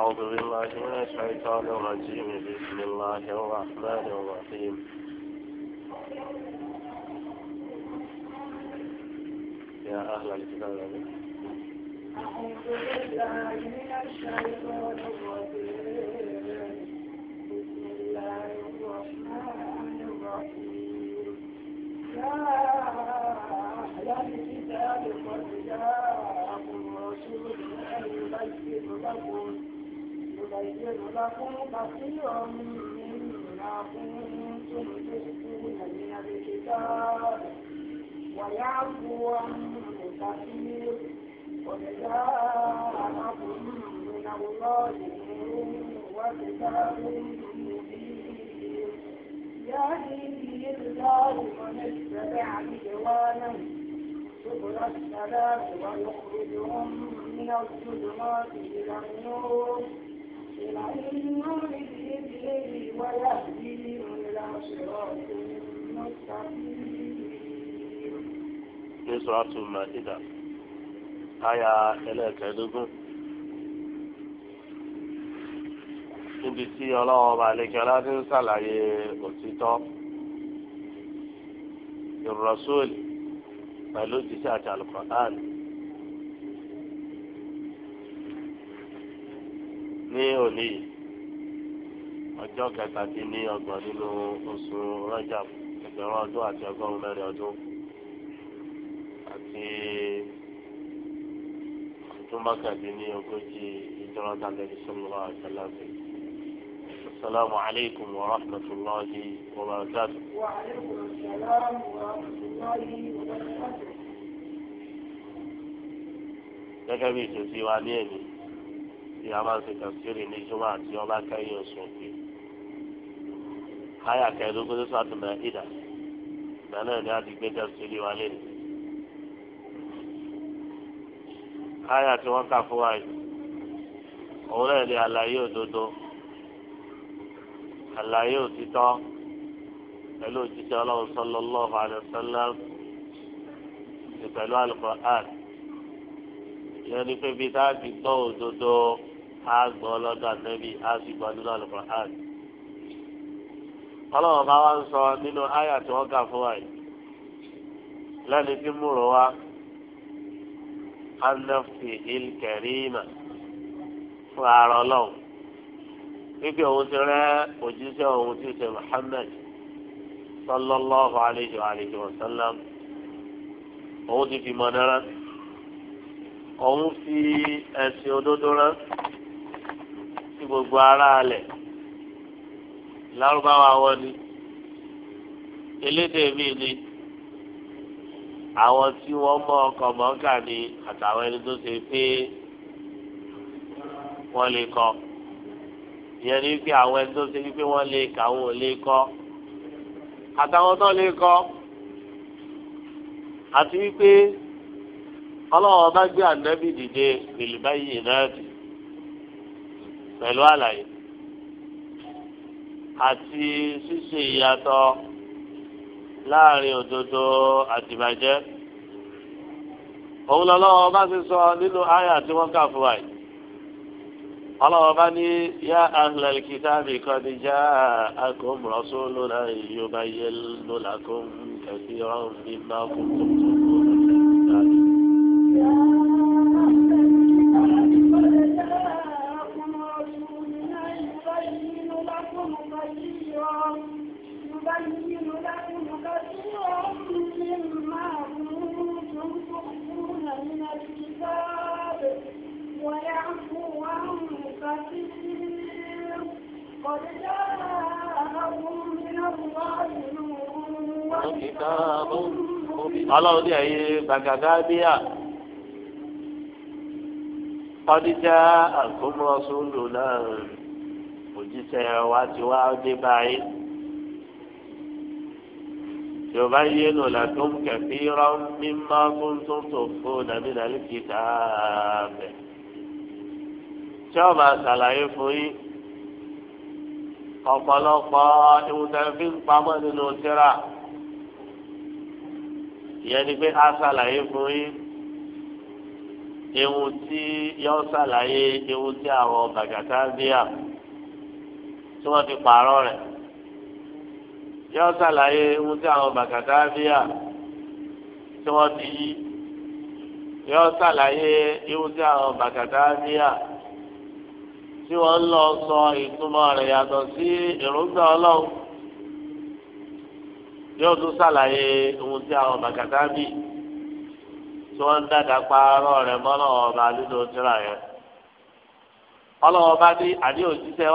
أعوذ بالله من الشيطان الرجيم بسم الله الرحمن الرحيم يا أهل الكتاب أعوذ بالله من الشيطان الرجيم بسم الله الرحمن الرحيم يا أهل الكتاب قد جاءكم رسولنا يبين لكم يبين لكم كثيرا مما كنتم تخفون من الكتاب ويعفو عن كثير وجزاءكم من الله وكتاب مبين يهدي به الله من اتبع رضوانه سبل السلام ويخرجهم من الظلمات إلى النور ní sọ́ọ́tù màdìdà táyà ẹlẹ́ẹ̀kẹ́dógún níbi tí ọlọ́wọ́ bá lè kẹ́lá ti ń ṣàlàyé òtítọ́ ìrọ̀sọ́ọ̀lì pẹ̀lú jíṣẹ́ àti àlùkò áàlì. ní òní ọjọ́ kẹtàdínní ọgbọ̀n nínú oṣù Rajab ẹgbẹ̀rún ọdún àti ọgọ́rùn mẹ́rin ọdún àti ọdún mọ́kàndínní ogójì ìjọba tàbí sọlọ́wọ́ àtàlàbẹ̀. السلام عليكم ورحمة الله وبركاته وعليكم السلام ورحمة الله وبركاته wa tí a máa ń ṣe tẹ̀síìrì ní jùmọ̀ àti ọba kẹ́yìn oṣù òkè. káyà kẹ́ẹ̀dógún tó sàtúmọ̀ ìdá ìgbà náà ni a ti gbé tẹ̀síìrì wa lé. káyà tí wọ́n kà fún wa yìí òun náà ni àlàyé òdodo àlàyé òtítọ́ pẹ̀lú òjíṣẹ́ ọlọ́run sallallahu alaihi wasallam pẹ̀lú Al-Qur'an yẹn pé bí táàbì gbọ́ òdodo á gbọ́ lọ́dọ̀ àtẹ́bí á sì gbọ́ nínú àlùkò hàn. ọlọ́wọ́ bá wá ń sọ nínú àyà tí wọ́n kà fún wa yìí lẹ́ni tí múrò wá anẹ́fì ilkẹ̀rìmà fún ara ọlọ́run wípé òun ti rẹ́ òjíṣẹ́ òun ti ṣe Muhammad sallallahu alayhi wa alayhi wa sallam òun ti fi mọ̀ náírà òun fi ẹ̀sìn òdodo rán gbogbo ara rẹ̀ lárúbáwá wọn ni elédè mi ni àwọn tí wọ́n mọ ọkọ̀ mọ́kà ni àtàwọn ẹni tó ṣe pé wọ́n lè kọ ìyẹn ni pé àwọn ẹni tó ṣe pé wọ́n lè kà wọ́n ò lè kọ́ àtàwọn tó lè kọ́ àti wípé ọlọ́wọ́ bá gbé ànábì dìde pèlú báyìí náà dì pẹ̀lú àlàyé àti ṣíṣe ìyàtọ̀ láàrin òdodo àtìbàjẹ́ òun lọ́lọ́wọ́ bá ti sọ nínú àyà tí wọ́n kà fún wa yìí ọlọ́wọ́ bá ní yá ahlal kitabi qad ja'akum rasuluna yubayyinu lakum kathiran mimma kuntum. قد جاءهم من الله نور وكتاب ọlọ́run ní ẹ̀yin gbàgàgà bíyà ọdíjà àkómọ́sọ lò náà òjíṣẹ́ wa ti wá dé báyìí yorùbá yé lò làdún kẹfì rán mímọ́ fún tuntun fún nàbí kìtà bẹ̀ tí wọ́n máa ṣàlàyé fún yín ọ̀pọ̀lọpọ̀ ìwòsàn fi ń pamọ́ nínú tíra ìyẹn ni pé a ṣàlàyé fún yín ewu tí yọ ṣàlàyé ewu tí àwọn bàgàtà bíà tí wọ́n fi pààrọ̀ rẹ̀ yọ ṣàlàyé ewu tí àwọn bàgàtà bíà tí wọ́n ti yí yọ ṣàlàyé ewu tí àwọn bàgàtà bíà. tí wọ́n lọ sọ ìtumọ̀ rẹ̀ yàtọ̀ sí èròǹgbà ọlọ́run yóò tún ṣàlàyé ohun tí àwọn bàkàtà bì tí wọ́n ń dàgbà rẹ̀ mọ́nà ọba nínú tíra yẹn ọlọ́wọ́ bá ní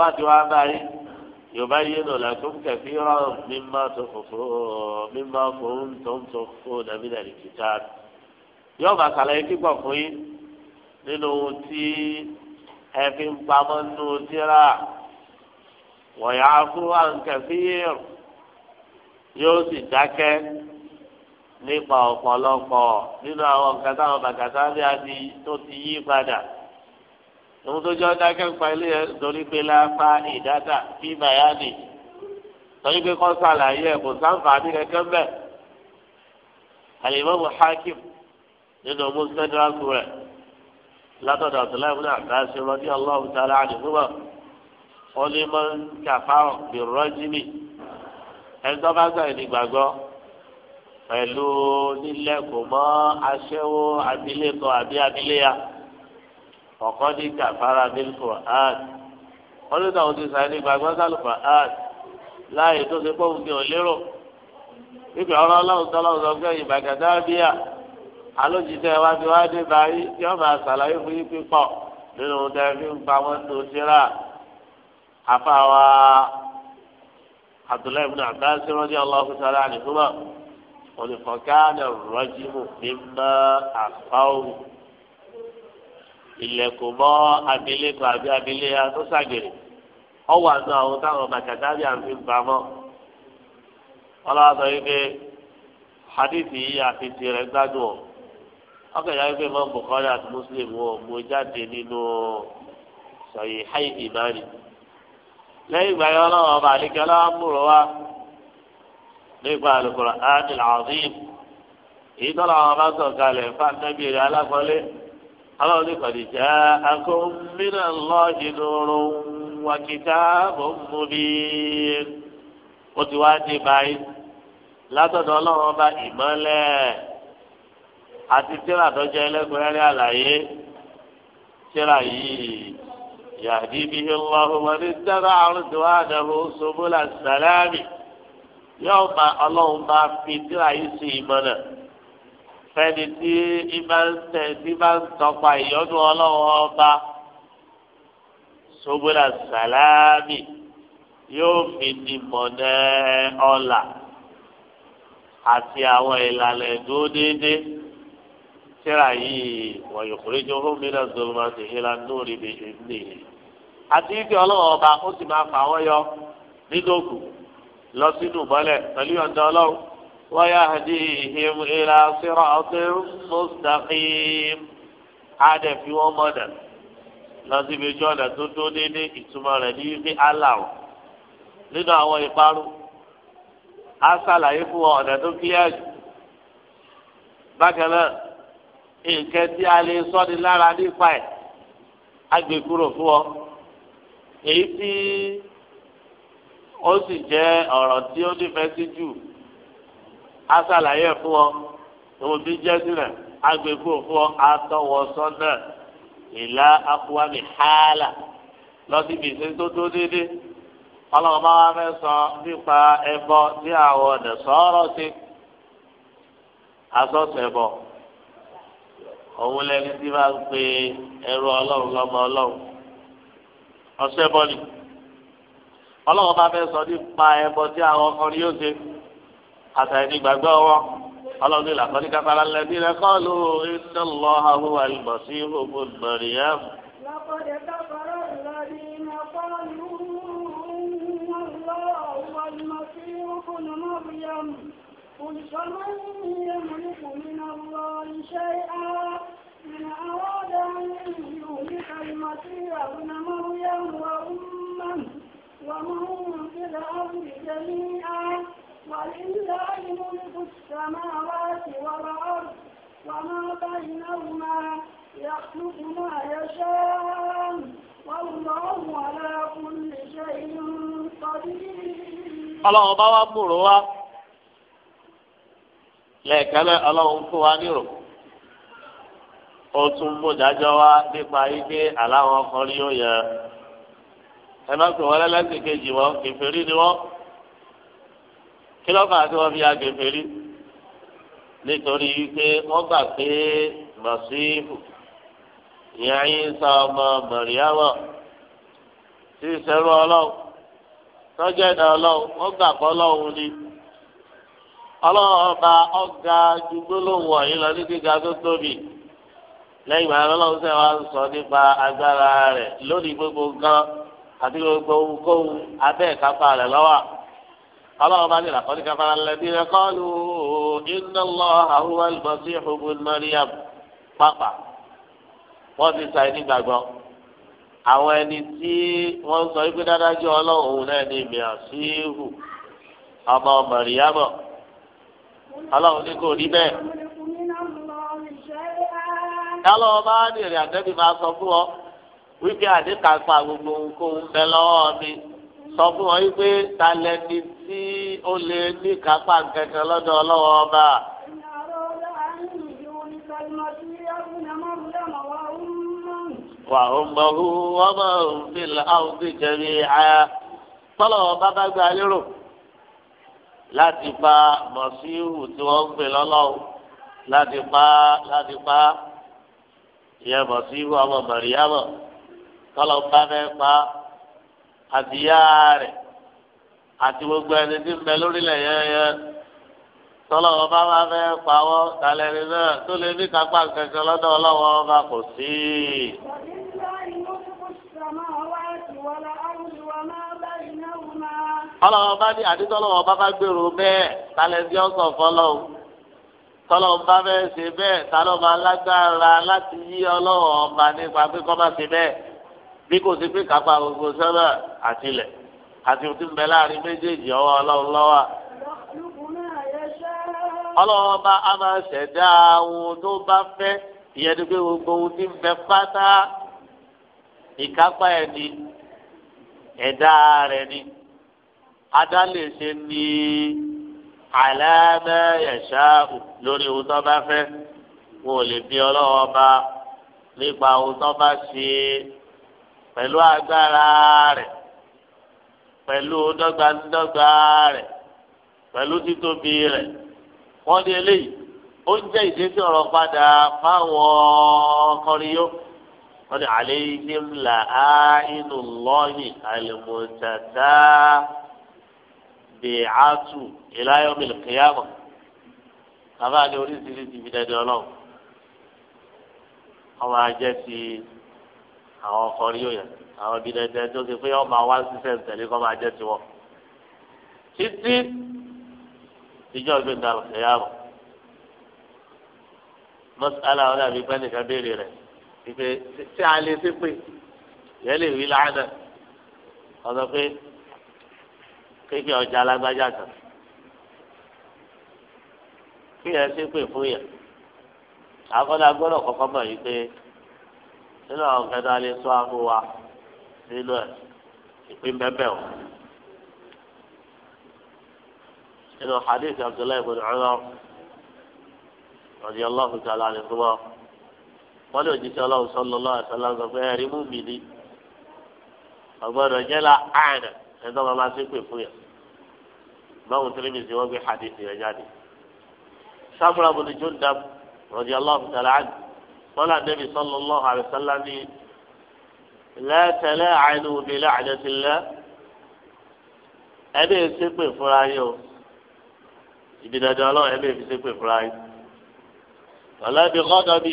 wá ti wá yorùbá yìí nù kẹfì tó fòfò fòun tó ń tó fò kìtà yóò bá ṣàlàyé ẹ̀fí ń pamọ́ nù síra wọ̀nyá fún wa nǹkan fi yẹ̀rù yóò sì dákẹ́ nípa ọ̀pọ̀lọpọ̀ nínú àwọn nǹkan táwọn bàkàtà bí a ti tó ti yí padà òun tó jọ dákẹ́ ń pa ilé yẹn torí pé lápá ìdáta bí bàyánì torí pé kọ́ sàlàyé ẹ̀ kò sáǹfààní kẹ́kẹ́ mbẹ́ Al-Imam Hakim nínú mùsùlùmí rẹ̀ látọ̀dọ̀ àtúnláyé fún àgbáṣe rọ́dí ọlọ́run tààrà àdìgúnmọ̀ wọ́n lè mọ kàfá bí rọ́jìmì ẹ̀ńtọ́ bá gbà ní gbàgbọ́ pẹ̀lú nílẹ̀kùn mọ́ aṣẹ́wó abilékọ àbí abiléya ọ̀kan ní kàfárà mílíkù áàd wọ́n lè dáhùn ti sàyẹn ní gbàgbọ́ sálùkù áàd láàyè tó ṣe pọ̀ òfin ò lérò wípé ọlọ́run tọ́lọ́run sọ fún ẹ̀yìn bàgàdá bíyà alójijì ẹ wá fi wá dé báyìí yóò máa ṣàlàyé fún yín pípọ̀ nínú tẹ̀lé ń pamọ́ tó síra àfàwà abdullahi ibn abbas radiyallahu ta'ala anhuma olùfọ̀kánà rọ́jìmù mímọ́ àfáwù ilẹ̀kùn mọ́ abilékọ àbí abiléya tó ṣàgèrè ọwọ́ àná àwọn táwọn bàtàkà bí àfi ń pamọ́ ọlọ́wọ́ sọ yìí pé hadithi yìí àfi tirẹ̀ gbádùn ọ̀ ọkàn yàrá pé mọ Bukhari àti Muslim wọ mo jáde nínú sọyìn hayi ìmánì lẹ́yìn ìgbà yẹn Ọlọ́run ọba àdìgẹ Ọlọ́run múrò wá nípa Al-Qur'an al-Azim èyí tó làwọn bá sọ kalẹ̀ fún anábìrì alákọọlẹ Ọlọ́run ní kọdí jẹ mìíràn lọọjì lóru wa kitabun mubin ó ti wá dé báyìí látọ̀dọ̀ Ọlọ́run ọba ìmọ́lẹ̀ àti tíra tọ́jú ẹlẹ́gbẹ̀rẹ́ àlàyé tíra yìí yàdí bí ọlọ́run wọn ní dára àrùndùn àdàbò ṣubúlà sàlámì yóò bá ọlọ́run bá fi tíra yìí sí ìmọ̀nà fẹ́ni tí ibà ń tẹ̀ tọpa ìyọ́nú ọlọ́run ọba ṣubúlà sàlámì yóò fi dìmọ̀nà ọ̀la àti àwọn ìlànà ìdúró déédéé tíra yìí wọ̀nyí kúrẹ́jọ gómìnà zolomá ti hílà lórí mi ìdílé yìí. àti ibi ọlọ́wọ́ ọba ó sì máa fà wọ́n yọ nínú òkú lọ sínú bọ́lẹ̀ pẹ̀lú ọ̀dọ́ ọlọ́run wọ́n yá àdé ìhìm ìlà sírọ̀ ọ̀tún mustaqim adẹ̀ fi wọ́n mọ̀nà lọ síbi ojú ọ̀nà tó tó dédé ìtumọ̀ rẹ̀ ní ibi aláwọ̀ nínú àwọn ìparun á sàlàyé fún ọ̀nà tó kílíà jù bákan náà nǹkan tí a lè sọ́ni lára nípa ẹ̀ á gbé kúrò fún ọ. èyí tí ó sì jẹ́ ọ̀rọ̀ tí ó nífẹ̀ẹ́ sí jù á ṣàlàyé fún ọ òun ti jẹ́ sílẹ̀ á gbé kúrò fún ọ àtọwọ́sọ náà ìlà akuwami hàlà lọ́sibí ṣe tó tó dédé ọlọ́run bá wá fẹ́ sọ nípa ẹbọ tí àwọn ọ̀dẹ̀ sọ̀rọ̀ sí asọ́sọ ẹbọ òun lẹni tí máa ń pe ẹrú ọlọ́run lọ́mọ ọlọ́run ọ̀sẹ̀ bọ́ọ̀lì ọlọ́run bá fẹ́ sọ nípa ẹbọ tí àwọn ọkùnrin yóò ṣe àtàyè ní gbàgbọ́ wọn ọlọ́run ní ìlànà ní kápá lálẹ́ rẹ kọ́ ló iná lọ àwọn àlùbọ̀ sí òkú ìgbọ̀nrín yá. Thank you. قل فمن يملك من الله شيئا من أراد أن يهلك المسيح ابن مريم وأمه ومن في الأرض جميعا ولله ملك السماوات والأرض وما بينهما يخلق ما يشاء والله على كل شيء قدير. الله أبا أبو lẹ́ẹ̀kan náà ọlọ́run fún wa nírò ó tún mú dájọ́ wá nípa ike aláwọn ọkùnrin yóò yẹ ẹ má pè wọ́n lẹ́lẹ́sìn kejì wọn kèfèrí ni wọ́n kí lọ́kàn tí wọ́n fi ya kèfèrí nítorí wípé wọ́n gbà pé màsífù ìyá yín sọ ọmọ mọ̀ríyáwọ̀ tí ìṣẹ́rú ọlọ́run tọ́jú ẹ̀dá ọlọ́run wọ́n gbà pọ́ ọlọ́run ni ọlọ́ọ̀ba ọ̀gá dùgbòlówó ọ̀yìn lọ ní gíga tó tóbi lẹ́yìn ìgbà ọlọ́run sẹ́ wa ń sọ nípa agbára rẹ̀ lórí gbogbo gan àti gbogbo ohunkóhun abẹ́ ìkápá rẹ̀ lọ́wọ́ ọlọ́ọ̀ba ní ìlàkọ́ni kápára lẹ́bí rẹ̀ kọ́lu inna Allaha huwa al-Masihu ibn Maryam pápá wọ́n ti sa ẹni gbàgbọ́ àwọn ẹni tí wọ́n sọ ikú dáadáa jẹ́ ọlọ́run náà ní mìíràn síhù ọmọ mọ̀ríyàmọ̀. ọlọ́run ní kò rí bẹ́ẹ̀. yálọ̀ ọba ní èrè àtẹ́bí máa sọ fún ọ wípé gbogbo nǹkan bẹ mi sọ fún ọ wípé ta lẹni tí ó lè ní kápá ọba. bàbá gba lérò. láti pa bọ̀síhù tí wọ́n ń pè lọ́lọ́wọ́ láti pa láti pa ìyẹn bọ̀síhù ọmọ mọ̀ríyámọ̀ tọ́lọ́ bá fẹ́ pa àtìyá rẹ̀ àti gbogbo ẹni tí ń bẹ lórílẹ̀ yẹ́nyẹ́ tọ́lọ́ ọba bá fẹ́ pawọ́ tàlẹ́rì náà tó lè ní kápá kẹ̀kẹ́ lọ́dọ̀ ọlọ́wọ́ ọba kò sí. wàlúùláì ọlọ́wọ́ bá ní àdìsọ́lọ́wọ́ bá bá gbèrò bẹ́ẹ̀ talẹ̀ bí ọ̀sán fọlọ́wọ́ tọ́lọ́wọ́ bá bẹ́ẹ̀ ṣe bẹ́ẹ̀ talọ́ máa lágbára láti yí ọlọ́wọ́ ọba nípa pé kọ́ bá ṣe bẹ́ẹ̀ bí kò sí pé kápá gbogbo sọ́nà àtìlẹ̀ àti òtí mbẹ láàrin méjèèjì ọwọ́ ọlọ́run lọ́wọ́ ọlọ́wọ́ bá a máa ṣẹ̀dá ohun tó bá fẹ́ ìyẹn ni pé gbogbo ohun adálẹ̀ ṣe ní àlàmẹ́ ẹ̀ṣá lórí ohun tó bá fẹ́ wọn ò lè bí ọlọ́wọ́ bá nípa ohun tó bá ṣe pẹ̀lú agbára rẹ̀ pẹ̀lú dọ́gbandọ́gba rẹ̀ pẹ̀lú títóbi rẹ̀ wọ́n ní eléyìí ó ń jẹ́ ìdésí ọ̀rọ̀ padà fáwọn kọrin yó wọ́n ní àlẹ́ yìí ní ńlá áínú lọ́yìn àlùmọ̀tàtà bìcátù ìláyọ̀ bìlìkìyàmọ̀ bàbá ni oríṣiríṣi fi dẹdẹ ọlọ́run ọmọ ajẹ́ ti àwọn ọkọ rí òyà àwọn ibi dẹdẹ tó ti pé ọmọ wa ṣiṣẹ́ tẹ̀lé kọ́ máa jẹ́ tiwọn títí ìjọ ìgbéga bìlìkìyàmọ̀ mọ́sálà wọn dàbí pẹ́ẹ́nìkan béèrè rẹ̀ ìpè tí a lè ṣépè yẹn lè rí láàánà ọ̀sán pé. kéèké ọjà alágbájá kan kí ẹ ṣe pè fún yẹn àkọ́dá gbọ́dọ̀ kọ́kọ́ mọ̀ yìí pé nínú àwọn kẹta lè sọ wa nínú ẹ̀ ìpín bẹ́ẹ̀ o nínú hadith abdullahi ibn Umar radiyallahu ta'ala anhuma wọ́n lè jíṣẹ́ ọlọ́run sallallahu ẹ̀rí mú mi ní ọgbọ́dọ̀ la ẹ̀dọ́ bàbá sí pè fún yà báwo Tirmidhi wọ́n gbé hadith yẹn jáde. Samura bin Jundab radiyallahu ta'ala anhu wọ́n là Nabi sallallahu alaihi wasallam ní la tala'anu bi la'natillah ẹbí ṣe pè fúnra yín o ìbí dandan ọlọ́run ẹbí ṣe pè fúnra yín ọlọ́bí kọ́dọ̀ bí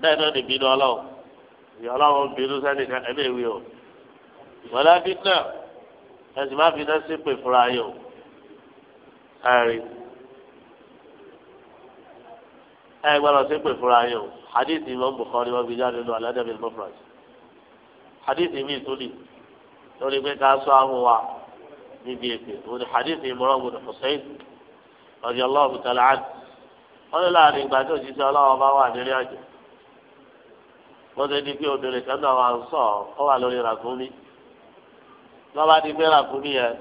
bẹ́ẹ̀ náà ní bínú ọlọ́run ìyá ọlọ́run bínú sẹ́nìkan ẹbí ìwé o wọlé fitna ẹsì má fi náà ṣépè fúnra yìí o ẹrí ẹ gbọ́dọ̀ ṣépè fúnra yìí o hadith imam bukhari wọn fi jáde lọ aládàbí mufrad hadith mi tóli lórí pé ká sọ àwọn wa níbi èpè òun ni hadith imran bin hussein radiyallahu ta'ala anhu wọn ní láàrin ìgbà tó ti sọ ọlọ́wọ́ bá wà nílé àjò wọ́n ti di pé obìnrin kan náà wà ń sọ ọ wà lórí ràgúnmí lọ́ba ti gbéra kú ní yẹn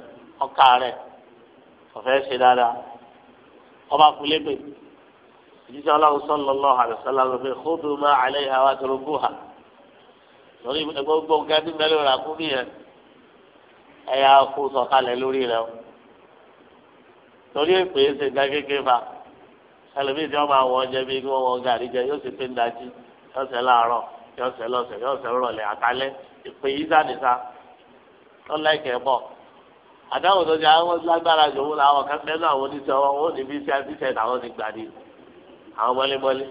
ọkà rẹ̀ ọ̀fẹ́ ṣe dáadáa ọba kú lépè ìjísẹ́ ọlọ́run sallallahu alaihi wasallam pé khudu ma alaiha wa turkuha lórí gbogbo nǹkan tí mẹ́lẹ́ rà kú ní yẹn ẹ̀yà kú sọ̀kalẹ̀ lórí rẹ̀ o torí èpè é ṣe gágége fa ẹlòmíì tí wọ́n máa wọ ọjẹ́ bíi kí wọ́n wọ gàrí jẹ yóò sì pé ń dájí yọ̀ọ̀sẹ̀ láàárọ̀ yọ̀ọ̀sẹ̀ lọ́sẹ̀ yọ̀ọ̀sẹ̀ rọ̀lẹ́ àtàlẹ́ ìpè yíṣà nìta lọ́la ìkẹ́ pọ̀ àdáwò tó ti àwọn lágbára jòwó làwọn kan mẹ́nu àwọn oníṣẹ́ wọn ó ní bí iṣẹ́ àbíṣẹ́ làwọn ti gbà ní àwọn mọ́lẹ́mọ́lẹ́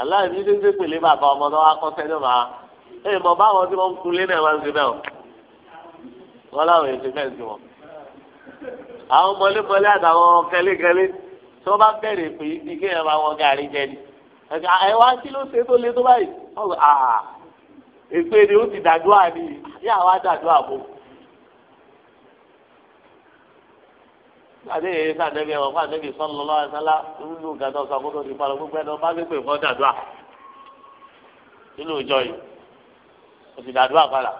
aláìní dédé pèlè bàbá ọmọ náà wá kọ́ sẹ́nu máa ẹ̀ mọ̀ báwọn tí wọ́n ń kulé náà wá ń ṣe bẹ́ẹ̀ o wọ́n láwọn èsì bẹ́ẹ̀ sí wọn. àwọn mọ́lẹ́mọ́lẹ́ àtàwọn kẹ́lẹ́kẹ́lẹ́ tí wọ́n bá bẹ̀rẹ̀ pé ike yẹn máa wọn gàrí jẹ ni ẹ wá kí ló ṣe tó le tó báyìí èpè ni ó ti dàdúrà ni àbí àwa dàdúrà bò. àti èyí sàdébí ẹ̀wọ̀n fún àdébí sọ́nù lọ́wọ́ ẹ̀sánlá nínú gàdọ́ sọ kó tó di palọ̀ gbogbo ẹ̀dọ́ bá gbégbé fún dàdúrà nínú ìjọ yìí ó ti dàdúrà padà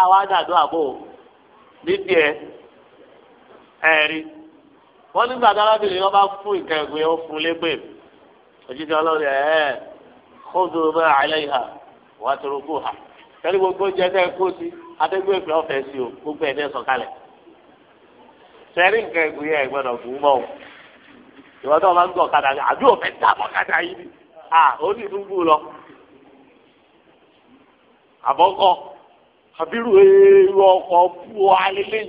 àwa dàdúrà bò ní tiẹ̀ ẹ̀rí wọ́n nígbà tí arábìnrin yẹn bá fún ìkẹ́gùn yẹn ó fún lépè òjijì ọlọ́run ẹ̀ ẹ́ kó dùn mọ́ àlẹ́ yìí hàn wà tóró kó hà tẹ́lẹ̀ gbogbo jẹ́tẹ́ kó sí adégbé ìpè ọ̀fẹ́ sí o gbogbo ẹ̀ dẹ́ sọ̀kalẹ̀ sẹ́rí nǹkan ẹ̀gbìn yẹn gbọ́dọ̀ gùn mọ́ o ìwọ́n tó máa ń gọ̀ kadà àbí òfẹ́ dábọ̀ kadà yìí ni à ó ní dúgbò lọ àbọ̀kọ àbírù ewu ọkọ̀ bú alẹ́lẹ́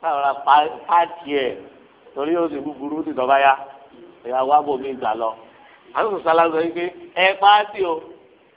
sára pààtì ẹ̀ torí ó sì búburú ti dọ̀báyà ìyàwó àbòmí gbà lọ àwọn sọ̀sọ́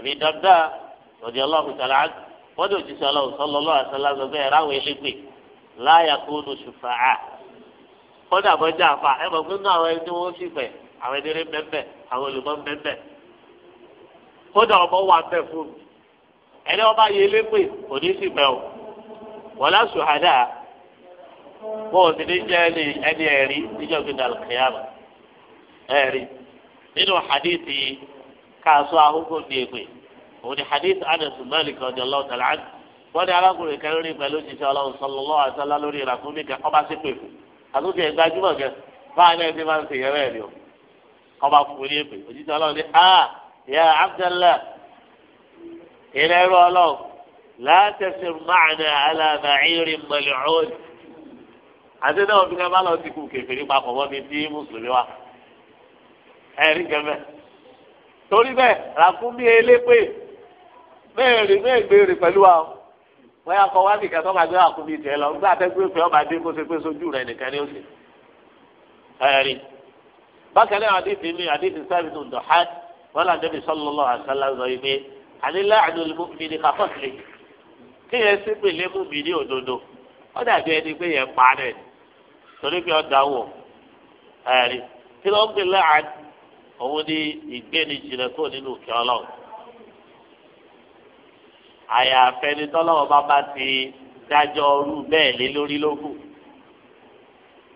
àbí dàgbà ọ̀dì ọlọ́run tàlà wọ́n dò jísọ ọlọ́run sọlọ lọ́wọ́ àṣàlá sọ bẹ́ẹ̀ ráwọ̀ elépè láyà kó o ṣùfà á kọ́dà bọ́jà fa ẹ mọ̀ fún àwọn ẹni wọ́n mẹ́mẹ́ àwọn olùmọ́ mẹ́mẹ́ ọba yẹ kò ní sì o wọ́n àdá wọ́n ò sì ní jẹ́ ẹni ẹ̀rí níjọ́ ẹ̀rí nínú káàsó ahókò ní èpè òun ni hadith anas malik ọjọ lọwọ tẹlẹ àti wọn ni arákùnrin kan rí pẹ̀lú jíjẹ Ọlọ́run sọlọ lọwọ àtàlá lórí ìràkúnmí kan ọba sí pè fún àtúntì ẹgbẹ ajúmọ gẹ báyìí náà ti máa ń ṣe yẹrẹ ẹ ni o ọba fún ní èpè òjíjẹ Ọlọ́run ni a yà abdallah ìrẹ ẹrọ Ọlọ́run látẹsí máàna alábà ìrìn mọlẹ́ọ́ọ̀lì àti náà fi ká bá lọ sí kù kẹfìrí papọ̀ mọ́ mi tí mùsùlùmí wa ẹ̀rí gẹ́gẹ́ torí bẹ́ẹ̀ ràkúnmí elépè mẹ́rin mẹ́gbèrè pẹ̀lú wa wọ́n yà kọ́ wá nìkan tó máa gbé ràkúnmí tiẹ̀ lọ nígbà tẹ́gbẹ́ fẹ́ ọba dé kó ṣe pé sójú rẹ̀ nìkan ní òsè ẹ̀rí bákan náà àdìsí mi àdìsí sábì tó ń dọ̀ hàn wọn là ń débi sallallahu alaihi wasallam sọ yìí pé àlélá àdúlùmọ́ mi ni kàfọ́ sílẹ̀ kí yẹn sí pèlè mú mi ní òdodo ó dàbí ẹni pé yẹn pa náà torí pé ọ̀dà wọ̀ ẹ̀rí kí ló ń láàánú òun ní ìgbéni jìnnà kúrò nínú òkè ọlọ́run àyàfẹ́ ni tọ́lọ́wọ́ bá bá ti dájọ́ ọrú bẹ́ẹ̀ lé lórí lókù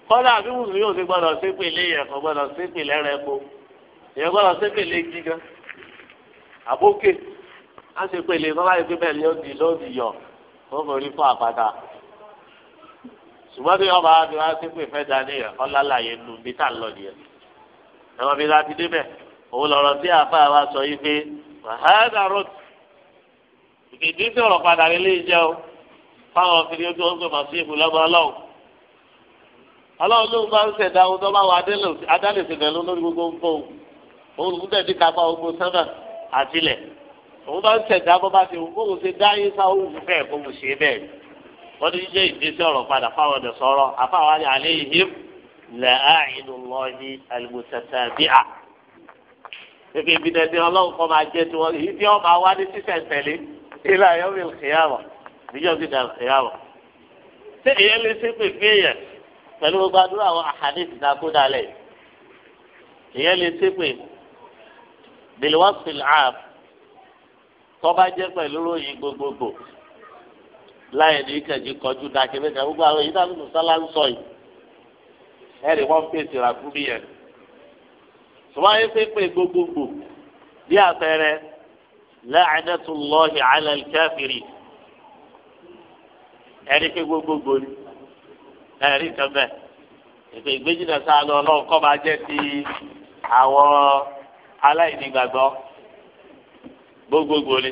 kọ́dà bí wùdú yóò ti gbọ́dọ̀ ṣépèlé yẹn kò gbọ́dọ̀ ṣépèlé rẹ po yẹn gbọ́dọ̀ ṣépèlé gígan àbókè á ṣépèlé kọ́ bá yẹ pé bẹ́ẹ̀ ni ó di lóòdì yọ̀ kó kò rí fún àpáta ṣùgbọ́n bí wọ́n bá wá ti wá ṣépè fẹ́ dání yẹn lálàyé nu bí tá ẹ̀wọ̀n mi láti débẹ̀ òun lọ̀rọ̀ tí àfa wa sọ yìí pé wàhálà rot ìdí tí ọ̀rọ̀ padà nílé iṣẹ́ o fáwọn fi ni ojú ọgbẹ́ màsí ìbú lọ́gbọ́n ọlọ́run ọlọ́run ló ń bá ń ṣẹ̀dá ohun tó bá wà adálè ṣẹ̀dá lórí gbogbo ń bọ̀ òun òun tẹ̀sí kápá ogun sánà àtìlẹ̀ òun bá ń ṣẹ̀dá bó bá ti wù kóun ṣe dá yín sá òun fún bẹ́ẹ̀ kóun ṣe bẹ́ẹ̀ wọ́n ti jẹ́ ìgbésẹ̀ ọ̀rọ̀ padà fáwọn ọ̀dẹ̀ sọ̀rọ̀ àfáwọn àlẹ́ yìí làáyínú lọ́ọ̀hí àlùmùtàtàbíà. Ebi ibi dẹ̀ ni ọlọ́run kọ́ máa jẹ́ tiwọn yìí tí wọ́n máa wá ní sísẹ̀ntẹ̀lé ilé ayọ́ mi kìyàwó níjọ́ ti dà kìyàwó. Ṣé èyàn lè ṣe pé bí èèyàn pẹ̀lú gbogbo àdúrà àwọn àhàdìsì náà kó dalẹ̀? Èyàn lè ṣe pé bilwasil aaf tọ́ba ní ìkànjú kọjú dákẹ́ mẹ́ta gbogbo àwọn èyí táwọn sọ́lá ń sọ yìí. ẹ̀rí wọ́n fèsì ràkúnmí yẹn. sùwọ́n ayé pépè gbogbogbò bí àpẹẹrẹ la'anatullahi 'ala al-kafirin ẹ̀rí pé gbogbogbò ni ẹ̀rí kan bẹ́ẹ̀ ìgbéjìnà máa ti àwọn ala gbogbogbò ni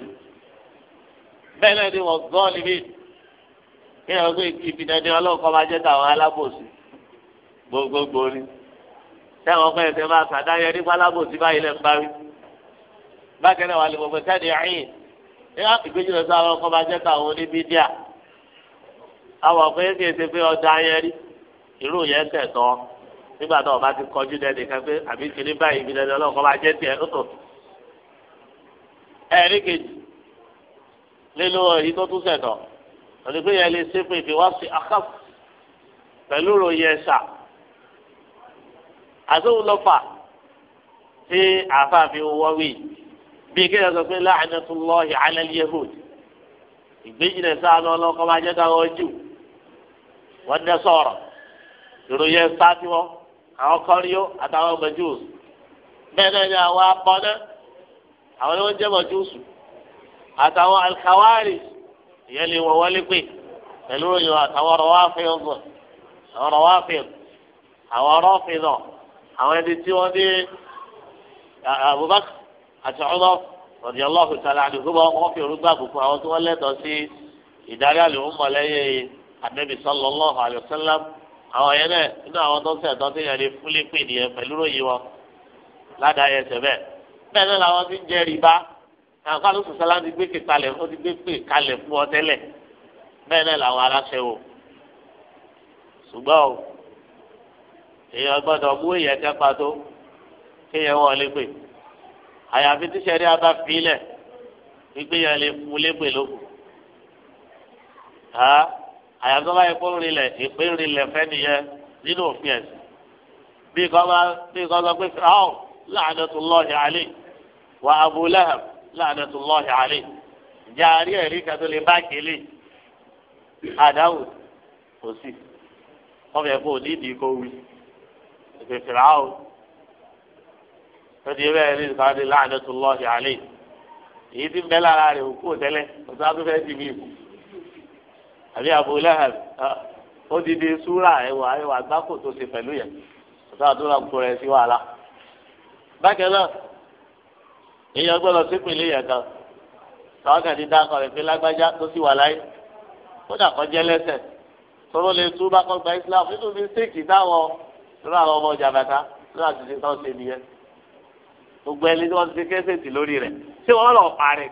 bẹ́ẹ̀ náà ni wọ́n níbí kí ẹ̀rọ pé ọlọ́run kọ́ máa jẹ́ alábòsí. gbogbogbò ni sẹ́wọ̀n fún ẹsẹ̀ máa sàdáyẹ nípa alábòsí báyìí lẹ́ ń bá rí bákan náà wà lè gbogbo sẹ́ni ẹ̀yìn nígbà ìgbésí lọ sọ́wọ́ ọkọ̀ máa jẹ́ káwọn oníbí díà àwọn ọ̀pẹ yẹn kìí ṣe pé ọjà yẹn rí irú yẹn tẹ̀ tọ́ nígbà tó o bá ti kọjú dẹ́ni kan pé àbí kìíní báyìí ibi dẹ́ni ọlọ́kọ̀ máa jẹ́ tiẹ̀ tó ẹ̀rí kejì nínú èyí tó tún sẹ̀tọ̀ òní pé yẹn lè ṣépè fi wá sí akáp pẹ̀lú ròyìn ẹ̀ṣà àtòwò ló fà tí àfààfin wọ́wì bí kéèyàn sọ pé la'natullahi 'ala al-yahud ìgbéjìlẹ̀ sáánù ọlọ́kọ́ máa jẹ́ káwọn jù wọ́n dẹ́ sọ̀rọ̀ ìròyìn sátiwọ́ àwọn kọ́ríó àtàwọn mẹjúùsù bẹ́ẹ̀ náà ni àwọn abọ́ná àwọn ni wọ́n jẹ́ mẹjúùsù àtàwọn alikawari ìyẹn lè wọ́n wọlé pé pẹ̀lú ìròyìn àtàwọn rọwáfíìn àwọn rọwáfíìn àwọn rọfíìn náà àwọn ẹni tí wọ́n dé Abubakar àti Umar radiyallahu ta'ala anhuma wọ́n fi orúkọ àbùkù àwọn tí wọ́n lẹ́tọ̀ọ́ sí ìdarí àlùmọ́ lẹ́yìn Ànábì sallallahu alayhi wa sallam àwọn yẹn náà nínú àwọn tó ń sẹ̀tọ́ tó yẹn lè fúlé pè nìyẹn pẹ̀lú ròyìn wọn ládàá yẹn sẹ̀ bẹ́ẹ̀ bẹ́ẹ̀ náà làwọn ti ń jẹ rìbá àwọn kan ló sọ̀sọ́ láti gbé pè kalẹ̀ ó ti gbé pè kalẹ̀ fún ọ tẹ́lẹ̀ náà làwọn aláṣẹ wò ṣùgbọ́n èèyàn gbọ́dọ̀ mú èèyàn kẹ́ pàtó kéèyàn wọ́n lé pè àyàfi tíṣẹ́ rí abá fílẹ̀ gbígbé yẹn lè mú lé pè lókun àyàfi tó bá yẹ kó rinlẹ̀ ìpè rinlẹ̀ fẹ́ nìyẹn nínú òfin ẹ̀sìn bí kò bá bí kò sọ pé firaun la'natullahi alayhi wa abu lahab la'natullahi alayhi ìjà rí ẹ̀rí kan lè bá kélé àdáwò kò sí wọ́n fẹ́ kó nídìí kó wí ètò fìràwọ̀ tọ́jú bẹ́ẹ̀ ní ìsàlẹ̀ láàánú tó lọ́ọ̀ṣì àlẹ́ èyí tí ń bẹ́ lára rẹ̀ òkú tẹ́lẹ̀ ọ̀sán afẹ́fẹ́ ti bí ibù àbí Abu Lahab ó ti di súrà ẹwà ẹwà gbáko tó ṣe pẹ̀lú yẹn ọ̀sán àdúrà kó rẹ̀ sí wàhálà. bákan náà èèyàn gbọ́dọ̀ sípìnlẹ̀ yẹn kan tọ́wọ́ kan ti dá akọ rẹ̀ pé lágbájá tó sì wà láyé kódà kọjá lẹ́sẹ̀ tọ́lọ́ lè tú bákan gba Islam nínú mistéèkì táwọn lórí àwọn ọmọ jàbàtà lórí àtúnṣe tó ń ṣe nìyẹn gbogbo ẹni tí wọ́n ti kẹ́sẹ̀tì lórí rẹ̀ ṣé wọ́n lọ parí.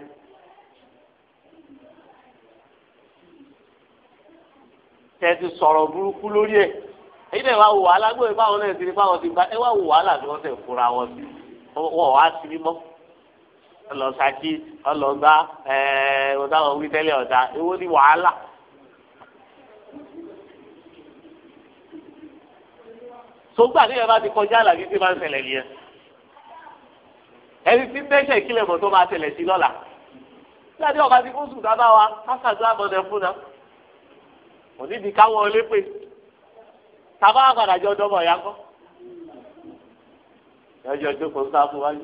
sọ̀rọ̀ burúkú lórí ẹ̀ èyí náà wá wò wá alágbóyè báwọn náà ti ní ti gba wàhálà tí wọ́n tẹ̀ fura wọn sí wọ́n wá sí mímọ́ ọlọ́sàkí sọgbà ní ìyàbá ti kọjá àlàyé tí máa ń ṣẹlẹ̀ nìyẹn ẹni tí ń dẹ́sẹ̀ ìkílẹ̀ mọ̀ tó máa ṣẹlẹ̀ sí lọ́la láti ọba ti fún sùdá bá wa kákàtú àmọ̀dẹ fún náà onídìí káwọn olépè tàbá àgbàdàjọ dọ́mọ̀ ya kọ́ ẹjọ́ jókòó ń sáfù wáyé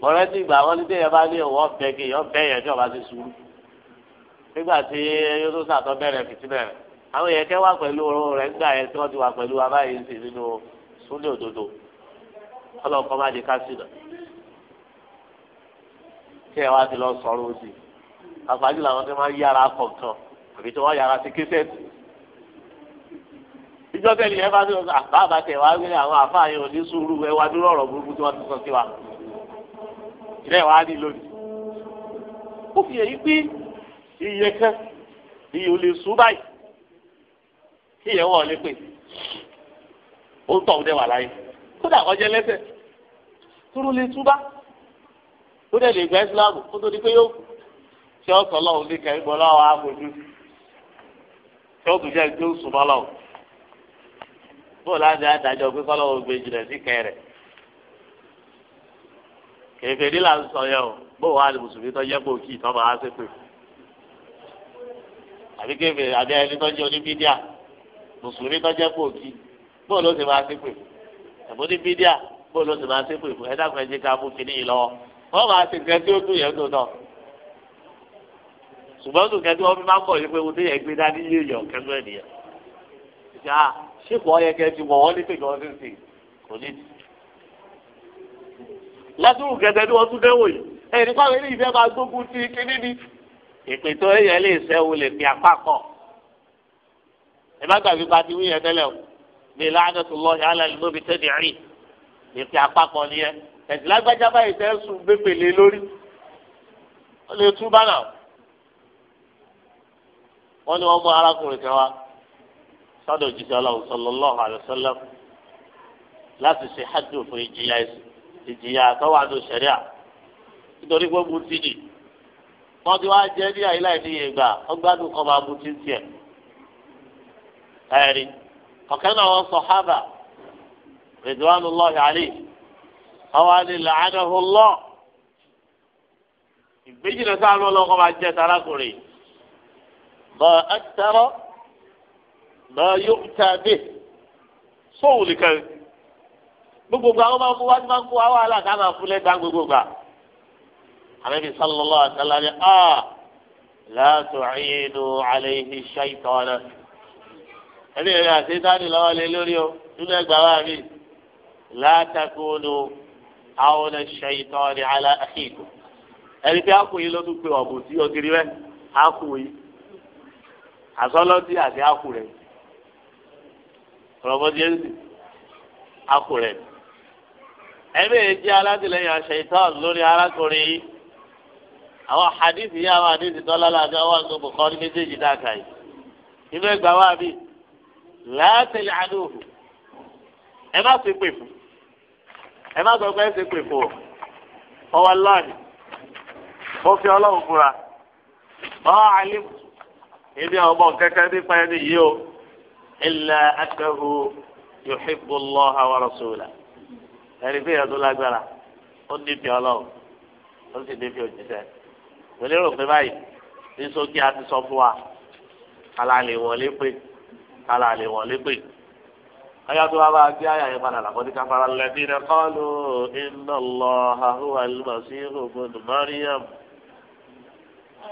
mọ̀rẹ́ ti gbà wọ́n ní bẹ́ẹ̀ bá ní ọ̀wọ́ bẹ́ẹ̀ kì í ọ̀ bẹ́ẹ̀ yẹn tí ọba ti sùúrù nígbà tí yóò tó sàtọ́ bẹ̀rẹ̀ fìtí bẹ̀rẹ̀ àwọn èèyàn kẹ́ wà pẹ̀lú ọ̀rọ̀ rẹ̀ gbà yẹn tí wọ́n ti wà pẹ̀lú abáyé sí nínú súnlẹ̀ òdodo ọlọ́kọ́ má di kásìnà kí ẹ wá ti lọ sọ̀rọ̀ òsì àpájù làwọn tó máa ń yára kọ̀ọ̀kan àbí tí wọ́n yára sí késẹ́ẹ̀tì ìjọ bẹ́ẹ̀ nìyẹn bá dúró àbá àbàtẹ̀ wá wílé àwọn àfa yẹn ò ní sùúrù ẹ wá dúró ọ̀rọ̀ burúkú tí wọ́n ti sọ sí wa ilé wa ní lónìí. ó fi èyí pé iye kan iye ò lè sùn báyìí tí yẹn wọ̀ nípè ó ń tọ̀hún dẹ̀ wà láyé kódà ọjọ́ lẹ́sẹ̀ tóró lè túbá tó dẹ̀ lè gba ìsìláàmù kó tó di pé yóò ṣe ọ̀sán lọ́wọ́ ní kẹ́rin bọ́ lọ́wọ́ àbójú ṣé ó tún jẹ́ ìgbé òsùn mọ́ lọ́wọ́ bóòlù àti adájọ́ pé kọ́ lọ́wọ́ gbé jìnnà sí kẹrẹ̀ kèfèrí là ń sọ yẹn o bóòlù wà mùsùlùmí tó yẹ kó kí ìtọ́ máa ṣépè àbí kèfèrí àbí ẹni tó jẹ́ oníbídíà mùsùlùmí tó jẹ́ pòkì bóò ló ti máa ṣe pè ẹ̀bùn ní bídíà bóò ló ti máa ṣe pè fún ẹ̀dá kan ẹ̀jẹ̀ ká mú kínní yìí lọ́wọ́ wọ́n máa ṣe nǹkan tí ó tún yẹn tó náà ṣùgbọ́n nǹkan tí wọ́n fi máa ń bọ̀ yìí pé wọ́n yẹn gbé dání yé yọ̀ kẹ́gbẹ́ ènìyàn ṣá ṣèkọ́ ọyẹ kẹ́ ti wọ̀ wọ́n ní pèjọ́ ọdún sí ti. lásìkò kẹtẹ ni wọ́n tún dẹ́wò yìí ẹ̀ẹ́dẹ́gbàwé ní ìfẹ́ máa ẹ má gbàgbé bá ti wí yẹn tẹ́lẹ̀ o lè láàánú tó lọ yàrá ìlú mi tẹ́lẹ̀ rìn lè fi àpapọ̀ nìyẹn ẹ̀sìn lágbájá báyìí tẹ́ sùn gbépèlé lórí ó lè tú bánà wọ́n ní wọ́n mú arákùnrin kan wá sọ́dọ̀ òjíṣẹ́ ọlọ́run sallallahu alaihi wasallam láti ṣe hajj fún ìjìyà ìjìyà tó wà ní sẹ́ríà nítorí pé mutí wọ́n ti wá jẹ́ ní àyíláì ẹ̀rí ọ̀kan náà wọn sàhábà ridwanullahi alayhi àwọn àlelà àdàhùnlọ́ ìgbéjìlẹ̀ sáànù ọlọ́kọ́ máa jẹ́ tarakùnrin bọ́ ẹ̀tẹ́rọ́ bọ́ yóò tàbí sóòwò nìkan gbogbo àwọn máa ń kó wá máa ń kó àwọn aláàká máa fún lẹ́gbàá gbogbo gbà àbẹ́bí sallallahu alaihi wa sallam ah la tu'inu alayhi shaytana náà ẹni rẹ àti dání lọ́wọ́ lé lórí o nínú ẹgbàá wa rí látàkùnú àwọn ṣèyítọ́ ni aláàkìkù ẹni pé akùnrin ló tún pe ọ̀bùn sí ọkiri rẹ akùnrin àsọlọ́tì àti akùnrin rọ̀bọ̀dì ẹ̀sìn akùnrin ẹni rẹ jẹ́ alátìlẹyìn àṣeyítọ́ lórí arákùnrin yìí àwọn hadithi yìí àwọn hadithi tọ́lá làdí ọwọ́ àgbẹ̀ bùkọ́rí méjèèjì dáka yìí nínú ẹgbàá wa bíi láàtẹ̀lẹ̀ àdóhùn ẹ má ṣe pè fún ẹ má sọ pé ẹ ṣe pè fún ọ ọwọ́ lọ́ọ̀nì mo fi ọlọ́run fura ọ àlìm èmi ọmọ kẹ́kẹ́ nípa ẹni yìí o ilẹ̀ akẹ́hu yuhibbullah wa rasulahu ẹni bí ìyàtọ̀ lágbára ó ní bí ọlọ́run ó sì ní bí òjíṣẹ́ mo lérò báyìí ní sókè àti sọ fún wa kálá wọlé pé ara àlè wọn lépè ayáàtú wa bá gbé àyà yẹn padà làkọ́dí káfárá lẹ́bí rẹ̀ kọ́lù iná lọ àhùwà lùmọ̀sí ògùn mariam.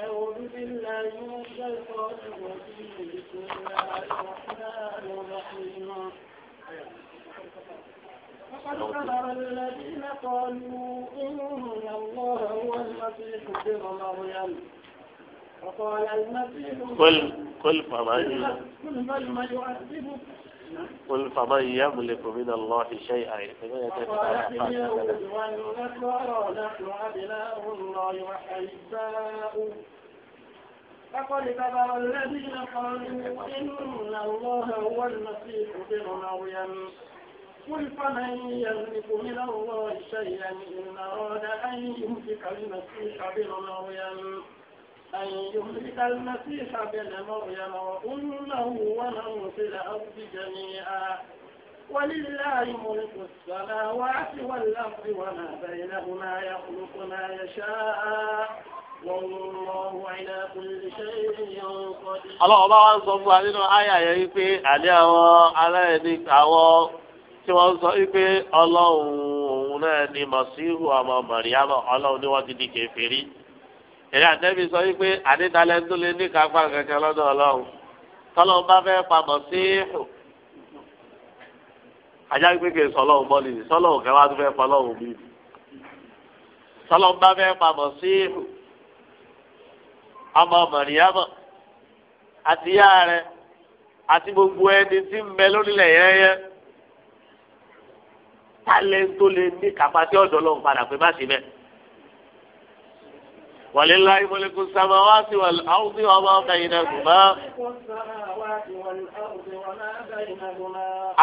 أعوذ بالله من الشيطان الرجيم بسم الله الرحمن الرحيم فقد كفر الذين قالوا إن الله هو المسيح ابن مريم وقال المسيح قل قل فمن قل فمن يملك من الله شيئا وقال اليهود والنصارى نحن أبناء الله وحباؤه فقد كفر الذين قالوا إن الله هو المسيح ابن مريم قل فمن يملك من الله شيئا إن أراد أن يمسك المسيح ابن مريم أن يهلك المسيح بن مريم وأمه ومن في الأرض جميعا ولله ملك السماوات والأرض وما بينهما يخلق ما يشاء ọlọ́wọ́ bá wá ń sọ fún wa nínú àyà yẹn wípé àlẹ́ àwọn aláìní àwọn tí wọ́n sọ wípé ọlọ́run òun náà ni mọ̀síhù ọmọ mọ̀ríámọ̀ ọlọ́run ni wọ́n ti di kèfèrí. ìrìn àtẹ́bí sọ wípé àdídálẹ́ tó lé ní kápá kankan lọ́dọ̀ ọlọ́run tọ́lọ́run bá fẹ́ pamọ́ sí ìhù ajá wípé kì í sọ ọlọ́run bọ́ nìyí sọlọ́run fẹ́ bí i tọ́lọ́run bá fẹ́ pamọ́ sí ìhù ọmọ mọ̀nìyàmọ̀ àti yá àti gbogbo ẹni tí ń bẹ yẹ́yẹ́ tálẹ́ tó lé ní kápá tí ọ̀dọ́ ọlọ́run ولله ملك السماوات والأرض وما بينهما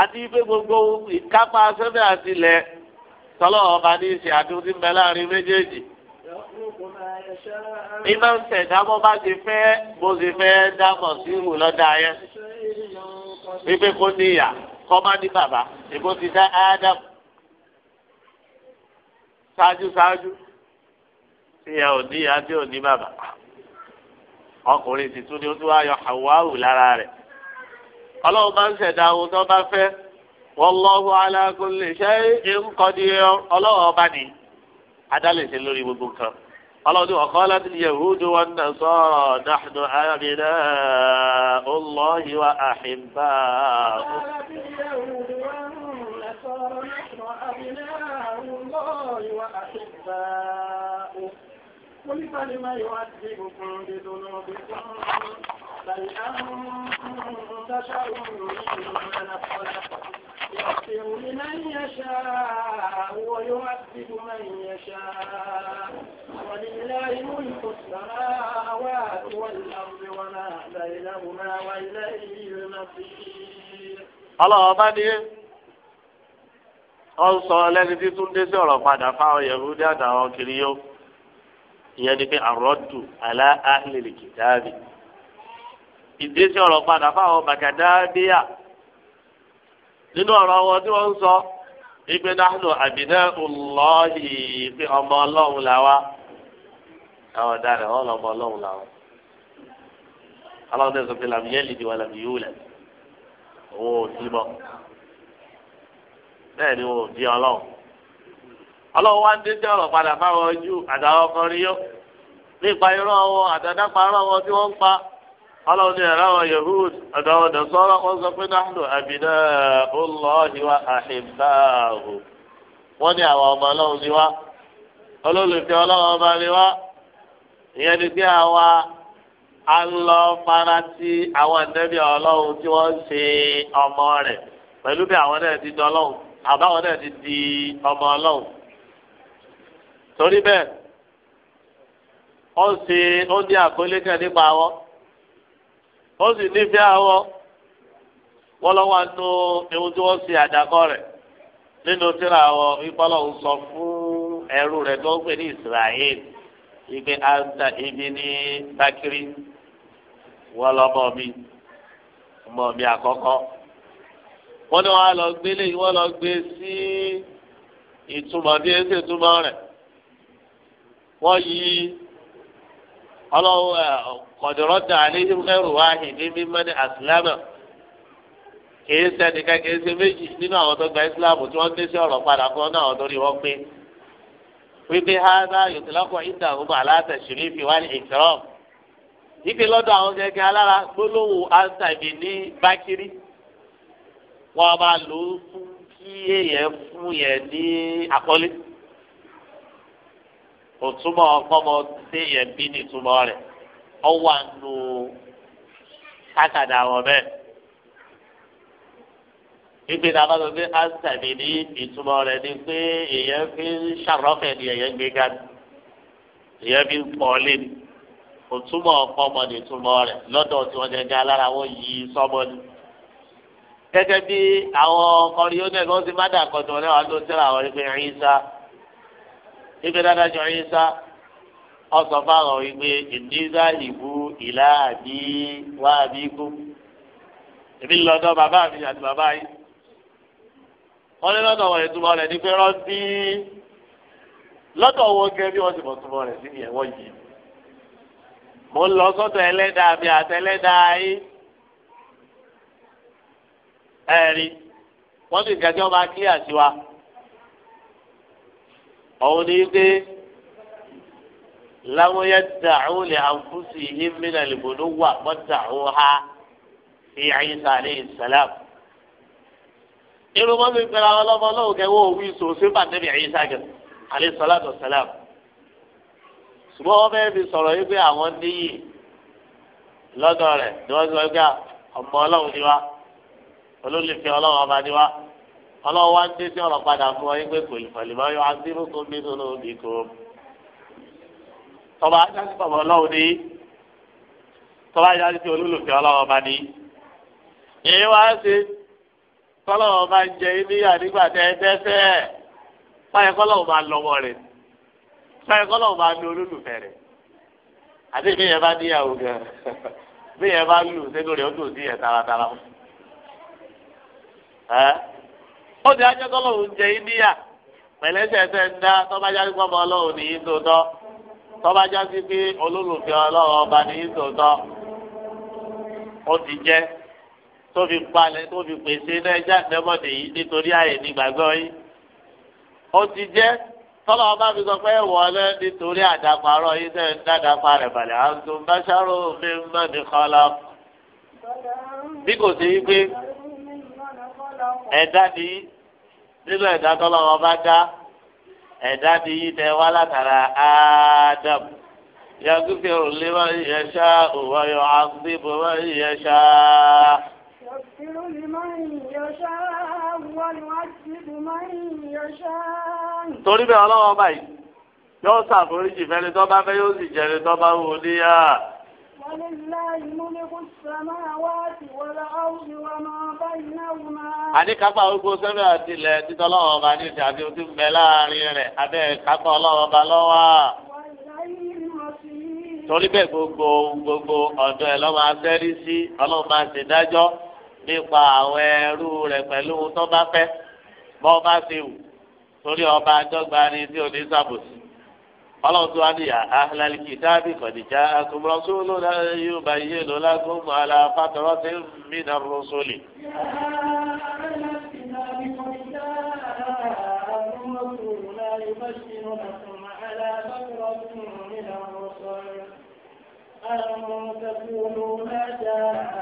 àti pé gbogbo ìkápá sẹ́fẹ̀ àti ilẹ̀ tọ́lọ̀ ọba ní ìṣe àdúgbò ń bẹ láàrin méjèèjì. iná ń tẹ̀dá bọ́ bá ti fẹ́ bó ti fẹ́ dámọ̀ sí ìhù lọ́dà yẹn. wípé kó ní ìyá kọ́ má ní bàbá tíya ò ní ìyá tí ò ní bàbá ọkùnrin sì tún ni ó tún wá yọ Hawaawu lára rẹ̀ ọlọ́run bá ń ṣẹ̀dá ohun tó bá fẹ́ wallahu ala kulli shay'in qadir ọlọ́run ọba ni adálẹ̀ṣẹ̀ lórí gbogbo kan ọlọ́run wa qalat al-yahudu wan-nasara nahnu abna'u Allahi wa ahibba'uhu. Thank you. ولفلم يعذبكم بذنوبكم بل أنتم بشر ممن خلق يغفر لمن يشاء ويعذب من يشاء ولله ملك السماوات والأرض وما بينهما وإليه المصير الله أبدا ọ sọ lẹni tí túndé sí ọ̀rọ̀ padà fáwọn yẹ̀húdí àtàwọn kiri yóò ìyẹn ni pé àrọ́dù alá ahlil kìtàbì ìdésí ọ̀rọ̀ padà fáwọn bàkàdáàbíyà nínú ọ̀rọ̀ wọn tí wọ́n ń sọ ìgbé nahnu àbínà ọlọ́ọ̀hì pé ọmọ ọlọ́run làwa àwọn ọ̀daràn wọn lọ́mọ ọlọ́run làwọn aláwọ̀ tẹ̀sán pé làmì yẹ́lì ni wà làmì òun ò bímọ bẹ́ẹ̀ ni òun ò bí ọlọ́run ọlọ́wọ́ wá ń dídé ọ̀rọ̀ padà fáwọn ojú àtàwọn ọkùnrin yó nípa irọ́ wọn àtàdápa irọ́ wọn tí wọ́n ń pa ọlọ́run ní ẹ̀rọ àwọn yahud àtàwọn dẹ̀sọ́rọ́ wọn sọ pé nahnu àbìdá ọlọ́ọ̀hì wa àhìbáàhù wọ́n ní àwọn ọmọ ọlọ́run ní wá olólùfẹ́ ọlọ́run ọba ní wá ìyẹn ni pé àwa a lọ fara ti àwọn ànábì ọlọ́run tí wọ́n ń ṣe ọmọ rẹ̀ pẹ̀lú bí àwọn náà ti di ọlọ́run àbáwọn náà ti di ọmọ ọlọ́run torí bẹ́ẹ̀ ó sì ó ní àkọlé kan nípa àwọn ó sì nífẹ̀ẹ́ àwọn wọ́n lọ wá nu ewu tí wọ́n ṣe àdàkọ rẹ̀ nínú tíra àwọn ìpọlọ ń sọ fún ẹrú rẹ̀ tó ń pè ní Israel ibi anta ibi ní Bakiri wọ́n lọ mọ mi mọ mi àkọ́kọ́ wọ́n ní wọ́n lọ gbélé wọ́n lọ gbé sí ìtumọ̀ bí ẹsẹ̀ ìtumọ̀ rẹ̀ wọ́n yí ọlọ́wọ́ kọ̀dọ̀rọ̀ dà aléhìm ẹrù wáhì ní mímọ́ ní àsìlámù kìí sẹ́ni ká kìí ṣe méjì nínú àwọn tó gba ìsìlámù tí wọ́n dé sí ọ̀rọ̀ padà fún ọ́nà àwọn tó rí wọ́n pé wípé hádà yòtìlákọ̀ ìdààmú àlàtà ṣìrífì wà ní ìkírọ́m ìpè lọ́dọ̀ àwọn gẹ́gẹ́ alára gbólóhùn ansàbì ní bákírí wọ́n máa lò ó fún kí èèyàn fún yẹn ní àkọ́lé kò túmọ̀ ọkọ́mọ téèyàn bí ní túmọ̀ rẹ̀ ọ wà nù kákàdá wọn bẹ́ẹ̀. ìgbé ta bá lọ sí ansẹ̀mì ní ìtumọ̀ rẹ̀ ni pé èèyàn fi ń ṣàròfẹ̀ ni èèyàn gbé ga èèyàn fi ń pọ̀lé ni kò túmọ̀ ọkọ́mọ ní túmọ̀ rẹ̀ lọ́dọ̀ tí wọ́n jẹ́ ga lára wọ́n yí sọ́mọ ni. gẹ́gẹ́ bí àwọn ọkọrin yóò dẹ̀ kó ti má dà kọ́tù wọn náà ló ń tẹ́lẹ̀ àwọn ẹgbẹ́ ibi dada jọ Ìsá ọsọ fáwọn ìgbé ìdíza ìbú ìlà àbí wá àbí kú èmi lọ́dọ̀ bàbá mi àti bàbá yìí wọn ní lọ́dọ̀ wọn ìtumọ̀ rẹ̀ ní pé rántí lọ́dọ̀ wọn gẹ bí wọn ti bọ túmọ̀ rẹ̀ sí ìyẹn wọn yìí mo ń lọ sọ́dọ̀ ẹlẹ́dàá mi àti ẹlẹ́dàá yìí ẹẹrí wọn sì gẹ́gẹ́ ọba kílíà sí wa ọ̀hún ni pé láwọn yẹn dàrún lè àǹfùsì yìí mìíràn lèbòdó wà wọ́n dàrún ha fi àyíṣà alayhi salam. irun mọ́mí pẹ̀lú àwọn ọlọ́mọ ọlọ́run kẹwọ́ òwú ìṣòro sí bàtẹ́bí àyíṣà gẹ̀ẹ́ alayhi salatu wassalam. ṣùgbọ́n wọ́n fẹ́ẹ́ fi sọ̀rọ̀ yìí pé àwọn níyì lọ́dọ̀ rẹ̀ ni wọ́n ti wọ́n gbé ọmọ ọlọ́run ni wá olólùfẹ́ ọlọ́run ọba ni wá ọlọ́wọ́ wá ń dé sí ọ̀rọ̀ padà fún ọ yín pé kò ìfọ̀lì máa yọ azírú tó bí sọ́nà òbí kò. tọ́ba ajásí bàbá ọlọ́run ní tọ́ba ajásí ti olólùfẹ́ ọlọ́run bá ní. èyí wá ṣe tọ́lọ́run máa ń jẹ níyà nígbà tẹ́ ẹ fẹ́fẹ́ ẹ̀ báyẹ̀ kọ́lọ́run máa lọ́wọ́ rẹ̀ báyẹ̀ kọ́lọ́run máa ní olólùfẹ́ rẹ̀ àti bí bá níyàwó gan bí yẹn bá lù sínú ó ti ajẹ́ kọ́ lóun jẹ india pẹ̀lẹ́sẹ̀ tẹ̀ ń dá tọ́bajá sí pọ́nmọ́ ọlọ́run nìyí tó tọ́ tọ́bajá sí pé olólùfẹ́ ọlọ́run ọba nìyí tó tọ́ ó ti jẹ́ tó fi palẹ̀ tó fi pèsè náà jáde mọ́tò yìí nítorí àyè nígbàgbọ́ yìí ó ti jẹ́ tọ́lá ọba fi sọ pé wọlé nítorí àdàparọ́ yìí tẹ̀ ń dàdàpa rẹ̀ balẹ̀ àǹtò báṣáró mi mọ́ ní kọ́lá bí kò sí wípé ẹ̀dá ni nínú ẹ̀dá tọ́lọ́wọ́ bá dá ẹ̀dá ni yìí tẹ wá látara ádámù yàgùkẹ́ òlé wá yẹ ṣá òwò ayọ̀ àgbébò wá yẹ ṣá. يغفر لمن يشاء ويعذب من يشاء. torí bẹ́ẹ̀ ọlọ́wọ́ báyìí yóò ṣàforíjì fẹ́ni tó bá fẹ́ yóò sì jẹ́ni tó bá wù ú níyà àní kápá gbogbo sẹ́mi àtìlẹ̀ títọ́ lọ́wọ́ ọba ní ìsìn àti ojú bẹ láàrin rẹ̀ abẹ́ kápá ọlọ́wọ́ ọba lọ́wọ́ torí bẹ́ẹ̀ gbogbo gbogbo ọ̀dọ́ ẹ̀ lọ́wọ́ asẹ́rí sí ọlọ́wọ́ máa ṣe dájọ́ nípa àwọn ẹrú rẹ̀ pẹ̀lú tó bá fẹ́ bọ́ bá ti wù torí ọba àjọgbá ni tí ò ní ṣàbòsí ọlọ́run tó wá ní ahlal kitabi qad ja'akum rasuluna yubayyinu lakum ala fatratin min ar-rusuli. أن تقولوا ما جاء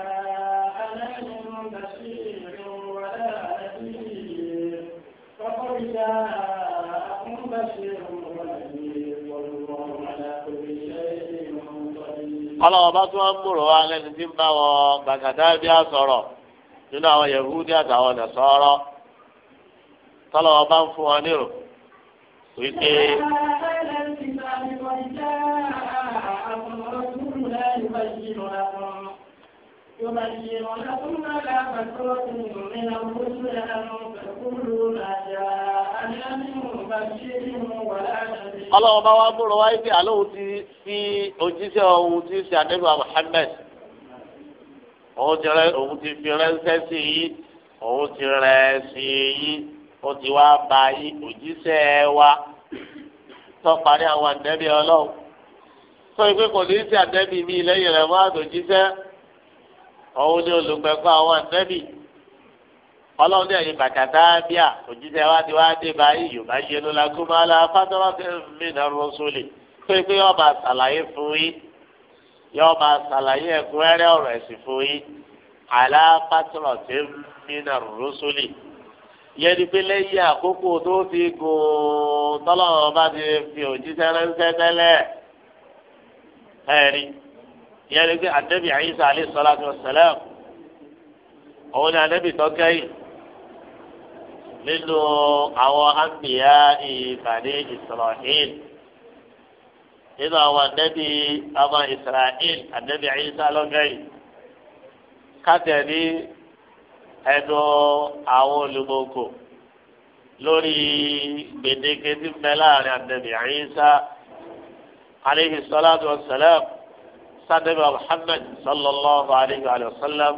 ọlọ́wọ́ bá tún wọn múrò wá lẹ́nu tí ń bá wọn gbàgàdá bí a sọ̀rọ̀ nínú àwọn yahudi àtàwọn ọ̀nà sọ̀rọ̀ tọ́lọ́wọ́ bá ń fún wọn nírò wípé. يبين لكم على فترة من الرسل أن ما جاءنا من ọlọ́run bá wá gbọ́dọ̀ wáyé pé àlóhùn ti fi òjíṣẹ́ ohun ti ṣe àdébà Muhammad òun ti rẹ òun ti fi ránṣẹ́ sí yín òun ti rẹ sí yín ó ti wá ba yín òjíṣẹ́ wa tó parí àwọn àdẹ́bí ọlọ́run tó ìpè kò ní í ṣe mi lẹ́yìn rẹ̀ wọ́n àdòjíṣẹ́ òun ni olùgbẹ̀kọ́ àwọn àdẹ́bí ọlọ́run dẹ̀ ní bàtàtà bíà òjíṣẹ́ wa ti wá dé báyìí yorùbá yé ló la kó máa la fásitì ọ̀sẹ̀ mi náà rọ́sọ̀lẹ̀ pé pé yọ́ọ́ máa ṣàlàyé fún yín yọ́ọ́ máa ṣàlàyé ẹ̀kúnrẹ́rẹ́ ọ̀rọ̀ ẹ̀sìn fún yín àlá fásitì ọ̀sẹ̀ mi náà rọ́sọ̀lẹ̀ yẹn ni pé lẹ́yìn àkókò tó ti gùn tọ́lọ́run bá ti fi òjíṣẹ́ ránṣẹ́ tẹ́lẹ̀ ẹ̀rí yẹn ni pé ànábì Ìsá alayhi salatu wassalam òun ni nínú àwọn àmbìyá ìbàdí Israel nínú àwọn ànábì ọmọ Israel ànábì Isa lọ́gẹ́yìn kátẹ́ ní ẹnu àwọn olùmọ̀ọ́kọ̀ lórí gbèdéke tí ń bẹ láàrin ànábì Isa aleyhi salatu wa salam sadabi Muhammad sallallahu alayhi wa sallam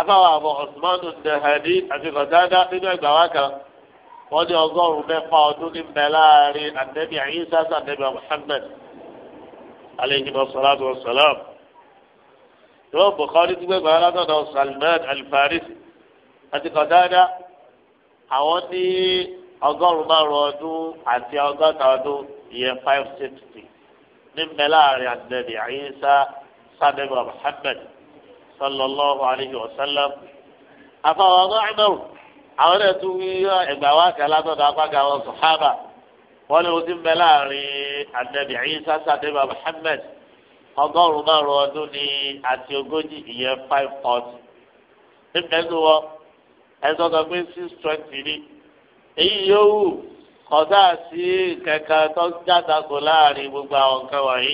afáwọn àbọ̀ ọ̀sùnmọ́nù dẹ̀hẹ̀dí àti kọ̀dáńdá nínú ẹgbàá wa kan wọ́n ní ọgọ́rùn-ún mẹ́fà ọdún ní bẹ̀ láàrin àtẹ́bí àyíṣà sàtẹ́bí Muhammad aleyhi salatu wa salam yóò Bukhari tí gbẹgbẹ alátọ̀dọ̀ Salman Al-Farisi àti kọ̀dáńdá àwọn ní ọgọ́rùn-ún márùn-ún ọdún àti ọgọ́ta ọdún ìyẹn five sixty ní bẹ̀ láàrin àtẹ́bí àyíṣà sàtẹ́bí Muhammad sallallahu alayhi wa sallam àfọwọ́ ọgọ́ àgbẹ̀wò àwọn ẹ̀ tún wí ẹgbà wá kí alátọ̀dọ̀ apága wọn sọ̀hábà wọn ni mo ti ń bẹ láàrin anabi isa sadeba muhammed ọgọ́rùn márùn ọdún ní àti ogójì ìyẹn five forty nígbà tó wọ ẹ̀sọ́ kan pé six twenty ni èyí yóò wù kọ́tà sí kẹ̀kẹ́ tó jáde kó láàrin gbogbo àwọn nǹkan wọ̀nyí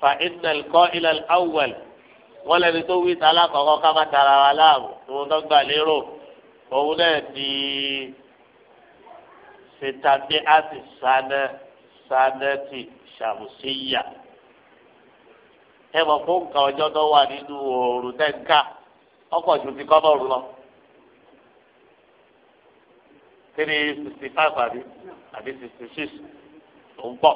fa innal qa'ila al-awwal wọ́n lẹ́ni tó wí ta alákọ̀ọ́kọ́ ká má tara wa láàbù òun tó gbà lérò òun náà di sètàbí àti sànẹ sànẹtì ṣàmùsíyà ẹ mọ̀ fún nǹkan ọjọ́ tó wà nínú òòrùn tẹ́ǹkà ọkọ̀ ju ti kọ́ bọ̀rù lọ. three sixty five àbí àbí sixty six ló ń bọ̀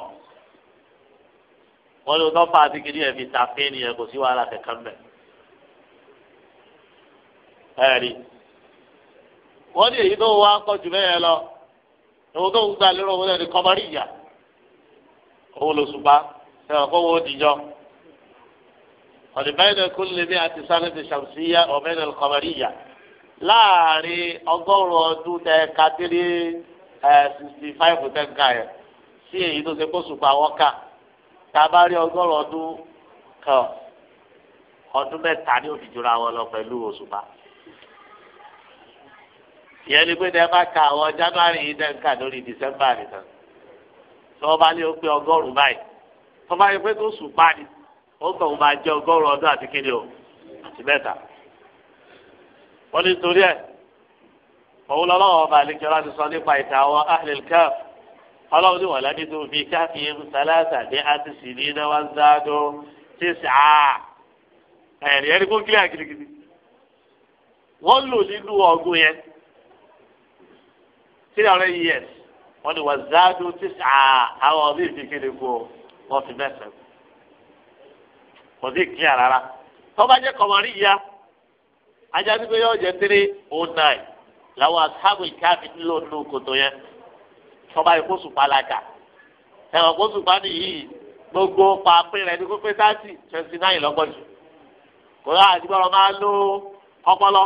wọn ló tọ́ fàá síkiri ẹ̀ fi tàfé nìyẹn kò sí wàhálà kankan mẹ́. ẹ̀rí wọ́n ní èyí tó wá kọ́ jù bẹ́ẹ̀ lọ òun tó ń gba lérò wọn ní kọ́mọ́rì ìyá òun ló ṣùgbọ́n ẹ̀rọ kó wọ́n dìjọ́ ọ̀dìbẹ́ẹ̀nì kúnlẹ̀ ní àti sanadi ṣàmùsíyà ọ̀bẹ́ẹ̀nì kọ́mọ́rì ìyá láàrin ọgọ́rùn-ún ọdún tẹ kátìrí ẹ̀ sixty five tẹ̀ ń sí èyí tó ṣe kó ṣùgbọ́n àwọn ká. ta a bá ọdụ ọgọ́rùn ọdún kan ọdún mẹ́ta ni ó fi jura wọn lọ pẹ̀lú òṣùpá ìyẹn ni pé ní ẹ bá ka àwọn january yìí náà ń kà lórí december nìkan tí wọ́n bá ní ó pé ọgọ́rùn báyìí tó bá yẹ pé tó ni ó kàn ó máa jẹ ọgọ́rùn ọdún àti kíni o àti mẹ́ta wọ́n ní torí ẹ̀ òun lọ́wọ́ ọba àlejò láti sọ nípa ìtàn àwọn ahlil ọlọ́run ní wàlá ní tóbi káfíń sálásà ní àtìsí ní náwó ń dáadó tí sàá ẹ̀rí ẹni kó kílíà gidigidi wọ́n lò nínú ọgbọ́n yẹn tí àwọn ẹ̀yìn yẹn wọ́n ní wà záádó tí sàá àwọn ọ̀bí ìfikiri kú wọ́n fi mẹ́sàn-án kò sí kílíà rárá tọ́ba jẹ́ kọ̀mọ́rí ya ajá nígbẹ́ yóò jẹ́ three oh nine làwọn asáàbù ìkáàfin ló nù kòtò yẹn sọba yìí kó sùpá lajà ẹ̀wọ̀n kó sùpá nìyí gbogbo pàápẹ́ rẹ̀ ní kópé thirty twenty nine lọ́gbọ̀jù kò yá àdìgbọ́rọ̀ máa ń lo ọpọlọ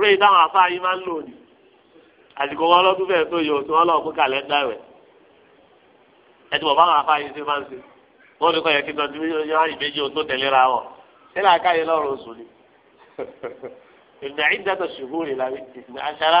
rí táwọn afá yìí máa ń lò ní àdìgbò wọn lọ́dún fẹ́ẹ́ tó yẹ òtún wọn lọ́ọ̀ fún kàlẹ́ndà rẹ̀ ẹtù bọ̀ báwọn afá yìí ṣe máa ń ṣe wọ́n ní kọ́ yẹ kí tọ́jú yọ ìbejì òtún tẹ̀léra wọn sílẹ̀ àkáyé lọ́rùn oṣù ni ìgbà ìdàtọ̀ ṣùgbọ́n ìlànà ìgbà àṣàrà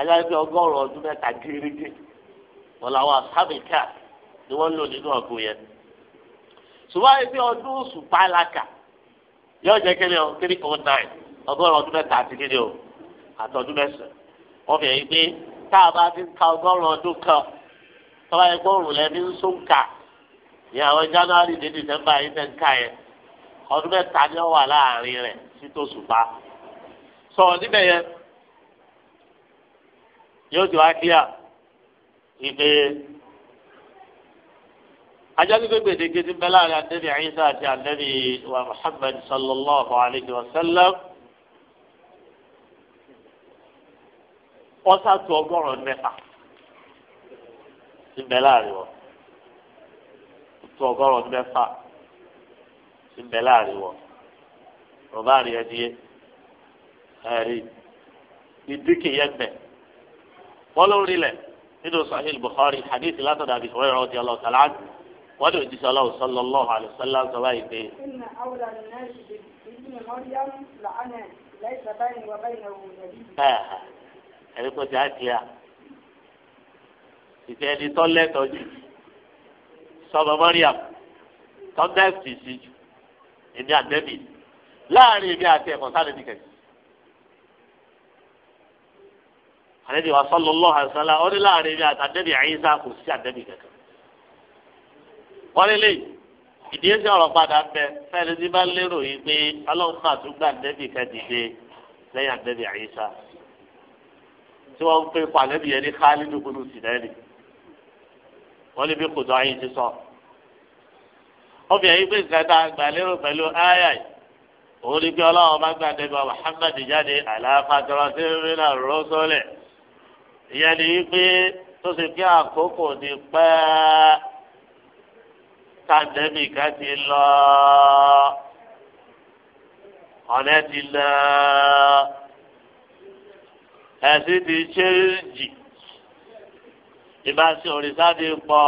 ajáde ọgọ́rùn ọdún mẹ́ta gírígé wọn làwọn asábìkà ni wọ́n lò nínú ọ̀gbìn yẹn ṣùgbọ́n àyè ọdún oṣù pàlàkà yóò jẹ́ kéde ọ three oh nine ọgọ́rùn ọdún mẹ́ta àti kéde o àtọ́dún mẹ́sàn-án wọ́n fi ẹ̀yìn pé tá a bá ti ka ọgọ́rùn ọdún kan tọ́lá yẹn gbọ́rùn lẹ́ni ń sóńkà ní àwọn january dé december yìí fẹ́ ń ká yẹn ọdún mẹ́ta ni ó wà láàrin rẹ̀ sí tó ṣùpá sọ níbẹ̀ yẹn yóò ti wá kíá ìpè ajagbegbe gbèdéke ti bẹ láàrin anabi Isa àti anabi wa Muhammad sallallahu alayhi wa sallam wọ́n sàtú ọgọ́rùn-ún mẹ́fà ti bẹ láàrin wọn tó ọgọ́rùn-ún mẹ́fà ti bẹ láàrin wọn rọ̀bá rí ẹ̀rí ìdíkì yẹn bẹ̀ wọ́n ló rí lẹ̀ nínú sahih bukhari hadith látọ̀dọ̀ àbí ìfọwọ́ ìrọ̀ ti ọlọ́ sàlá wọ́n lè jíṣẹ́ ọlọ́run sọ́lọ́ lọ́wọ́ àlùsọ́lá sọ báyìí pé. ẹ̀rí kò tí a ti a ìfẹ́ ẹni tọ́ lẹ́tọ̀ọ́ jù sọmọ mọ́ríàm tọ́ dẹ́ẹ̀tì sí jù èmi àtẹ́bì láàrin èmi àti ẹ̀kọ́ sáré nìkẹ́sì. àdébí wa sallallahu alaihi wasallam ó ní láàrin ní àtàdébí àyíṣà kò sí àdébí kankan. wọ́n lé léyìí ìdíyèsí ọ̀rọ̀ padà ń bẹ fẹ́ẹ́ni tí bá lérò yìí pé ọlọ́run máa tún gbà àdébí kan dìde lẹ́yìn àdébí àyíṣà tí wọ́n ń pè pa àdébí yẹn ní Khalidu kúlù sílẹ́ẹ̀lì wọ́n lé bí kòtò ayé ti sọ. obìnrin yìí pé nǹkan gbà lérò pẹ̀lú áyà òun ni pé ọlọ́run bá gbà àdébí wa Muhammad jáde àlàáfàá tọrọ sí rírà rọ́sọ́lẹ̀ ìyẹn ni wípé tó ṣe pé àkókò ti pẹ́ tàǹdẹ́mì ká ti lọ ọ̀nà ti lọ ẹ̀sìn ti ṣe jì ìbáṣe òrìṣà ti pọ̀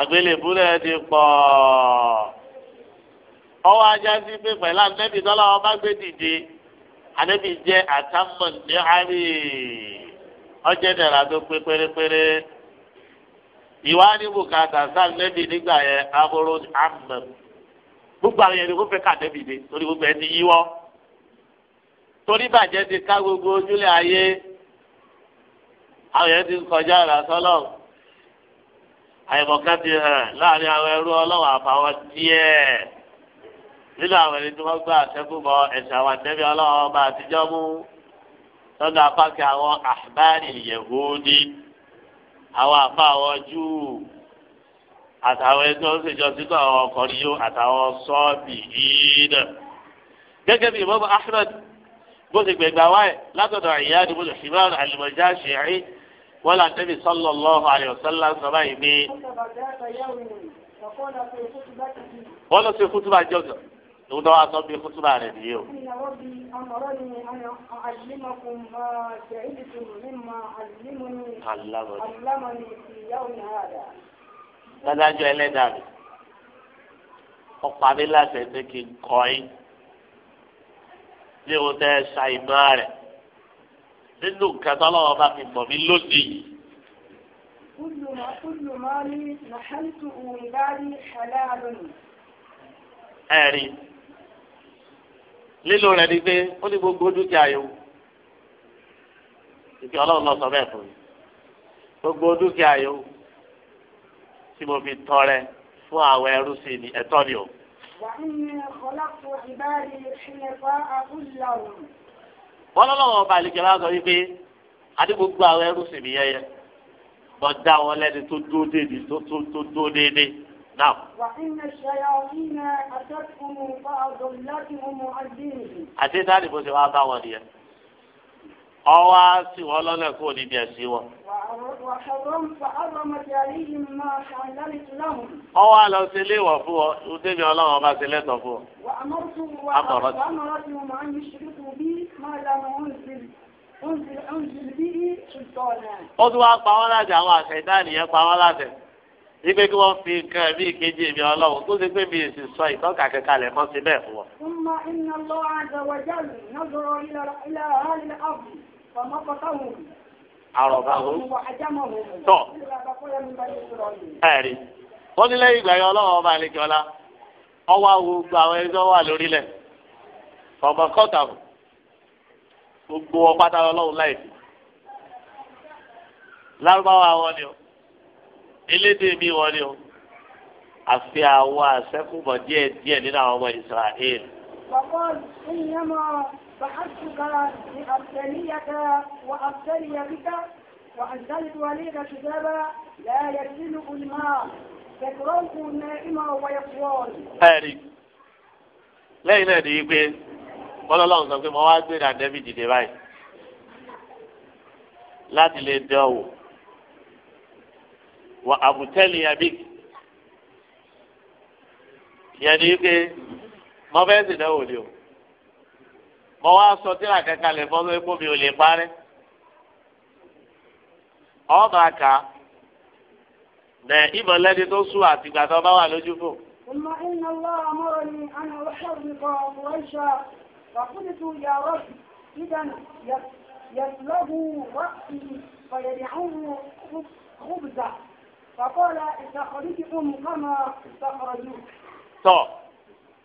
àgbélébúlẹ̀ ti pọ̀ ọwọ́ ajá sí pé pẹ̀lú àǹdẹ́bì tọ́lá ọba gbé dìde anabi jẹ́ àtàmọ̀ ní àárẹ̀ ọjọ́ dara tó pé pérépéré ìwà ní bùkátà sáà nẹ́bì nígbà yẹn ahoro amọ̀ gbogbo àwọn yẹn ni wọ́n fẹ́ ká nẹ́bì dé torí gbogbo ẹni yíwọ́ torí bàjẹ́ ti ká gbogbo ojúlé ayé àwọn yẹn ti ń kọjá ara sọ́lọ́ àìmọ̀ká ti hàn láàrin àwọn ẹrú ọlọ́wọ́ àfàwọn díẹ̀ nínú àwọn ẹni tí wọ́n gbọ́ àtẹ́gùnbọ̀ ẹ̀sìn àwọn àtẹ́bí ọlọ́run ọba àtijọ́ mú lọ́dọ̀ apákẹ́ àwọn àbáàrì yẹ̀hóódì àwọn àfa àwọn júù àtàwọn ẹni tó ń ṣèjọ sínú àwọn ọkọ̀rin yóò àtàwọn sọ́ọ̀bì yìí náà. gẹ́gẹ́ bí ahmed bó ti gbẹ̀gbà wáyé látọ̀dọ̀ ìyá ni mo lè fi máa àlùmọ̀já ṣèrí wọn là tẹ́bi sallallahu alaihi wasallam wọ́n lọ sí kútùbà jọ̀gàn lóun tó wá sọ bí kútùbà rẹ̀ nìyí o. dájú ẹlẹ́dàá mi ọ̀pá mi láti ẹ̀sẹ̀ kí n kọ́ yín bí o tẹ́ ṣa ìmọ̀ rẹ̀ nínú nǹkan tó bá fi mọ̀ mí lóde yìí. كل مال نحلته من بعد حلال. أري lílo rẹ̀ ni pé ó ní gbogbo dúkìá yòó ìfi ọlọ́run lọ sọ bẹ́ẹ̀ fún mi gbogbo dúkìá yòó tí mo fi tọrẹ fún àwọn ẹrú sí ni ẹ̀tọ́ ni o. wọ́n lọ́wọ́ ọba àlejò láti sọ wípé adigungun àwọn ẹrú sí mi yẹyẹ bọ́ dá wọn lẹ́ni tó dúró déédéé tó tó tó dúró déédéé. نعم وإن الشياطين أتتهم فأضلتهم عن دينهم àti táàlì bó ti wá bá wọn nìyẹn ọwọ́ á sì wọ́n lọ́nà kúrò níbi ẹ̀sìn wọn. ọwọ́ á lọ sí ilé ìwọ̀ fún ọ ìdébí ọlọ́run ọba sí lẹ́tọ̀ fún ọ. àmọ̀ràn tí ó tún wá pa wọ́n láti àwọn àṣẹ ìdánìyẹn pa wọ́n láti. ibi kí wọ́n fi nǹkan ẹ̀mí ìkejì mi ọlọ́run tó ṣe pé mi èsì sọ ìtọ́ka kẹka lẹ̀ mọ́ sí bẹ́ẹ̀ fún wọn. ọmọ iná lọ àjẹwọ̀jáde náà lọ́rọ̀ ilẹ̀ ààrẹ ààbò ọmọ pọ̀tàwùn. àròbá wo. tọ́ ẹ̀rí ní ìgbà yẹn ọba àlejò ọlá àwọn wà gbogbo ọpátá láì lárúbáwá wọn ni o. elédè mi wọlé o àfi àwọn àṣẹkùbọ díẹ̀ díẹ̀ nínú àwọn ọmọ Israel. وقال إنما بعثتك لأبتليك وأبتلي بك وأنزلت عليك كتابا لا يسلك الماء تكرهه نائما ويقوال. ẹ̀rí lẹ́yìn náà ni pé wọ́n lọ́wọ́ sọ pé mo wá gbé ìdá dẹ́bìtì dé báyìí láti lè dán wò wà àbùtẹ́lì abik yẹn ni pé mo fẹ́ sì náà wò ni o mo wá sọ tí ra kankan lè fọ́ lórí kómi ò lè parẹ́ ọba ká bẹ ìbọn lẹ́ni tó sùn àtìgbà tó bá wà lójú fò. ثم إن الله أمرني أن أحرق قريشا فقلت يا رب إذا يسلبوا رأسي فيدعوه خبزة tọ́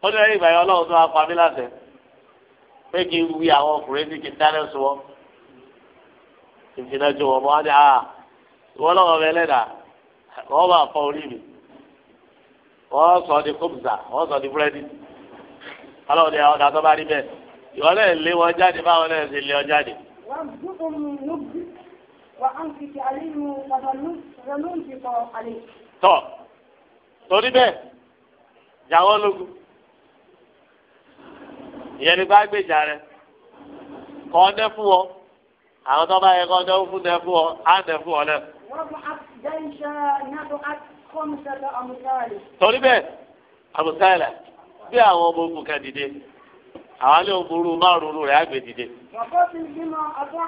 ó ní ẹ̀yìn ìgbàyọ̀ ọlọ́run tó wá pa mí láṣẹ pé kí n wí àwọn ọkùnrin tí kì í dáná sọ ah, wọ́n kì í fi wọn mọ́ á àá wọ́n lọ́wọ́ bẹ lẹ́dàá wọ́n bá fọ orí mi wọ́n sọ di kóbùsà wọ́n sọ di búrẹ́dì ọlọ́run ní àwọn ọ̀dà bá rí bẹ́ẹ̀ ìwọ́n lé wọn jáde báwọn náà sì lé wọn jáde. wàá dúró mi lóbi. tọ́ torí bẹ́ẹ̀ jáwọ́ lógun ìyẹn ni bá gbèjà rẹ kọ́ ọ dẹ́ fún ọ àwọn tó bá yẹ kọ́ ọ dẹ́ fún dẹ́ fún ọ á dẹ́ fún ọ náà. torí bẹ́ẹ̀ àbùsáyẹ̀lẹ̀ bí àwọn ọmọ ogun kan dìde àwọn alẹ́ òmùrú márùn-ún rẹ̀ á dìde. wàá kọ́ sí àgbà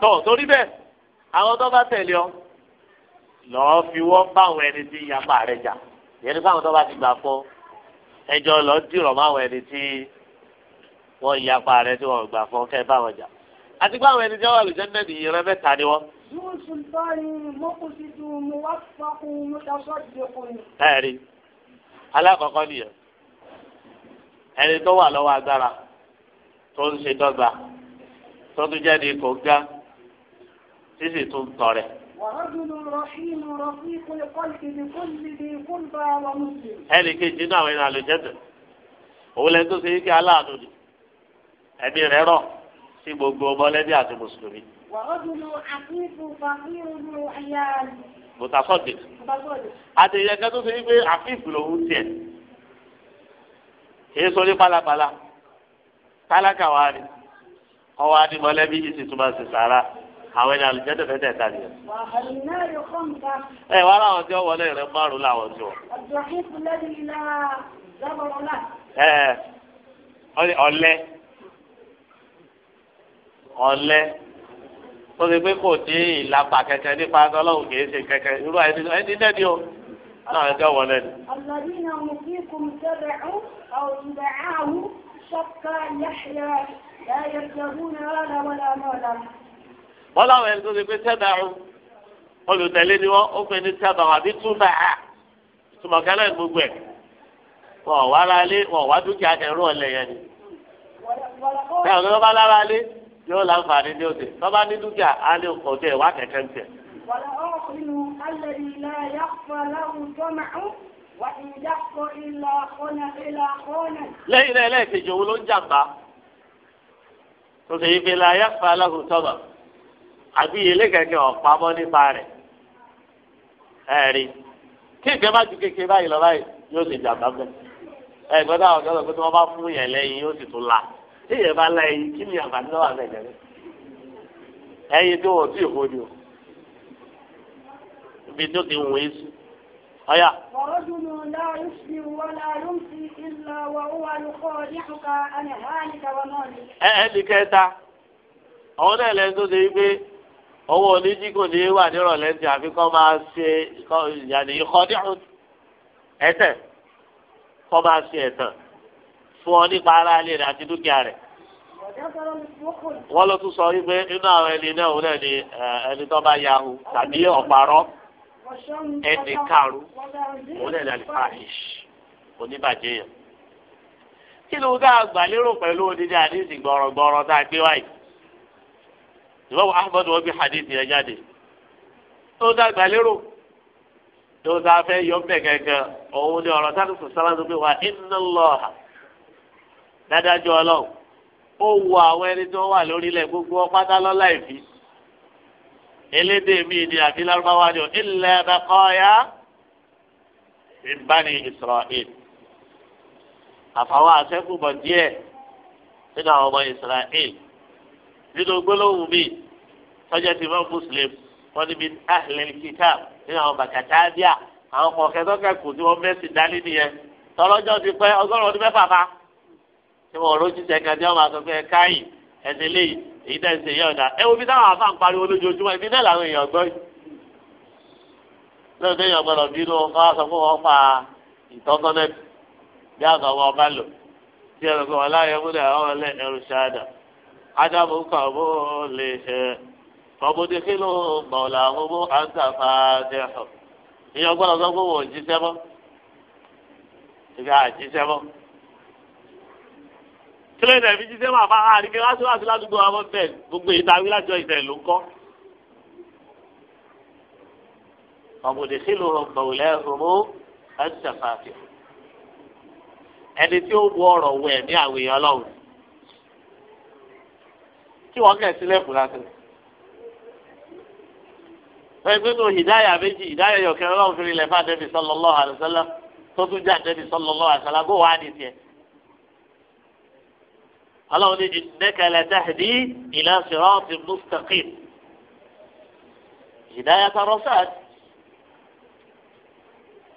tó torí bẹ́ẹ̀ àwọn tó bá tẹ̀lé ọ lọ́ọ́ fi wọ́n bá àwọn ẹni tí yapa rẹ̀ jà yẹn ní fáwọn tó bá ti gbà fọ́ ẹjọ́ lọ dìrọ̀ mọ́ àwọn ẹni tí wọ́n yapa rẹ̀ tí wọ́n gbà fọ́ kẹ́ bá wọn jà àti pé àwọn ẹni tí wọ́n wà lójẹ́ náà nìyí rẹ mẹ́ta ni wọ́n. ẹ̀rí alákọ̀ọ́kọ́ nìyẹn ẹni tó wà lọ́wọ́ agbára tó ń ṣe dọ́gba tó tún jáde kò ga sísì tó ń tọrẹ. ẹnì kejì náà àwọn ènìyàn àlùjẹ́dẹ̀ òun lẹ́nu tó ṣe yí kí aláàánú ni ẹ̀mí rẹ̀ rọ̀ sí gbogbo mọ̀lẹ́bí àti mùsùlùmí. mùtàsọ́dì àti ìyẹn kan tó ṣe yí pé àfíìsì lòun tiẹ̀ kì í sọ ní pálapàla tálákà wa ni ọwọ́ adi mọ̀lẹ́bí yìí sì tún bá ṣe sàrà àwọn ẹni àlùjẹ́ tẹ̀fẹ́ tẹ̀ ta nìyẹn. ẹ wá láwọn tí ó wọlé rẹ márùn láwọn tí ó. ẹ ọlẹ ọlẹ ó ti pé kò ní ìlàpà kẹkẹ nípa ọlọ́run kì í ṣe kẹkẹ irú ẹni ẹni dẹ́ni o láwọn tí wọlé ni. ọ̀làdínà mú kí kùn tẹ̀lé ọ́ صفا يحيى لا يبلغون هذا ولا مالا wọ́n láwọn ẹni tó ti pé sẹ́dàrún olùtẹ̀lé ni wọ́n ó pè ní sẹ́dàrún àbí túbà á túmọ̀ kẹ́lẹ́ gbogbo ẹ̀ wọ́n wá lálé wọ́n wá dúkìá ẹ̀rú ọ̀lẹ̀ yẹn ni. bẹ́ẹ̀ ni wọ́n bá lára lé yóò láǹfààní ní òde wọ́n bá ní dúkìá á ní òde ìwà kẹ̀kẹ́ ń tẹ̀. wọ́n lọ ọ́ lẹ́yìn náà ẹlẹ́ẹ̀kejì òun ló ń jàmbá tó ṣe yí pé láyà fà aláhùn tọ́mà àbí ilé kẹ̀kẹ́ ọ̀pamọ́ nípa rẹ̀ ẹ̀rí kí nǹkan bá ju kékeré báyìí lọ báyìí yóò ṣe jàmbá bẹ́ẹ̀ ẹ̀ gbọ́dọ̀ àwọn ọ̀dọ́ pé tí wọ́n bá fún yẹn lẹ́yìn yóò sì tún la tí yẹn bá la ẹyin kí ni àǹfààní lọ́wọ́ àbẹ̀ jẹ́rẹ́ ẹyin tó wọ̀ sí ìkó ni o ibi tó ti wọ̀ ẹ́ sùn ọ̀yà. ورجل لا يسلم ولا يمسي إلا وهو يخادعك عن حالك ومالك. ẹ ẹ ní kẹta àwọn náà lẹ́nu tó ṣe wípé owó oníjìkò ní wà nírọ̀lẹ́ ti àfi kọ́ máa ṣe ìyànní ìkọ́díhùn ẹ̀tẹ̀ kọ́ máa ṣe ẹ̀tàn fún ọ nípa ara ilé rẹ̀ àti dúkìá rẹ̀. wọ́n ló tún sọ wípé inú àwọn ẹni náà òun ẹni tó bá yahu tàbí ọ̀parọ́ ẹni karùn òun náà ní alifahish oníbàjẹ́ yẹn kí ló dá àgbàlérò pẹ̀lú odidi àdìsí gbọ̀rọ̀gbọ̀rọ̀ tá a gbé wáyé ìwọ́n ahmed wọ́n bí hadith yẹn jáde ló dá àgbàlérò ló dá fẹ́ yọ bẹ́ẹ̀ gẹ́gẹ́ òun ni ọ̀rọ̀ táwọn sọ̀rọ̀ sábà tó gbé wá inna Allah dáadáa jọ ọlọ́run ó wo àwọn ẹni tó wà lórílẹ̀ gbogbo ọpátá lọ́la ìfì elédè mi ni àbí lárúbáwá ni ọ ilẹ̀ baqaya min bani Isra'il àfàwọn àṣẹ́kùbọ̀ díẹ̀ nínú àwọn ọmọ Isra'il nínú gbólóhùn mi sọ́jà ti mọ́ muslim wọ́n ní min ahlil kitab nínú àwọn bàkàtà díà àwọn ọmọ kẹtọ́kẹ́ kù tí wọ́n mẹ́sì dání nìyẹn tọ́lọ́jọ́ ti pẹ́ ọgọ́rùn ọdún mẹ́fà fa tí wọ́n rọ́jú sẹ́kẹ́ tí wọ́n máa sọ káyìí ẹsẹ̀ lé èyí tẹ́ ṣe yẹ ọ̀dà ẹ wo bí táwọn afa ń pariwo lójoojúmọ́ ibi náà làwọn èèyàn gbọ́ yìí lóòótọ́ èèyàn gbọ́dọ̀ bínú ká sọ fún wọn pa ìtọ́sọ́nẹ́ bí àgbà wọn bá lò tí ẹ̀rọ pé wọn láyé múlẹ̀ àwọn ọlẹ́ ẹrù ṣáàdà ádámù kàbó lè ṣe ọmọdé kí ló mọ̀ọ́lá ọmọ àǹtàfà dẹ́hùn èèyàn gbọ́dọ̀ sọ fún wọn òjíṣẹ́ mọ́ ìgbà àjíṣẹ́ mọ́ kílẹ̀ ìdẹ̀ fi jíjẹ́ máa bá àárín kí wáṣọ àti ládùúgbò àwọn bẹ́ẹ̀ gbogbo ìta wí lájọ ìdẹ̀ ló ń kọ́. ọ̀bùnì sílùú ọ̀gbọ̀nlẹ̀ ọ̀hún ẹ̀ṣẹ̀fàfẹ́ ẹni tí ó wọ ọ̀rọ̀ wọ ẹ̀mí àwọn èèyàn lọ́wọ́ tí wọ́n kẹ̀ sílẹ̀kùn láti. ẹgbẹ́ nù hìdáyà méjì hìdáyà yọ̀kẹ́ ọlọ́run fi rí lẹ́fà Ànábì sallallahu alaihi wasallam tó tún jẹ́ sallallahu alaihi wasallam الله يقول إنك لتهدي إلى صراط مستقيم هداية الرسالة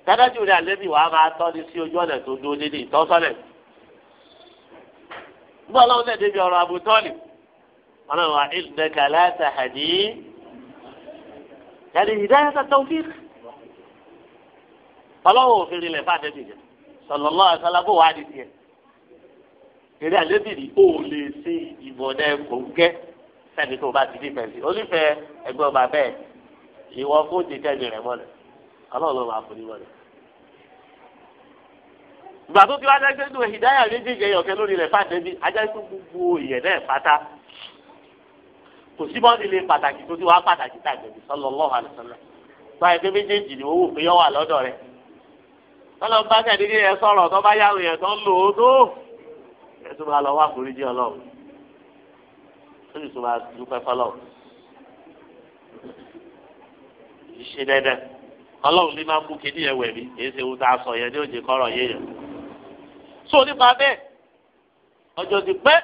تنجو لعلمي وعام عطاني سيو جوانا تنجوني توصلين الله يقول نبي أورا أبو طالب أنا أقول إنك لا تهدي يعني هداية التوفيق فلو في الإلفات نبي صلى الله عليه وسلم هو عادي eré àlébìrì ó lè ṣe ìbọ̀dẹ kòńkẹ́ sẹ́ni tó bá ti dé fẹ́ sí onífẹ́ ẹgbẹ́ ọba bẹ́ẹ̀ ìwọ fún ti tẹ́lẹ̀ rẹ̀ mọ́lẹ̀ ọlọ́run ló máa fún ní mọ́lẹ̀. ìgbà tó ti wá dájú nínú ìdáyà méjèèjì ẹ̀yọ̀kẹ́ lórí rẹ̀ fàdébí ajá ikú gbogbo ìyẹn náà pátá kò sí bọ́ọ̀lì lè pàtàkì tó ti wá pàtàkì tá àgbẹ̀bí sallallahu alaihi wasallam gba ẹgbẹ́ méjèèjì ni owó òfin yọ ẹ tún máa lọ wá àforíjì ọlọ́run ó sì tún máa dúpẹ́ fọlọ́run ìṣe dẹ́dẹ́ ọlọ́run ní máa ń mú kíní ẹ̀wẹ̀ mi èyí ṣe ohun tá a sọ yẹn ní òjì kọ́rọ̀ yéèyàn. so nípa bẹ́ẹ̀ ọjọ́ ti pẹ́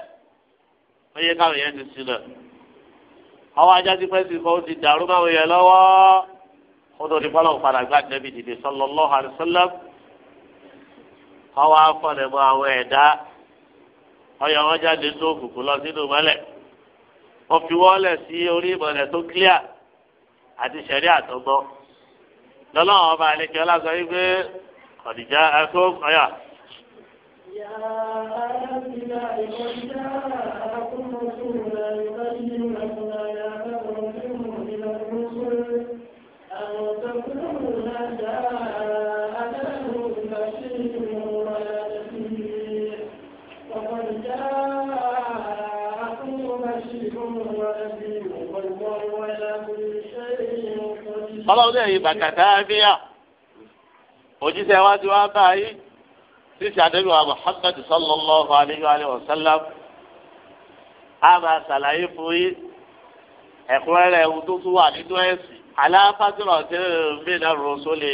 oyè káwọn yẹn ti sin náà àwọn ajá ti pẹ́ sí kan ó ti dàrú máwọn yẹn lọ́wọ́ ó tó ní fọlọ́run padà gbá nẹ́bí dìde sallallahu alaihi wasallam àwọn afọlẹ̀mọ́ àwọn ẹ̀dá ọyọ wọn jáde ní òkùnkùn lọ sínú mọ́lẹ̀ wọn fi wọ́lẹ̀ sí orí ìmọ́lẹ̀ tó clear àti sẹ̀rí àtọ́gbọ́ lọ́lọ́wọ́n ọba àlekẹ́ ọlásọ yìí pé ọ̀dìjà ẹ̀kọ́ ọ̀yà. yàrá ìlà ìwọ̀n náà. ọlọ́run náà yí bàkàtà bíyà òjíṣẹ́ wa ti wá báyìí sísè àdébí wa muhammadu sallallahu alayhi wa sallam a máa ṣàlàyé fún yín ẹ̀kúnrẹ́rẹ́ ewu tó tún wà nínú ẹ̀sìn aláfàtúrọ̀ tí mìíràn rò sólè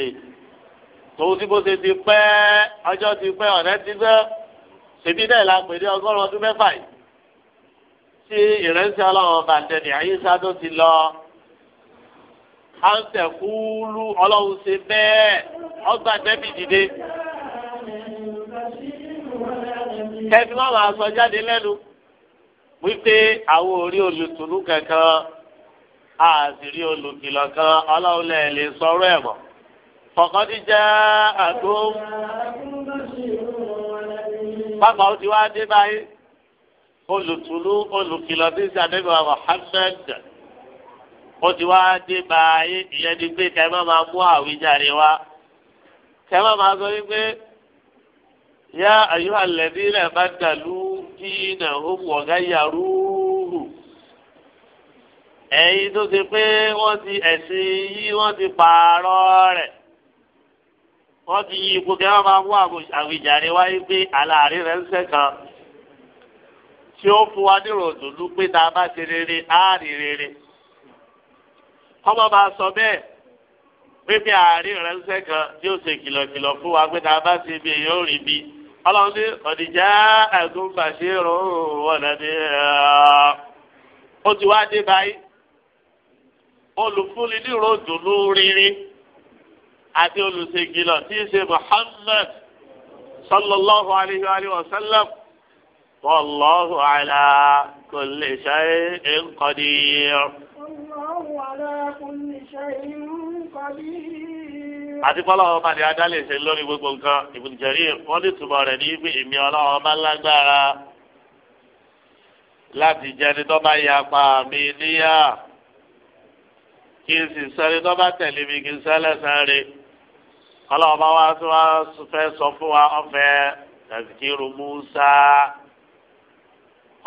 tòun tí mo ṣe ti pẹ́ ọjọ́ ti pẹ́ ọ̀rẹ́ ti pẹ́ ṣèbí náà la pè ní ọgọ́rùn ọdún mẹ́fà yìí tí ìrẹsì ọlọ́run bàtẹ́ni àyíṣà tó ti lọ àǹtẹ̀ kúlú ọlọ́run ṣe bẹ́ẹ̀ ọgbà dẹ́bì dìde. kẹ́sì má máa sọ jáde lẹ́nu wípé àwọn orí olùtùnú kankan àṣírí olùkìlọ̀ kan ọlọ́run lè lè sọ̀rọ̀ ẹ̀ mọ́. kọ̀ọ̀kan ti jẹ́ àgbo. pápá ó ti wá dé báyìí olùtùnú olùkìlọ̀ bíi sàdébà Muhammad ó ti wá dé bá ayé ìyẹn ni pé kẹ́ ẹ má máa mú àwíjàre wá kẹ́ ẹ má máa sọ wípé yá àyùhà lẹ́bí rẹ̀ bá dàlú kí náà ó mú ọ̀gá yàrú ẹ̀yin tó ti pé wọ́n ti ẹ̀sìn yìí wọ́n ti pààrọ̀ rẹ̀ wọ́n ti yí ipò kẹ́ ẹ má máa mú àwíjàre wá wípé àlàárí rẹ̀ ń sẹ́kàn tí ó fún wa nírò dùnú pé tá a bá ṣe rere á rí rere kọ́mọ bá sọ bẹ́ẹ̀ pépé àárín ránṣẹ́ kan tí ó ṣe kìlọ̀kìlọ̀ fún wa pé tá a bá ṣe bí èèyàn ò rí bí ọlọ́run ní ọ̀dìjà ẹ̀gún bàṣírò wọ̀nàdé ó ti wá dé báyìí olùfúnni ní ròdùnú rírí àti olùṣèkìlọ̀ tí í ṣe Muhammad sallallahu alayhi wa sallam wallahu ala kulli shay'in qadir àti kọ́ lọ́wọ́ bá ní adá lè ṣe lórí gbogbo nǹkan Ibn Jarir wọ́n lè túbọ̀ rẹ̀ ní ibi èmi ọlọ́wọ́ bá lágbára láti jẹni tó bá ya pa mi níyà kí n sì sọ tó bá tẹ̀lé mi kí n sọ ẹlẹ́sàn rẹ̀ ọlọ́wọ́ bá wá sí fẹ́ sọ fún wa ọ̀fẹ́ tàbíkírù Musa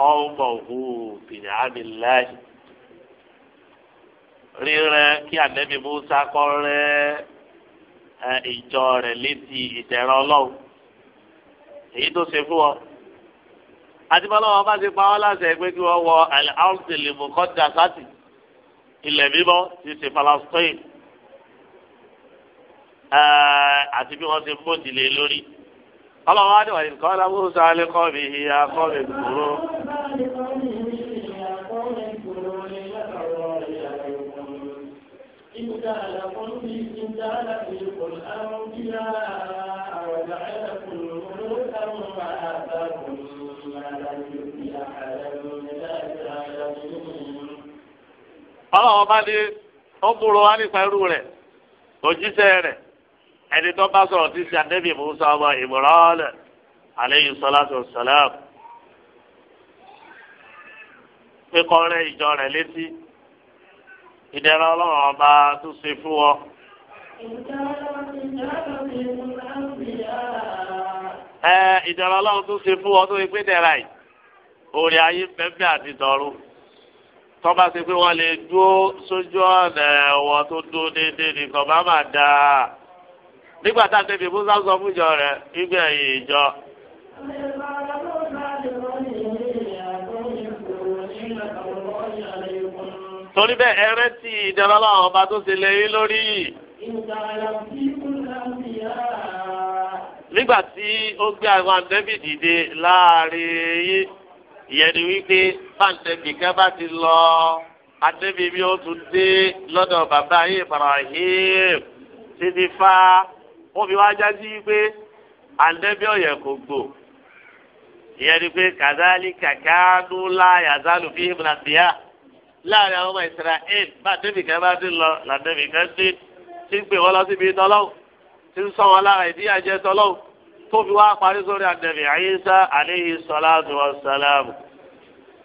ọ̀hún bìnnà ábìláyìí. rírẹ kí ànẹ́bí musa kọ́ rẹ ìjọ rẹ̀ létí ìtẹ̀rẹ̀ ọlọ́run èyí tó ṣe fún ọ. àtibọ́lọ́wọ́ bá ti pa wọ́n láṣẹ pé kí wọ́n wọ al-ardil muqaddasati ilẹ̀ mímọ́ ti ṣe Palestine àti bí wọn ti bóòdì lé lórí. ọlọ́wọ́ á ní wàyí kọ́ ọ́ lábúrú sáré kọ́ mi ìyá kọ́ mi لكم فيهم جعل فيكم أنبياء وجعلكم ملوكا وآتاكم ما لم يؤت أحدا من العالمين. ọlọ́wọ́ bá dé ó burú wá nípa irú rẹ̀ òjíṣẹ́ rẹ̀ ẹni tó bá sọ̀rọ̀ tí sí ànábì Mùsá ọmọ ìmọ̀ràn aleyhi salatu salam pé kọ́ rẹ̀ ìjọ rẹ̀ létí ìdẹ̀ra ọlọ́run ọba tó ṣe fún ọ. ẹ ìdẹ̀ra ọlọ́run tó ṣe fún ọ tó ṣe pé dẹ̀ra yìí orí ayé pẹ́pẹ́ àti tọrú tọ́ba ṣe pé wọ́n lè dúró sójú ọ̀nà ẹ̀wọ̀n tó dúró déédéé nìkan bá máa dà á nígbà tá a tẹ̀lé musa sọ fún ìjọ rẹ̀ ìgbẹ̀yìn ìjọ. torí bẹ́ẹ̀ ẹrẹ́ tí ìjọba láwọn ọba tó ṣe lè rí lórí yìí. nígbà tí ó gbé àwọn àǹdẹ́bì dìde láàrin yìí ìyẹn ni wípé báńdẹ́bì kan bá ti lọ àǹdẹ́bì mi ó tún dé lọ́dọ̀ bàbá yìí Ibrahim títí fa wọ́n fi wá jáde wípé àǹdẹ́bì ọ̀yẹ̀ kò gbò ìyẹn ni pé kàdálí kàkánú láyà zálù fíìmù nàbíyà láàrin àwọn ọmọ Israel bá débi kan bá dín lọ làdébi kan dé tí ń pè wọ́n lọ síbi tọ́lọ́wù tí ń sọ wọn lára ìdí àjẹ tọ́lọ́wù tó fi wá parí sórí àdébi àyíṣà àléhi sọláàtù ọ̀sálàmù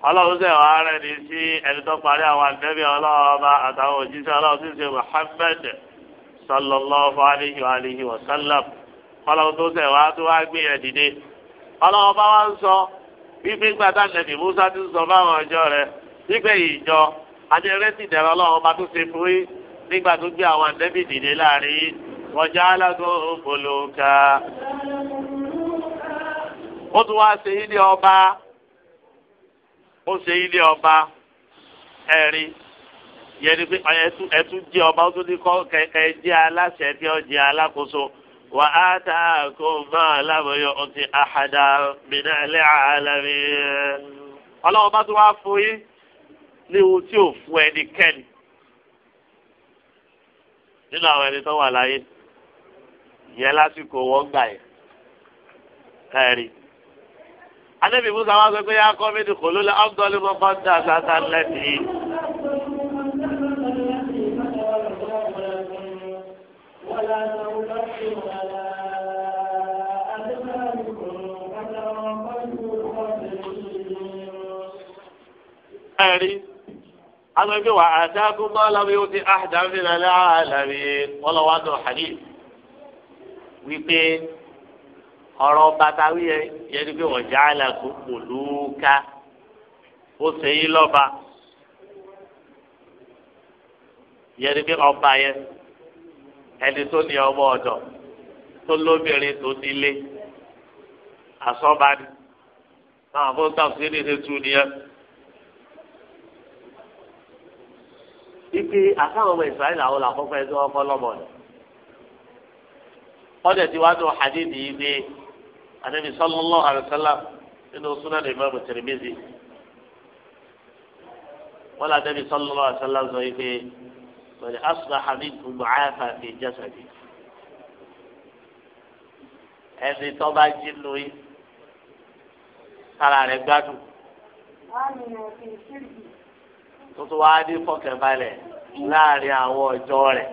ọlọ́run sẹ̀ wá rẹ̀ ní sí ẹni tó parí àwọn àdébi ọlọ́ọ̀ba àtàwọn òjíṣẹ́ ọlọ́run sì ṣe Muhammad sallallahu alayhi wa alihi wa sallam ọlọ́run tó sẹ̀ wá tó wá gbé yẹn dìde bá wá ń sọ bí gbígbà tá nígbà ìjọ adérẹ́sì dẹ̀rọ ọlọ́run ọba tó ṣe fún yín nígbà tó gbé àwọn àdẹ́bì dìde láàrin yín wọ́n já alágún ògbólóńkà. ó tún wá ṣe ilé ọba ó ṣe ilé ọba ẹ̀rin yẹn ni pé ẹtún jẹ́ ọba ó tún ní kọ́ kẹ̀kẹ́ jẹ́ aláṣẹ tí ó jẹ́ alákòóso wà á ta kó máa lábọ̀yọ̀ ọtí àhàdà mìíràn lẹ́hàá alámi. ọlọ́run bá tún wá fún yín léwu tí ò fún ẹnikẹ́ni nínú àwọn ẹni tó wà láyé ìyẹn lásìkò wọ́n gbà yẹn káyẹ̀rì. Anábì Musa wá sọ pé yá kọ́ mi ní kòló lẹ́ ọ́gbọ́n lé mọ́ kọ́ńtà sáta lẹ́sìn Ẹ̀rí agbẹ̀gbẹ̀ wà àdágún bá lábẹ́ ó ti àdáfẹ́ lálẹ́ àlàyé ọlọ́wádùn hadith wípé ọ̀rọ̀ bàtàwí yẹn yẹn ni pé wọ́n já àlàkó pòlúkà ó ṣe yí lọ́ba yẹn ni pé ọba yẹn ẹni tó ní ọmọ ọ̀dọ̀ tó lóbìnrin tó nílé àsọ́ba ni àwọn fún sí ní ṣe tu nìyẹn. ike àtàwọn ọmọ ìsirayìlì àwọn làkọ́kọ́ ẹni tí wọ́n kọ́ lọ́mọ ni. ọ̀dẹ̀ tí wàá dùn hadith yìí pé anabi sallallahu alaihi wasallam nínú sunan imam Tirmidhi wọn là anabi sallallahu alaihi sọ yìí pé wọn ni asbaha minkum mu'afa fi jasadi ẹni tó bá jí lu yìí sára rẹ̀ gbádùn. wàá nìyẹn kì í ṣe tó tún wá ní fọkànbalẹ̀ láàrin àwọn ọjọ́ rẹ̀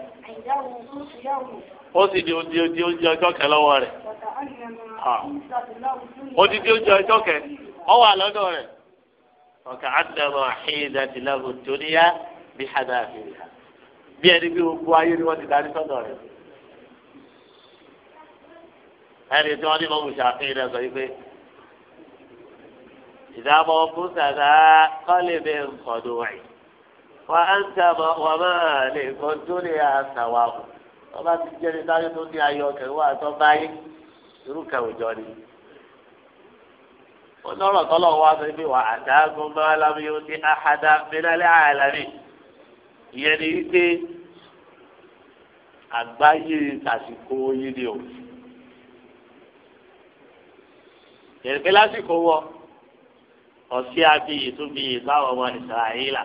ó sì di odi odi oúnjẹ ọjọ́ kẹ lọ́wọ́ rẹ̀ ah. odi di oúnjẹ ọjọ́ kẹ ọ wà lọ́dọ̀ rẹ̀ ọ̀kà àdàmọ̀ àhìnà tìlẹ́gùn tó níyà bí hàdà àfihàn bí ẹni bí gbogbo ayé ni wọ́n ti darí sọ́dọ̀ rẹ̀ ẹni tí wọ́n ní mọ̀ wùsà àfihàn sọ yìí pé ìdáàbọ̀ ọkùnrin sàdá kọ́lé bẹ́ẹ̀ ń kọ́ wáyé wà á ń tẹ wà máa lè kọ́ dúró àtàwà o wọ́n bá ti jẹ́ ní sáré tó ní ayọ̀ kẹ̀wé àtọ́ báyé irú kẹ̀wé jọ ni. wọ́n lọ́rọ̀ tọ́lọ̀ wá sọ pé wà á dágún bá lábí yóò ní àhádá mẹ́lẹ́lẹ́ àlàmì ìyẹn ni wípé àgbáyé àsìkò yìí ni o. ìrìnkè lásìkò wọ ọ̀sẹ̀ àbí ìtúbi ìbáwọ̀ ọmọ ìsirahìlà.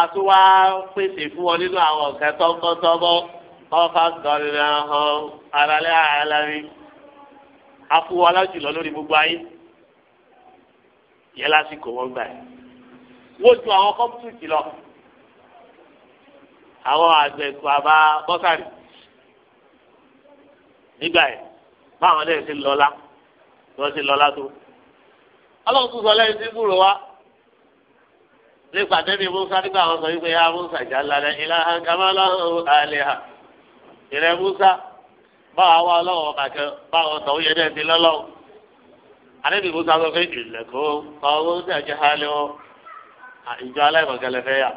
àtúwá pèsè fún wọn nínú àwọn ọ̀kẹ́ tọ́kọ́tọ́kọ́ ọ̀fà sọ̀rọ̀ hàn alalẹ́ alárin afúwọ́ alájùlọ lórí gbogbo ayé yẹ lásìkò wọn gbà yìí wọ́n ju àwọn kọ́mpútì lọ àwọn àgbẹ̀kù àbá bọ́sàrì nígbà yẹn báwọn náà ti lọ́lá wọ́n ti lọ́lá tó ọlọ́run tún sọ lẹ́yìn tí ń búrò wá nípa débi musa nígbà wọn sọ wípé ya musa ìjà ńlá rẹ ilá kama lọ́hùn àlẹ́ ìrẹ musa báwa wá ọlọ́wọ́ kàkẹ́ báwa sọ wíyẹn náà ti lọ́lọ́wọ́ àdébi musa sọ pé ìlẹ̀kọ́ ọ̀hún ní àjẹ́ hà lẹ́wọ́ ìjọ aláìmọ̀kẹ́lẹ́ fẹ́ ya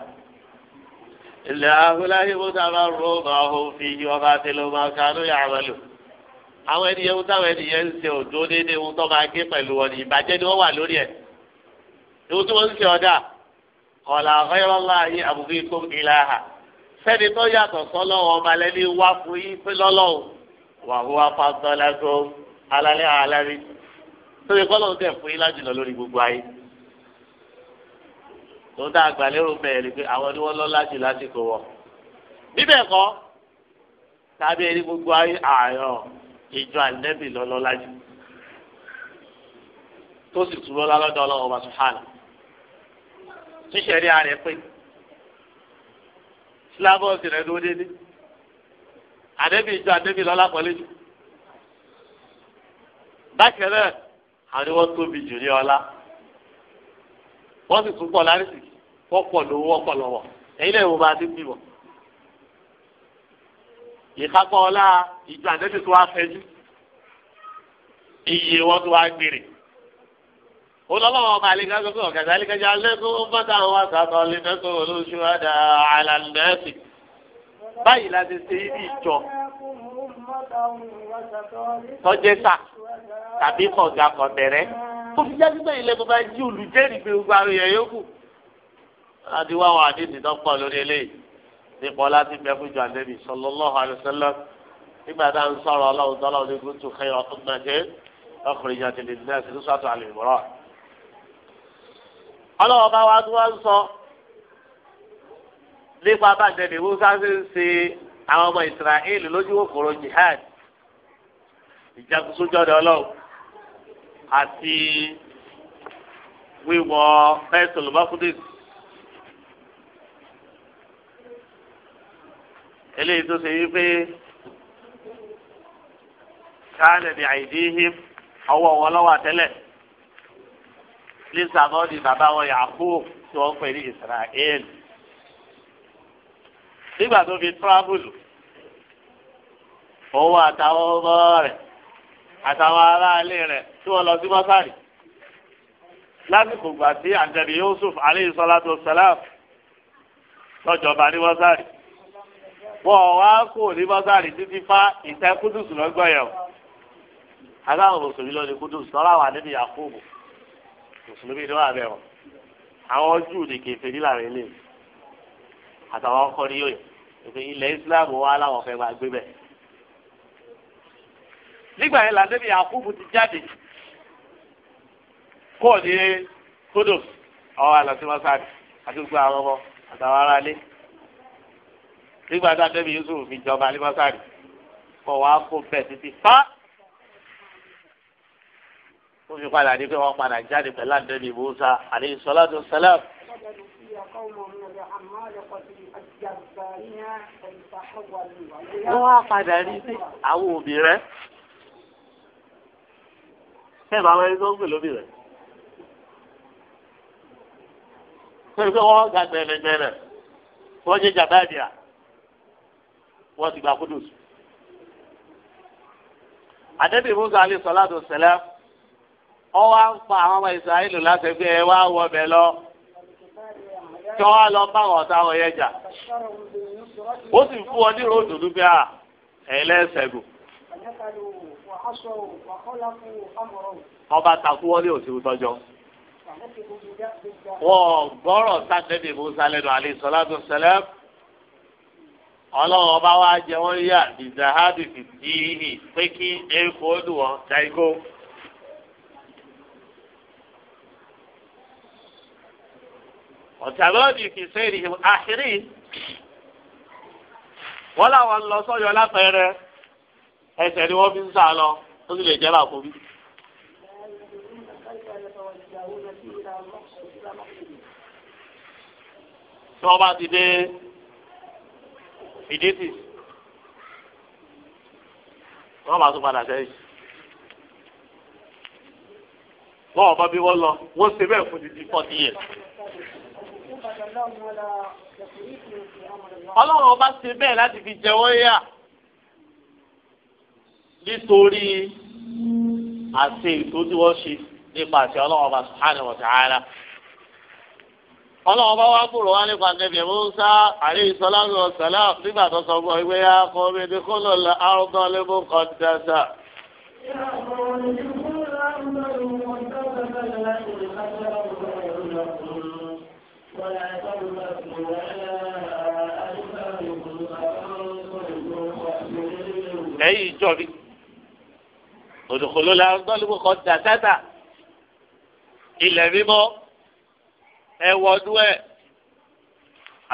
ilẹ̀ ahúláhí musa máa ń ro ọ̀hún fi yí ọba tẹ́lẹ̀ ọba kanú yàrá lò àwọn ènìyàn ń táwọn ènìyàn ń ṣe òjò déédéé ń tọ́ máa gé pẹ̀lú wọn ìbàjẹ́ ni wọ́n wà lórí ẹ̀ ìwọ́n tí wọ́n ń ṣe ọ̀dà kọ̀là àfẹ́rọ́lá yìí àbùkù ikú ìlàhà sẹ́ni tó yàtọ̀ sọ́lọ́wọ́ ọba lẹ́ni wá fún yín pé lọ́lọ́wọ́ wà wọ́n afásọ́lá tó alálẹ́ àlárí tóbi kọ́lọ́ tẹ̀ fún yín lájùlọ lórí gbogbo ayé tó dá bẹ́ẹ̀ ni pé àwọn ni wọ́n lọ́ lásìkò wọ̀ kọ́ tàbí ẹni gbogbo ayé ààyò ìjọ ànẹ́bì lọ́lọ́ tó sì túbọ̀ lálọ́dọ̀ ọlọ́wọ́ tíṣẹ̀rí ara ẹ̀ pé sílábọ̀sì rẹ̀ ló dédé àdébí ìjọ àdébí lọ́la pọ̀lẹ́ jù bákan náà àríwọ́ tóbi jù ní ọlá wọ́n sì tún pọ̀ lárísìkì wọ́n pọ̀ lówó wọ́n pọ̀ lọ́wọ́ èyí lè wò bá a ti bí wọ̀ ìkápọ̀ ọlá ìjọ àdébí tó wá fẹ́jú iye wọn tó wá gbèrè olọ́lọ́wọ́ ما عليك sọ pé ọ̀kadà àlekàjà lẹ́kọ́ bọ́tà wa sàtọ̀ lẹ́kọ́ olóṣù àdá àlàndẹ́sì báyìí la ti ṣe ibi ìjọ tọ́jẹ́sà tàbí kọ̀gà kọ̀tẹ̀rẹ́ tó fi jáde pé ilé bàbá jí olùjẹ́rìí pé gbogbo àwọn èèyàn yòókù láti wá àwọn àdéhùn tó pọ̀ lórí eléyìí nípa ọlá ti bẹ fún jọ̀ọ́ àdébì sallallahu alaihi wasallam nígbà tá à ń sọ̀rọ̀ ọlọ́run tọ́lá ọlọ́wọ́ bá wa tó wá ń sọ nípa bàjẹ́bí musa ṣe ń ṣe àwọn ọmọ ìsirahílì lójú òkòrò jihad ìjagunsójọ́ dẹ ọlọ́wọ́ àti wíwọ fẹ́sọ̀lù mọ́kúndínlì. eléyìí tó ṣe yí pé káàdì àìdíhìm ọwọ́ wọn lọ́wọ́ àtẹ́lẹ̀ ní sàmọ́ọ̀dì bàbá wọn Yakub tí wọ́n pè ní Israel nígbà tó fi tíráfùlù òun àtàwọn ọmọ rẹ̀ àtàwọn aráalé rẹ̀ tí wọ́n lọ sí mọ́sálì lásìkò gbà tí àǹtẹ̀bí Yusuf aleyhi salatu salam lọ́jọba ní mọ́sálì wọ́n wá kó ní mọ́sálì títí fá ìtẹ́ kúdùsù lọ́gbọ̀n yẹn o àtàwọn mùsùlùmí lọ ní kúdùsù tọ́lá wà níbi Yakubu mùsùlùmí ló wà bẹ́ẹ̀ o àwọn júù ní kèfèrí láàrin lè àtàwọn ọkọ ní yòòyè ètò ilẹ̀ islam wà láwọn fẹ́ máa gbé bẹ́ẹ̀. nígbà yẹn làdébí àkúbù ti jáde kó ní kódò ọwọ́ àlọ́símọ́sáàdì àti gbogbo àwọn ọmọ àtàwọn aráalé nígbà tá a yusuf fi jọba alimọ́sáàdì kọ̀ wá kó bẹ́ẹ̀ títí fáá ó fi padà ní pé wọ́n padà jáde pẹ̀lú àdébí musa alayhi salatu salam. wọ́n wá padà rí pé àwọn òbí rẹ̀ ṣé ìbámu ẹni tó ń pè lóbì rẹ̀. pé pé wọ́n ga gbẹ̀rẹ̀gbẹ̀rẹ̀ wọ́n jẹ́ jàbáàdìà wọ́n ti gba kúdùs. àdébí musa alayhi salatu ọwọ wá pa àwọn ọmọ ìsirayélu láti fi ẹ wá wọ lọ tí wọ́n lọ bá àwọn ọ̀tá wọn jà ó sì fún ọ ní ròdù dúbí à ẹ̀yìn lẹ́sẹ̀gùn. ọba takú tọjọ wọ́n gbọ́rọ̀ sátẹ́bí musa ọba wa jẹ wọ́n yá pé kí dùn ọ̀tàlọ́ọ̀dì fi sẹ́ẹ̀rì àṣírí wọ́n làwọn lọ sọ́yọ́ lápẹẹrẹ ẹsẹ̀ ni wọ́n fi ń sá lọ ó sì lè jẹ́ làkó bí. tí wọ́n ti dé fìdítì wọ́n bá tún padà sẹ́yìn. wọ́n ọ̀bọ bí wọ́n lọ wọ́n ṣe bẹ́ẹ̀ fún títí fọ́tí yẹn ọlọ́run ọba ṣe bẹ́ẹ̀ láti fi jẹ wọ́n yà nítorí àti ètò tí wọ́n ṣe nípa àti ọlọ́run ọba subhanahu wa ta'ala ọlọ́run bá wá kúrò wá nípa nẹ́bí Musa alayhi salatu wa salam nígbà tó sọ fún ọ ìwé yá kọ́ mi ní kó lọ lọ arda al-muqaddasa ẹ̀yin ìjọ mi òdòkòló la gbọ́dọ̀ kọ́ da sátà ilẹ̀ mímọ́ ẹ wọnú ẹ̀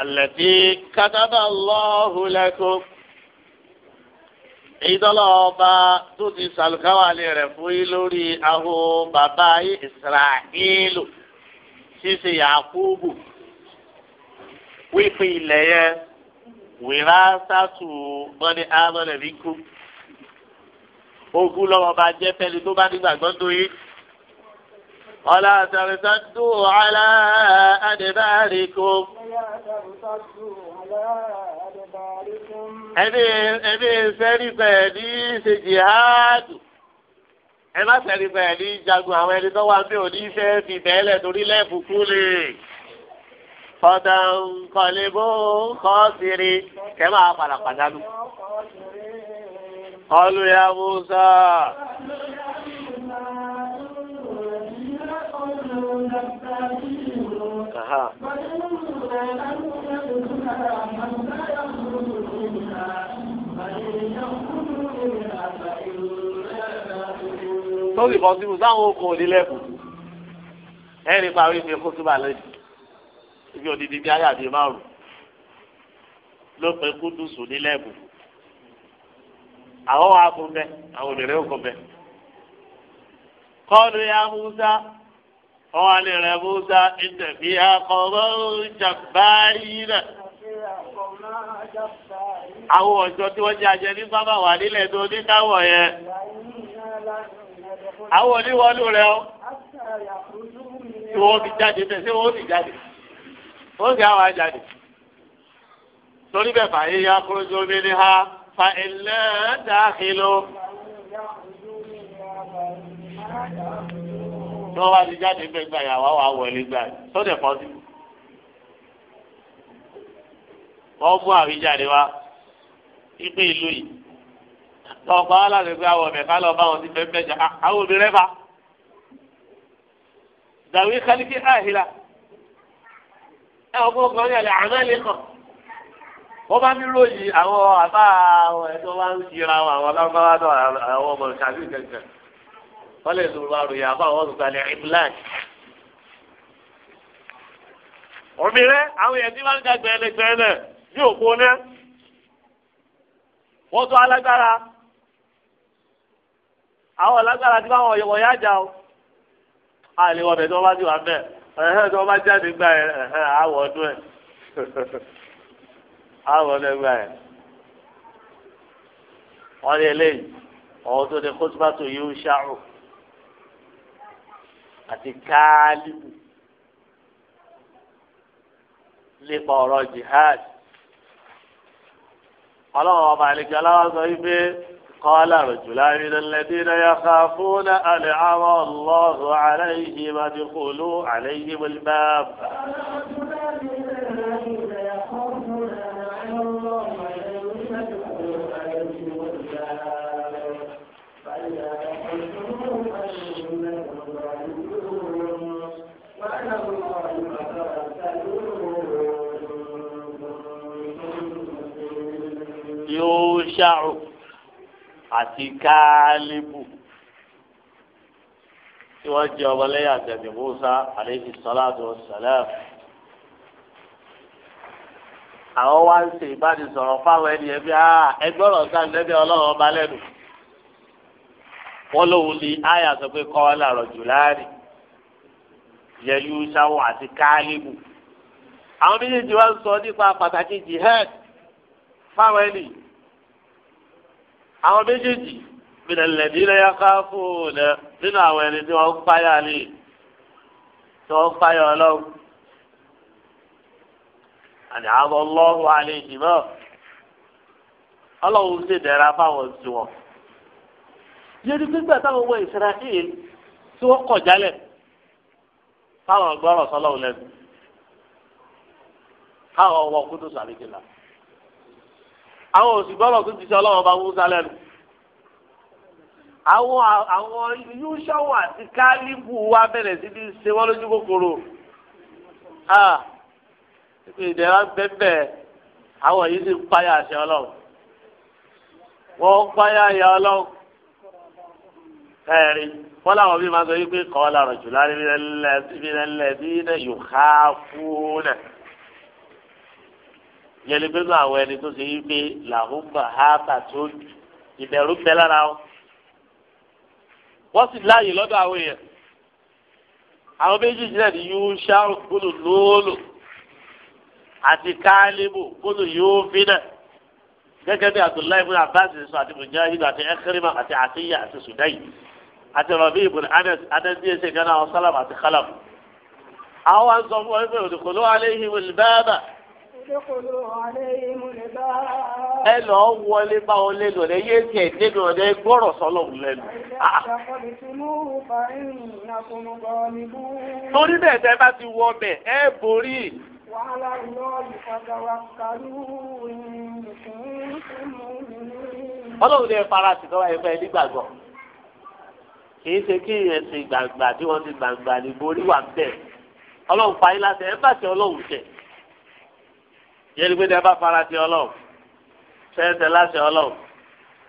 àlẹ́tí kátàbà lọ́hùn lẹ́kọ́ èyí tọ́lọ́ ọba tó ti sàlùkáwálé rẹ̀ fún yín lórí ahọ́ bàbá Israẹ́lù ṣíṣe Yakubu wípé ilẹ̀ yẹn wìrà sátù mọ́ni ámọ́lẹ̀ mi kú ogún lọ́wọ́ bá jẹ́ fẹ́ni tó bá nígbàgbọ́ tó yí. ọ̀la àtàrẹ̀sàdù ọ̀la àdìbáríkùn. ẹni ẹni sẹ́rí bẹ́ẹ̀ ní ṣe jihadu ẹ má sẹ́rí bẹ́ẹ̀ ní jagun àwọn ẹni tó wà ń bẹ̀ òní fẹ́ fi bẹ́ẹ̀ lẹ̀ torí lẹ́ẹ̀bù kú lè fọ́tà ń kọ́lé bó ń kọ́ sírí kẹ́ máa padà pàdánù. Ọlú Musa. Tó sì bọ́ sí Musa àwọn okòó nílẹ̀kùn. Ẹ̀rí parí fi kó túbà lónìí ibi òdìdí bí ayé àbí márùn ló pe kúndùsù nílẹ̀ ìbò àwọn wa kún bẹ àwọn obìnrin ò kún bẹ. kọ́ọ̀lù ya musa ọ̀hún alẹ́ rẹ̀ musa ìtẹ̀bí akọ̀rọ̀ jàmbá yìí náà. àwọn ọ̀ṣọ́ tí wọ́n jẹ́ ajẹ́ ní sábà wà nílẹ̀ tó ní káwọ̀ yẹn. àwọn oníwọlú rẹ̀ ó tí wọ́n fi jáde bẹ́ẹ̀ sí wọ́n fi jáde wọ́n sì àwọn ajáde torí bẹ́ẹ̀ fàáyé ya kúrò ju omi ní ha fa ilẹ̀ dàkìlú. tí wọ́n bá ti jáde bẹ́ẹ̀ gbà yà wá wà wọlé gbà sódẹ̀ pọ́sí. wọ́n mú àwíjàre wa ipe ìlú yìí lọ́pọ̀ alágbègbè àwọn ọ̀bẹ ká lọ́ọ́ bá wọn ti fẹ́ mẹ́jà àwọn obìnrin fa. dàwí kálíkì àhìlá. ẹ ọgbọ́n ọgbọ́n ní ẹ̀lẹ́ àná kan wọ́n bá ní ròyìn àwọn àbá àwọn ẹ̀tọ́ bá ń yira àwọn alágbára náà àwọn ọmọ ìṣàbí kẹ̀kẹ́ wọ́n lè lùrù àròyìn àbá àwọn àwọn èèyàn tí wọ́n ń náà òkú wọ́n alágbára àwọn alágbára tí wọ́n ẹ̀hẹ́ tí wọ́n bá jáde gbà yẹn ẹ̀hẹ́ àwọ̀ ọdún ẹ̀ àwọ̀ ọdún gbà yẹn. wọ́n ní eléyìí ọ̀hún tó ní kótópátó yóò ṣàrò àti káálíbù nípa ọ̀rọ̀ jihad. ọlọ́run ọba àlejò aláwọ̀ sọ yí pé. قال رجل من الذين يخافون أنعم الله عليهم ادخلوا عليهم الباب يوشع àti káálíbù tí wọ́n jẹ́ ọmọlẹ́yà tẹ̀mí musa aleyhi salatu wa salam. àwọn wá ń ṣe ìbánisọ̀rọ̀ fáwọn ẹni ẹbí sáà lẹ́bí ọlọ́run ọba lẹ́nu. wọ́n lóun ní àyà sọ pé kọ́ làrọ̀ jùláàrì yẹ yúṣàwọ̀ àti àwọn méjèèjì wá ń sọ nípa pàtàkì jihad fáwọn ẹni àwọn méjèèjì bìnnà lẹ́dínlẹ́ yá ká fóònù nínú àwọn ẹni tí wọ́n ń páyà lè tí wọ́n ń páyà ọlọ́run. àní àwọn ọlọ́run alẹ́ ìjìmọ́ ọlọ́run ṣe dẹ́ra fáwọn sí wọn. yẹ́nì gbígbà táwọn ọmọ Ísírẹ́lì tí wọ́n kọ̀ jálẹ̀ fáwọn gbọ́rọ̀ sọlọ́run lẹ́nu káwọn ọwọ́ kúndùn sàbíkìlà àwọn òṣìgbọ́rọ̀ tó ti ṣe ọlọ́run bá wúsá lẹ́nu. àwọn àwọn yúṣọ́wọ̀ àti kálíbù wa bẹ̀rẹ̀ sí ní ṣe wọ́n lójú kòkòrò. ìdẹ̀ra bẹ́ẹ̀ àwọn yìí ti ń páyà àṣẹ ọlọ́run. wọ́n ń páyà àyà ọlọ́run. ẹ̀rí wọ́n láwọn bí máa sọ yìí pé kọ́ ọ́ làrọ̀ jù lárí bí lẹ́lẹ́ bí lẹ́lẹ́ bí náà ká fún náà yẹlẹ pẹ̀lú àwọn ẹni tó ṣe yí pé làwọn gbà á bà tó ìbẹ̀rù bẹ lára wọn wọ́n sì láàyè lọ́dọ̀ àwọn èèyàn àwọn méjèèjì náà ni yóò ṣàrò gbólò lóòlò àti káálíbù gbólò yóò fi náà gẹ́gẹ́ bí abdullahi ibn abbas sọ àti mujahid àti ekrima àti atiya àti sudayi àti rabi ibn anas anas bíi ẹsẹ gánà àwọn sálàm àti kálàm àwọn sọ fún wọn pé òdìkòló aléhi wìlbáàbà ẹ lọ wọlé bá wọn lẹ́nu rẹ yé tiẹ̀ lẹ́nu rẹ gbọ́rọ̀ sọlọ lẹ́nu. torí bẹ́ẹ̀ tẹ́ bá ti wọ bẹ̀ ẹ borí. ọlọ́run ní ẹ fara sí tọ́wọ́ ẹgbẹ́ nígbàgbọ́ kì í ṣe kí ẹ̀sìn gbàgbà tí wọ́n ti gbàgbà ní borí wà bẹ́ẹ̀ ọlọ́run pa yín láti ẹ bá ṣe ọlọ́run tẹ̀ yẹli pé tẹ bá fara ti ọlọ́run tẹ tẹ láṣẹ ọlọ́run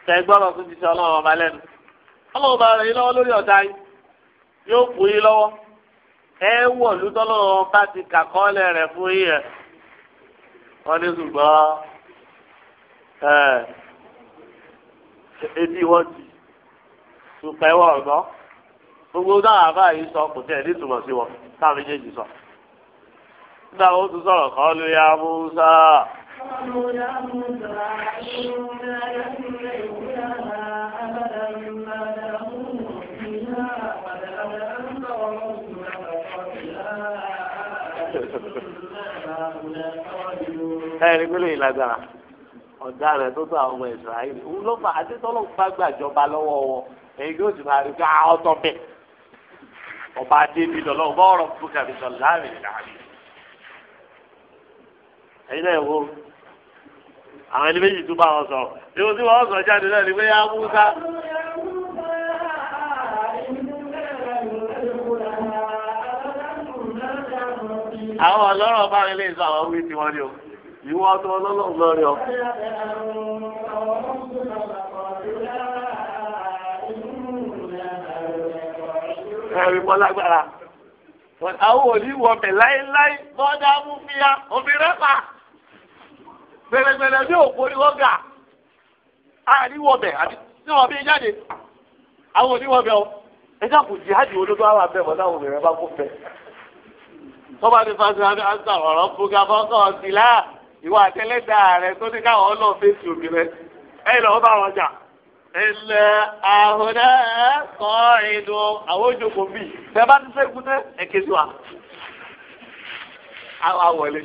tẹ gbọ́dọ̀ tó ti ṣe ọlọ́run ọba lẹ́nu ọlọ́run ọba rẹ̀ yín lọ́wọ́ lórí ọ̀tá yín yóò fún yín lọ́wọ́ ẹ wọ̀ lùtọ́lọ́run bá ti kàkọ́lẹ̀ rẹ̀ fún yín yẹn wọ́n ní ṣùgbọ́n ebi wọ́n ti ṣùpẹ́ wọ̀ ọ̀gbọ́n gbogbo dáhà báyìí sọ kò tẹ̀ ní ìtumọ̀ sí wọn táwọn méjèèjì sọ nígbà wo tún sọ̀rọ̀ kọ́ ló yá Musa. ẹ̀rí gbélé yìí lágbára ọ̀dà rẹ̀ tó tó àwọn ọmọ Israẹli òun ló fà àti tọ́lọ́ bá gbàjọba lọ́wọ́ wọn èyí yóò sì máa rí ká ah, ọtọ bẹ́ẹ̀ ọba adébí lọ́lọ́ bọ́ọ̀rọ̀ fúkàbí sọ̀láàmì láàrin ẹ̀yin náà wo àwọn ẹni méjì tún bá wọn sọ ìwọ tí wọn sọ jáde náà ni pé yá Musa. àwọn ọlọ́rọ̀ bá rí lè sọ àwọn wí tiwọn ni o ìwọ tó ọlọ́rọ̀ lọ́rẹ́ ọ. ẹ̀rí mọ́ lágbára àwọn òní wọ̀ láéláé bọ́dá mú fíya obìnrin pa gbẹ̀rẹ̀gbẹ̀rẹ̀ bí òkú ni wọ́n gà àríwọ̀bẹ̀ àti tí wọ́n fi jáde àwọn oníwọ̀bẹ̀ ọ ẹjọ́ kò jihadi olódó àwọn abẹ́ mọ̀ táwọn obìnrin bá kó fẹ́ tọ́ba ti fa sí abẹ́ àti àwọn ọ̀rọ̀ fún gafọ́ sọ̀rọ̀ sí láà ìwà àtẹlẹ́dà rẹ tó ní káwọn ọlọ́ọ̀ fèsì obìnrin ẹ lọ́ọ́ bá wọn jà ilẹ̀ àhùnẹ́ kọ́ ìdù àwọn ojókòó bíi tẹ bá ti ṣẹ́gun náà ẹ̀kẹ́ sí wa àwọn àwọ̀lẹ́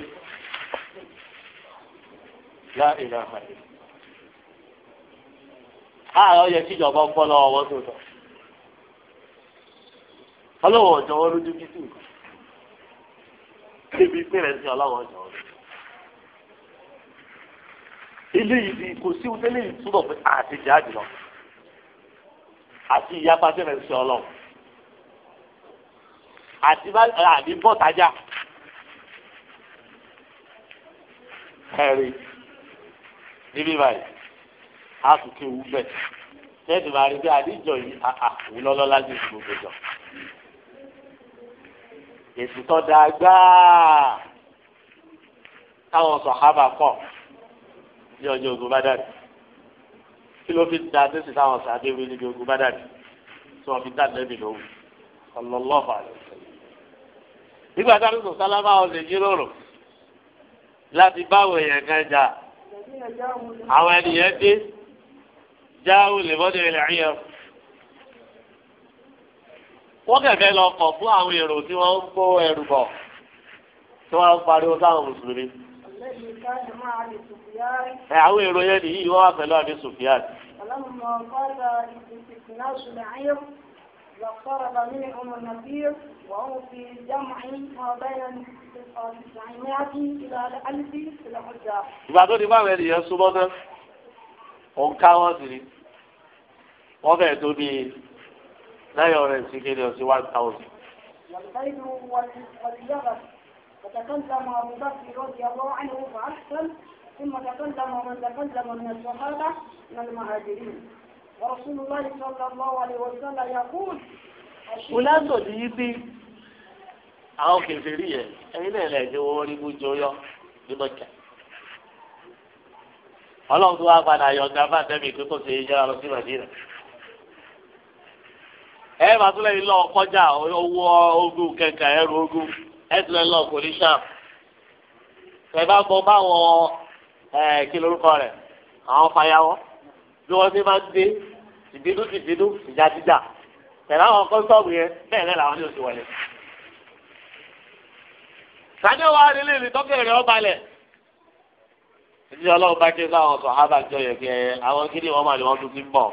láìlà àyè. káàárọ̀ yẹ kí ìjọba ń bọ́ lọ́wọ́ wọn tó tọ̀. ọlọ́wọ́ ọ̀jọ̀ wọn lójú títì níbi ìpínlẹ̀ sí ọlọ́wọ́ ọ̀jọ̀ wọn. ilé yìí kò sí ohun tẹ́lẹ̀ ìtúbọ̀ pé àtijọ́ àjùlọ àti ìyapa tẹ́lẹ̀ sí ọlọ́wọ́ àti àbí bọ́tajà. Harry níbí báyìí a sì ti wú bẹ́ẹ̀ tẹ́ẹ̀dì máa rí bí àdíjọ yìí àwù lọ́lọ́lá ju gbogbo jọ. èsì tó dáa gbáà táwọn sọ̀hábà kọ̀ ní ọjọ́ ogun bá dàrí kí ló fi da tó sì táwọn sàdé wí níbi ogun bá dàrí tí wọ́n fi dá lẹ́bi lówù ọlọ́lọ́fà rẹ̀. nígbà táwọn sọ̀sálámà ọ̀sẹ̀ jíròrò láti báwo èèyàn kan jà àwọn ènìyàn dé jáwó lè bọ́dọ̀ ilẹ̀ ẹ̀yẹ. wọ́n kẹ̀kẹ́ lọ kọ̀ fún àwọn èrò tí wọ́n ń kó ẹrù bọ̀ tí wọ́n ń pariwo sáwọn mùsùlùmí. ẹ àwọn èrò yẹn nìyí wọ́n wà pẹ̀lú àbí sùfìàn. واقترب منهم النذير وهو في جمع ما بين 900 إلى 1000 في الحجة. بعد ذلك ما بين يسوع òǹkà wọn sì rí wọn fẹ́ẹ̀ tó bí nine hundred and sixty or one thousand. والبيض واليغس فتكلم أبو بكر رضي الله عنه فأحسن ثم تكلم من تكلم من الصحابة من المهاجرين. ورسول الله صلى الله عليه وسلم يقول fúlàtò ní yíbí àwọn kèfèrí yẹn ẹyin náà lè jẹ owó orígun jọyọ ní mọkà Ọlọ́run tó wá padà yọ̀ǹda bá tẹmí pé kò sí yíyá lọ sí màdínà ẹ máa tún lẹ́yìn lọ kọjá owó ogún kẹkẹ ẹrù ogún ẹ tún lẹ́yìn lọ kò ní sàm ẹ bá gbọ́ báwọn kí lórúkọ rẹ̀ àwọn fàyàwọ́ bí wọ́n ṣe máa ń dé ìbínú ìbínú ìjà jíjà pẹ̀lú àwọn kọ́ńtọ́ọ̀mù yẹn bẹ́ẹ̀ náà làwọn yóò ti wọlé. sani wa nílé ìtọ́kẹ́ rẹ̀ ọba lẹ̀ ìdí ọlọ́run bá ké sáwọn sọ̀hábà jọ yẹ kí ẹ àwọn kíni wọn máa lè wọn tún ti ń bọ̀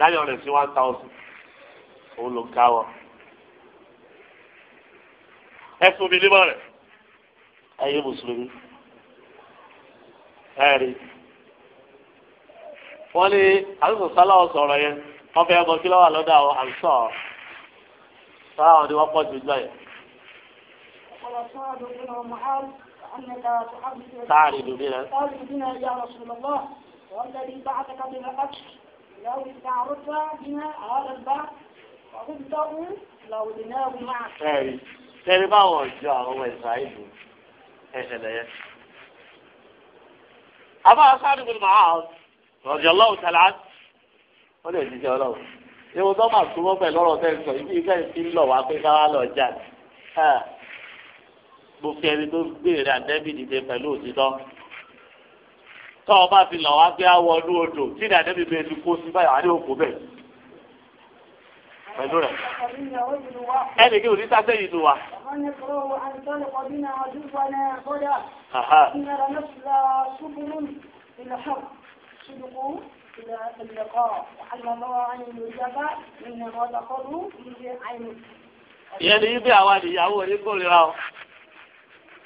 láyé ọ̀rẹ́ sí one thousand òun ló ń káwọ́ ẹ fún mi nímọ̀ rẹ̀ ẹ̀yin mùsùlùmí ẹ̀rí wọ́n ní àlùkò sáláwọ̀ sọ̀rọ̀ yẹn wọ́n fẹ́ mọ kí lọ́wọ́ àlọ́dà àwọn àǹsọ̀ sáláwọ̀ ni wọ́n pọ̀ jù jọ yẹn. sáàrì dùbí rẹ. sáàrì dùbí rẹ yà Rasulullah wọ́n lẹ́yìn bá àtàkàbí rẹ̀ kàkì lọ́wọ́ ìgbà àrùbá bíná àwọn àgbà Ẹ̀rí tẹ́rí báwọn ọjọ́ àwọn ọmọ ìsirayìlú ẹ̀ṣẹ̀lẹ̀ yẹn. Àbá Sáàdùkú ni màá ọ̀sùn rọ̀jò ọlọ́run tẹ̀lé á lè jíjẹ ọlọ́run ewu tó máa súnmọ́ pẹ̀lú ọ̀rọ̀ tẹ̀ sọ ibi ìfẹ́ ti ń lọ̀ wá pé ká wá lọ jà ní. mo fi ẹni tó gbèrè àdẹ́bì dìde pẹ̀lú òtítọ́ tọ́ ọ bá fi lọ̀ wá pé á wọnú odò tí ní àdẹ́bì bẹ́ẹ̀ ti kó sí báyìí wá ní òkú bẹ́ẹ̀ pẹ̀lú rẹ̀. ẹnì kí òní sáfẹ́ yìí ló wa. ọ̀hán صدقوا إلى اللقاء وحل الله عن الوجبة إنما دخلوا به عين ìyẹn ni bí àwa nìyàwó oníkórìíra ọ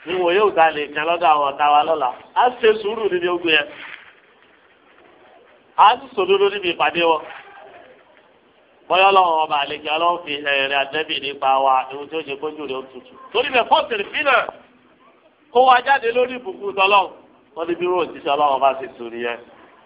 ni wò yóò ta lè kàn lọ́dọ̀ àwọn ọ̀tá wa lọ́la á ṣe sùúrù nínú ogun yẹn á sì sòdodo níbi ìpàdé wọn bọ́yọ́ lọ́wọ́ ọba àlejò ọlọ́run fi ẹ̀rẹ̀ àdẹ́bì nípa wa ohun tí ó ṣe kójú rẹ̀ ó tutù torí bẹ̀ fọ́ọ̀tìrì fílẹ̀ kó wa jáde lórí ìbùkún tọ́lọ́run wọ́n ní bí wọ́n ti ṣe ọlọ́run bá ṣe sùn nìyẹn.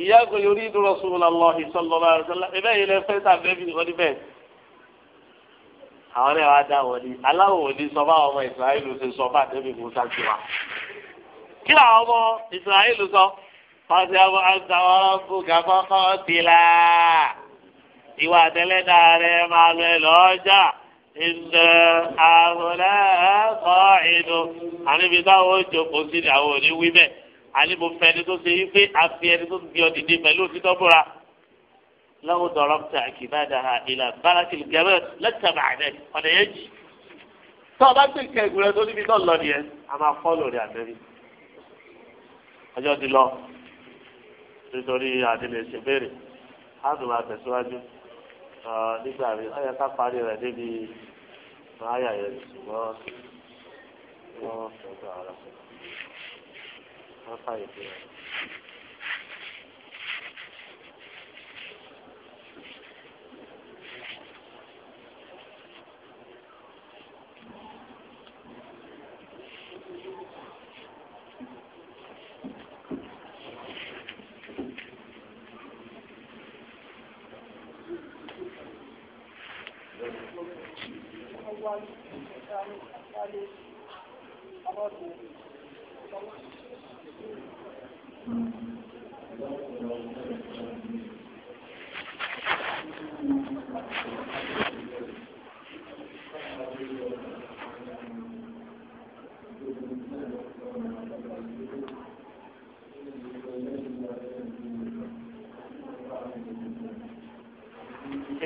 ìyáàgò yorí ìdúró sùnwòlá lọ́ọ̀hì sọ́lọ́lá àrùsọ́lá ẹ̀bẹ́ yìí lẹ fẹ́ sàbẹ́bí nìkan níbẹ̀. àwọn ẹ̀ wá dá wọn ni aláwọ̀ wọn ni sọ fáwọn ọmọ ìsirahìlú ṣe sọ fún àtẹ́bí musa sí wa. kí làwọn ọmọ ìsirahìlú sọ pàṣẹ àwọn àgbàwọ̀ bùkà kọ́kọ́ tìlà ìwà àtẹlẹ́dà rẹ̀ máa lọ ẹ̀ lọ́jà ìṣẹ̀ àhùnà ẹ̀kọ́ ìdùn àníbi táwọn ò àní mo fẹ́ ẹni tó ṣe yí pé a fi ẹni tó di ọdìdí pẹ̀lú òtítọ́ búra lọ́wọ́ dọ̀rọ̀ ta àkìbáda ha ìlà bárakìlì gẹ́rẹ́ lẹ́tàbà rẹ̀ ọ̀nà yẹn jì tó o bá gbé kẹ̀gùn rẹ tó níbi tó lọ nìyẹn a máa fọ́ lórí àbẹ́rí ọjọ́ ti lọ nítorí àdìlẹ̀ ìṣèbéèrè a tún máa tẹ̀síwájú nígbà rí ọ̀yẹ́ ká parí rẹ̀ débi máa yà yẹn ṣùgbọ́n wọ́n fẹ́ 他大爷的！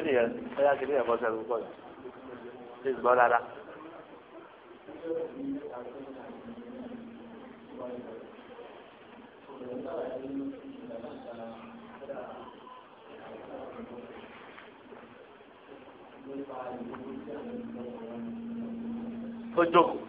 nìyẹn ẹ̀yà kìíní ẹ̀kọ́ sẹ́nu pọ̀ jù ṣé gbọ́ dáadáa. tó jókòó.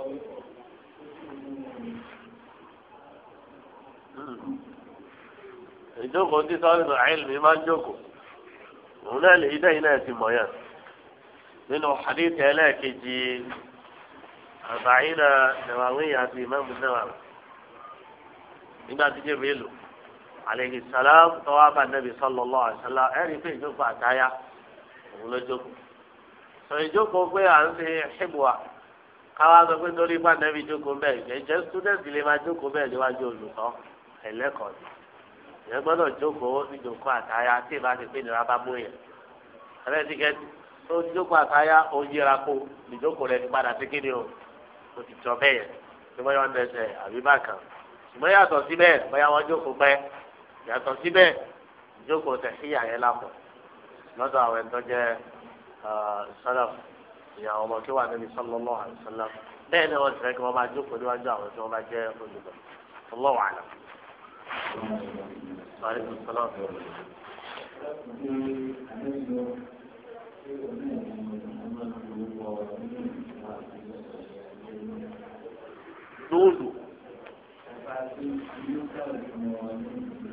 wọlé hmm. ìjókòó tí sọ́ọ́lù àìlùmí máa ń jókòó òun náà lè yí dẹ́yìn náà ti mọ̀ yẹn nínú xadìtì ẹlẹ́ẹ̀kejì àbáyínà nàwáwí àti ìmáàmù nàwáwí nígbà tí jẹ́ bẹ́ẹ̀ lò àlejò sàlám tọ́wọ́ bá nàbì sallallahu alaihi wasallam ẹ̀rí pé ìjókòó àtayá òun ló jókòó sọ ìjókòó pé à ń fi ṣẹ́bùwà káwá sọ pé torí ipá nẹ́bí jókòó bẹ́ẹ̀ jẹ́jẹ́ student lè máa jókòó bẹ́ẹ̀ níwájú olùkọ́ ẹ̀lẹ́kọ̀ọ́ ni ìyẹn gbọ́dọ̀ jókòó níjókòó àtayá tí ìbá ti pé nira bá mú yẹn ẹ̀rẹ́ ti kẹ́ tó jókòó àtayá ó yẹra kó níjókòó rẹ̀ ti padà sí kíni o kò ti jọ bẹ́ẹ̀ tí wọ́n yọ ń dẹsẹ̀ àbí bákan ṣùgbọ́n yàtọ̀ síbẹ̀ bóyá wọ́n jókòó ìyá ọmọ tó wà níbi sọlọ́lọ́ àìsọ́lá bẹ́ẹ̀ ni wọ́n ti fẹ́ kí wọ́n máa jókòó níwájú àwọn tí wọ́n bá jẹ́ olùkọ́ ọlọ́wà àlà. Lóòlù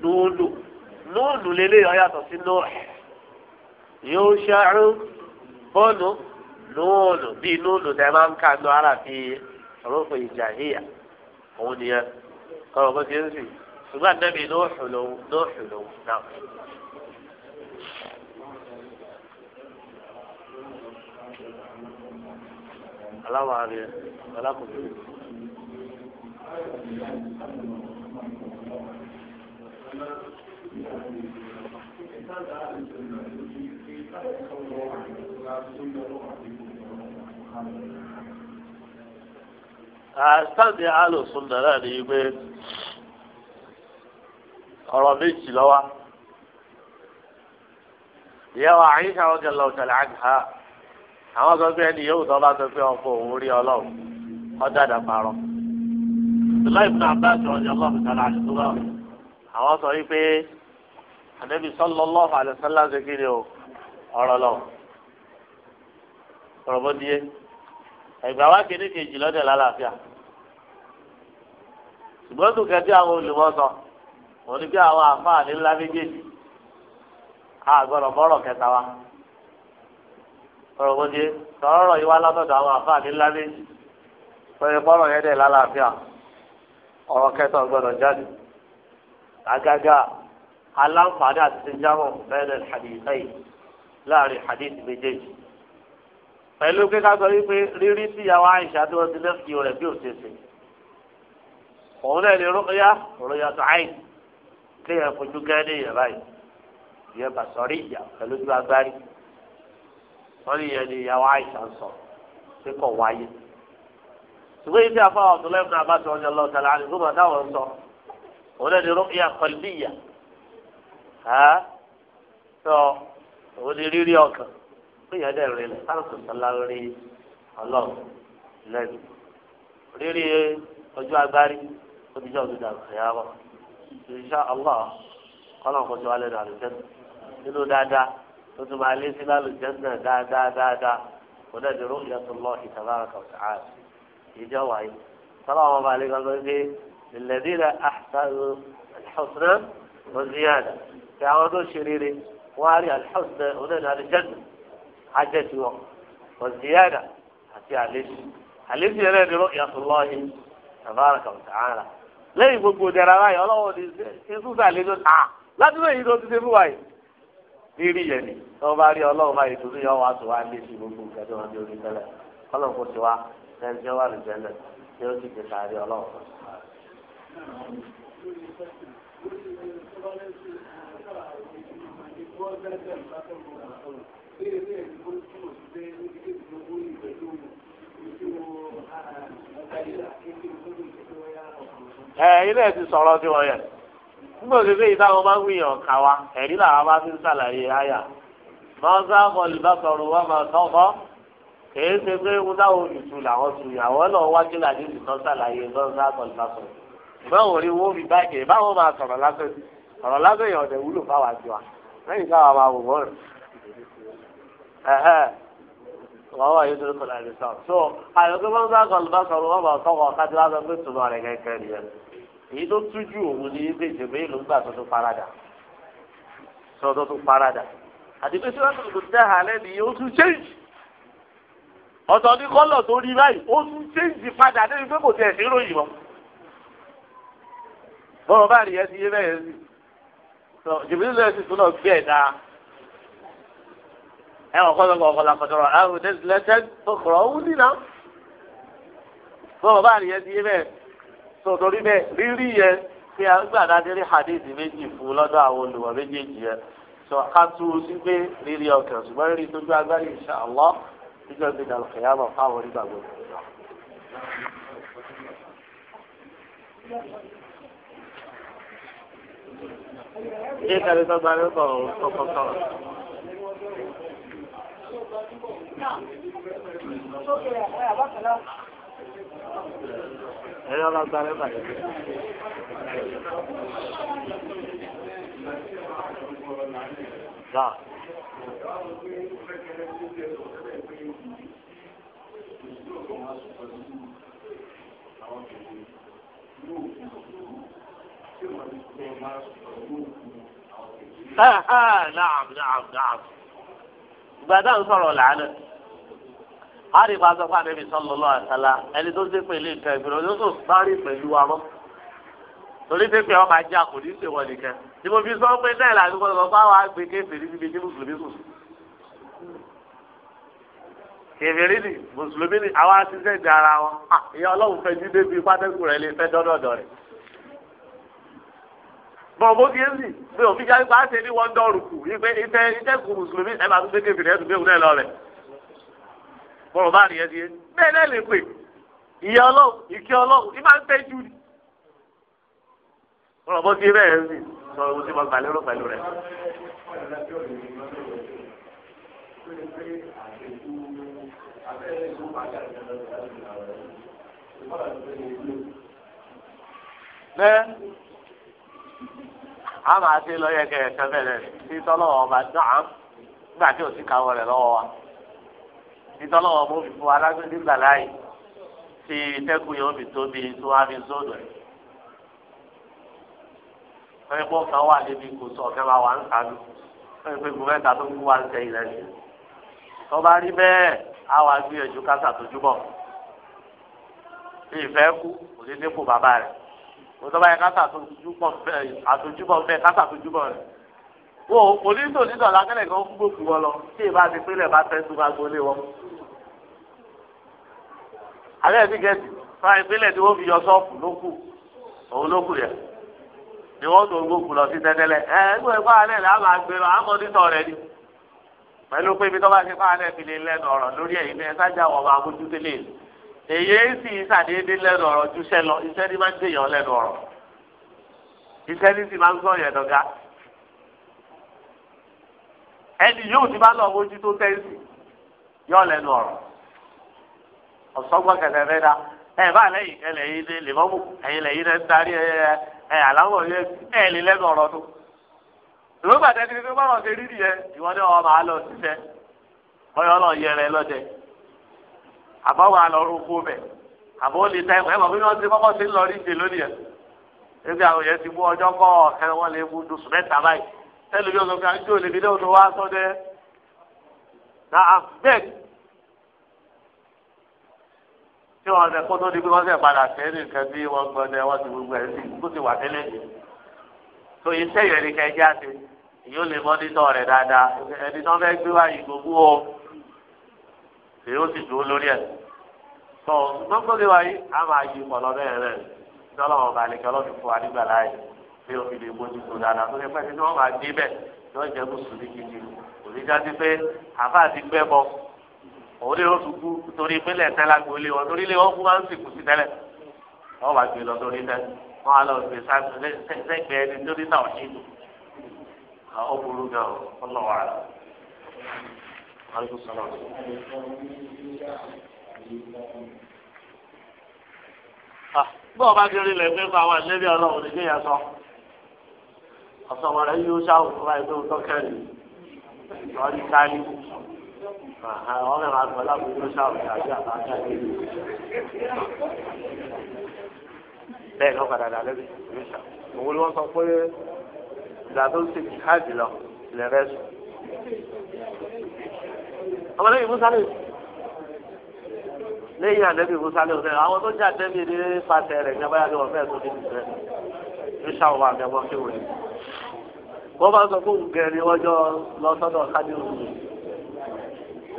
lóòlù lóòlù lélẹ́yìn ọ̀yàtọ̀ sí lóòlù yóò ṣe àrùn bọ́ọ̀lù nóòlù bíi nóòlù tẹ máa ń ka nù ara fi rúfin ìjàhíyà òun nìyẹn kọlọ bó ti ń sìn ṣùgbọ́n àdébí nóòlù lòun nóòlù lòun náà. aláwọ̀ alákòókò. Thank you àtàdé alòsùn nàrà ni pé ọ̀rọ̀ méjì lọ́wọ́ ìyàwó àyíká ọjà lọ tẹ̀lé àgbà àwọn sọ pé ẹni yóò tọ́ bá sọ pé ọkọ òun rí ọlọ́run ọjà dàparọ́ ìlànà ìbùdó àbájọ ọjà ọlọ́run tẹ̀lé àdúgbò àwọn sọ wípé ànábì sallallahu alaihi wasallam ṣe kí ni ọ̀rọ̀ lọ ọ̀rọ̀ bó díẹ̀. ẹgbà wa kéde kejì lọ́dẹ̀ lálàáfíà ṣùgbọ́n tó kẹ́tí àwọn olùmọ̀sọ òun ni bí àwọn àfáàní ńlá méjèèjì a bọ́rọ̀ kẹta wa ọ̀rọ̀ sọ̀rọ̀ yìí wá látọ̀dọ̀ àwọn àfáàní ńlá méjì sọ̀rọ̀ bọ́rọ̀ yẹn dẹ̀ lálàáfíà ọ̀rọ̀ kẹta gbọ́dọ̀ jáde àgàgà aláǹfààní àti hadisai jámọ̀ hadis pẹ̀lú kíkà sọ wípé rírí sí ìyàwó àyíṣà tí wọ́n ti lẹ́sìkì rẹ̀ bí òṣèṣe òun náà lè rúkúyà rúkúyà tó àyìn kí ẹ̀ fojú gẹ́ẹ́dé yẹn báyìí ìyẹn bà sọ̀rí ìyà pẹ̀lú ju agbárí wọ́n ní ìyẹn ní ìyàwó àyíṣà ń sọ pé kò wáyé ṣùgbọ́n ibi àfọwọ́ ọ̀túnlẹ́mù náà bá sọ ọjọ́ lọ sàlẹ̀ àti gbọ́dọ̀ táwọn ń sọ òun náà lè rúkúyà kọ̀lbíyà ẹ̀ kéèyàn dẹ̀ rí sáàsùsọ́lá rí ọlọ́run lẹ́nu rírí ọjọ́ agbárí ó ti jẹ́ ọdún dàrú ẹ̀yàwó insha Allah kọ́nà kó tó wà lẹ́nu àlùjẹ́nu nínú dáadáa tó tún máa lé sí lálùjẹ́nu náà dáadáa dáadáa kò náà di ru'yatullahi tabaraka wa ta'ala ìjọ wáyé sọlá wọn bá lè gbàgbọ́ pé lilladhina ahsanu al-husna wa ziyada tí àwọn tó ṣe rere wọ́n á rí al-husna onídàá àlùjẹ́nu hajjati wọn wa ziyada àti àlejò àlejò yẹn lẹ́nu ru'yatullahi tabaraka wa ta'ala lẹ́yìn gbogbo ìdára báyìí ọlọ́wọ́ ni ìsúsà àlejò tà láti lóyìn tó ti dé fún wa yìí rírì yẹn ni tó bá rí ọlọ́wọ́ báyìí tó ní yọ wá tó wá lé sí gbogbo nǹkan tó wọn ní orí tẹ́lẹ̀ kọ́lọ̀ kó ti wá lẹ́yìn tí ó wà lè jẹ́lẹ̀ tí ó sì ti sáré ọlọ́wọ́ kan. Thank you bẹ́ẹ̀ ilé ẹ̀ ti sọ̀rọ̀ sí wọn yẹn nígbà òṣèlú yìí táwọn máa ń gbìyàn ká wa ẹ̀rí làwọn máa fi ń ṣàlàyé àyà máa ń sáàmù olùbásọ̀rọ̀ wa máa tọ́kọ́ kìí ṣe pé wọn táwọn olùtù làwọn tù yàwọ́ lọ wájú làdí ìtàn ṣàlàyé máa ń sáàmù olùbásọ̀rọ̀ báwọn ò rí owó mi báyìí báwọn máa sọ̀rọ̀ lásán ọ̀rọ̀ lásán yẹn ọ̀dẹ̀ wúlò fáwọn àjọ wa lẹ́yìn káwọn máa wò wọ́n rẹ̀ wọ́n wà yóò dúró kọ́ láti sọ. so àyọ̀kọ́ bá ń bá kọ́ lùbá sọ̀rọ̀ wọ́n bá sọ̀rọ̀ kájú lásán pé tùmọ̀ rẹ̀ kẹ́kẹ́ nìyẹn. èyí tó tújú òun ni ilé ìjẹ̀bẹ́ ìlú gbà tó tún farada sọ tó tún farada àti pé síwájú kò dá àlẹ́ nìyẹn ó tún change. ọ̀tọ̀ ní kọ́lọ̀ tó rí báyìí ó tún change padà débi pé kò tiẹ̀ sí ròyìn mọ́. bọ́ọ̀ bá nìyẹn ti yé bẹ́ẹ̀ ẹ ọkọ lọkọ ọkọ làkọtọrọ àrùn tẹsílẹsẹ ọkọrọ ọhún nínà bọ́ọ̀ bá àríyẹ ti yé bẹ́ẹ̀ sọ̀tọ́rí bẹ́ẹ̀ rírí yẹ pé a gbà dáadéé hadith méjì fún lọ́dọ̀ àwọn olùwọ̀ méjèèjì yẹ sọ ká tú u sí pé rírí ọkàn ṣùgbọ́n rírí tójú agbára insha Allah níjọ́ gbé dàlù kìyàmọ̀ fáwọn onígbàgbọ́ ilé ìkàlẹ̀ sọgbà Ẹ̀rọ lágbá rẹ̀ bàjẹ́. Dáa. آه آه نعم نعم ìgbà táwọn sọ̀rọ̀ làánà àrí ìfà sọ fún àbẹ̀bí sọ́lọ́ lọ́wọ́ àtàlà ẹni tó ṣe pèlè nǹkan ìgbìmọ̀ ló tó sáré pẹ̀lú wa mọ́ torí pé pé ọmọ ajé kò ní ṣèwọ nìkan tí mo fi sọ pé náà làánú kọ́ lọ bá wa gbé kéferì níbi tí mùsùlùmí sùn kéferì ni mùsùlùmí ni àwa ti sẹ́ẹ̀dì ara wọn ìyá ọlọ́run fẹ́ jí débi pátẹ́kù rẹ̀ lè fẹ́ dọ́dọ̀dọ̀ rẹ̀ bọ̀bọ̀ bí ẹ́ sì pé òfin jáde pa á ṣe ní wọ́n dọ́rù kù ìpè ìtẹ́ ìtẹ́ kù mùsùlùmí ẹ bá tún gbé kébìrì ẹ tún gbé òun náà lọ rẹ̀. bọ̀rọ̀ bá nìyẹn ti yé bẹ́ẹ̀ náà lè pè ìyá ọlọ́run ìkẹ́ ọlọ́run ní máa ń tẹ́jú ni. bọ̀rọ̀ bọ́ sí ẹ bẹ́ẹ̀ sì sọ ohun tí mo gbà lérò pẹ̀lú rẹ̀. bẹ́ẹ̀ a máa ṣe lọ yẹ kẹrẹ sẹfẹ rẹ títọ́lọ́wọ́ ọba dáhà nígbà tí òsì káwọ́ rẹ̀ lọ́wọ́ wa títọ́lọ́wọ́ bó fi fún alágbèdè gbà láàyè tí tẹ́kù yóò fi tóbi tó wá fi sódò rẹ̀. wọ́n yẹ kó kan wà níbi kò sọ ọ̀kẹ́ máa wà ń sàánú wọ́n yẹ pé gbogbo ẹ̀ta tó ń kú wa ń sẹ́yìn rẹ̀ sí. tó bá rí bẹ́ẹ̀ á wá gbìyànjú kásà tó júbọ̀. ìfẹ́ kú òdídé kù bàbá rẹ̀ òtọ́ba yẹn kásá àtòjúbọ̀ bẹ́ẹ̀ àtòjúbọ̀ bẹ́ẹ̀ kásá àtòjúbọ̀ rẹ̀ wo onídò nídò lákẹ́lẹ̀ kan fún gbòkú wọn lọ tí ìbá ti pínlẹ̀ bá fẹ́ tó bá gbolé wọn. alẹ́ ẹ̀mí gẹ̀ẹ́sì fún ìpínlẹ̀ tí wọ́n fi yọ sọ́ọ̀fù lókù òun lókù yẹn ni wọ́n tó gbòkú lọ sí tẹ́tẹ́lẹ̀ ẹ ẹgbẹ́ ẹgbẹ́ alẹ́ rẹ̀ á máa gbé lọ àmọ́ nítọ̀ rẹ̀ ni pẹ̀lú pé ibi tó bá ti fún alẹ́ èyí sì ń sàdédé lẹ́nu ọ̀rọ̀ ju iṣẹ́ lọ iṣẹ́ ní máa ń gbèyàn lẹ́nu ọ̀rọ̀ iṣẹ́ ní sì máa ń sọ̀yàn dọ̀gá ẹni yóò ti bá lọ mójú tó tẹ́sí yọ lẹ́nu ọ̀rọ̀ ọ̀sọ́gbọ́n kẹsẹ̀ fẹ́ da ẹ bá lẹ́yìn ní lèmọ́mù ẹ̀yìn lẹ́yìn náà ń darí ẹ ẹ lè lẹ́nu ọ̀rọ̀ tó àbáwọ̀ àlọ́run kó bẹ̀ àbó lè ta ẹ̀kọ́ ẹ̀kọ́ bí wọ́n ti kọ́kọ́ sí lọ rí ìdè lónìí ẹ̀ ebi àwọn yẹn ti mú ọjọ́ kọ́ ọ̀kẹ́ wọn lè mú dùsùn mẹ́ta báyìí ẹlòmíì ọ̀sán kan tí ò lè fi dé òdo wá sọ́dẹ́ na abeg tí wọn ṣe kótó di pé wọn ṣe padà sẹ́yìn nǹkan bí wọn gbọ́dọ̀ wọn ti gbogbo ẹ̀ sí kó ti wà tẹ́lẹ̀ tó iṣẹ́ yẹn ni kẹjá ti èyí lè mọ́ nítọ̀ dáadáa ẹni tó fẹ́ gbé wáyé gbogbo èyí ó sì dúró lórí ẹ̀ tó gbogbo bí wáyé a máa yí pọ̀lọ́ bẹ́ẹ̀ rẹ̀ tọ́lọ́wọ́ balẹ̀ kí ọlọ́fi fún anígbà láàyè bí o fi lè mójú tó dáadáa tó lè pẹ́ tí wọ́n máa dé bẹ́ẹ̀ tí wọ́n jẹ́ mùsùlùmí gidi kò ní jáde pé àfa àti gbẹ́ bọ òun lè oṣù kú torí ìpínlẹ̀ tẹ́lágbó lé wọn torí lé wọn kú máa ń sìnkú sí tẹ́lẹ̀ wọ́n wá gbé lọ sórí tẹ́ wọ́n á lọ gbé sẹ́gbẹ̀ẹ́ ẹni tó ní tàwọn ṣe é lò ó burú gan-an ọlọ́wọ́ àlọ́ aleykum salaam. Ah, bá ti rí ilẹ̀ pé kó àwọn àlejò ní kéèyàn sọ ọ̀sọ̀mọ̀ yóò ṣáwó fún báyìí pé ó ní ìtọ́jú káyé àwọn mẹ́rin àgbọ̀ láti yóò ṣáwó fún àjọ àbájá yìí. bẹ́ẹ̀ ni wọ́n padà dà lẹ́bi yóò ṣáwó. òun ni sọ pé ìgbà tó ń ṣe jìhádì lọ ilẹ̀ rẹ̀ sùn ọmọ lẹ́yìn musa lè lẹ́yìn àdẹ́bí musa lè fẹ́ àwọn tó ń jà dẹ́bí ní pàṣẹ rẹ̀ jábáyà ni wọ́n fẹ́ tó ní ìfẹ́ ní sàwọn àmì ọmọ kí wọ́n wọ́n bá sọ fún gẹ̀ẹ́rì ọjọ́ lọ sọ́dọ̀ kájí òkú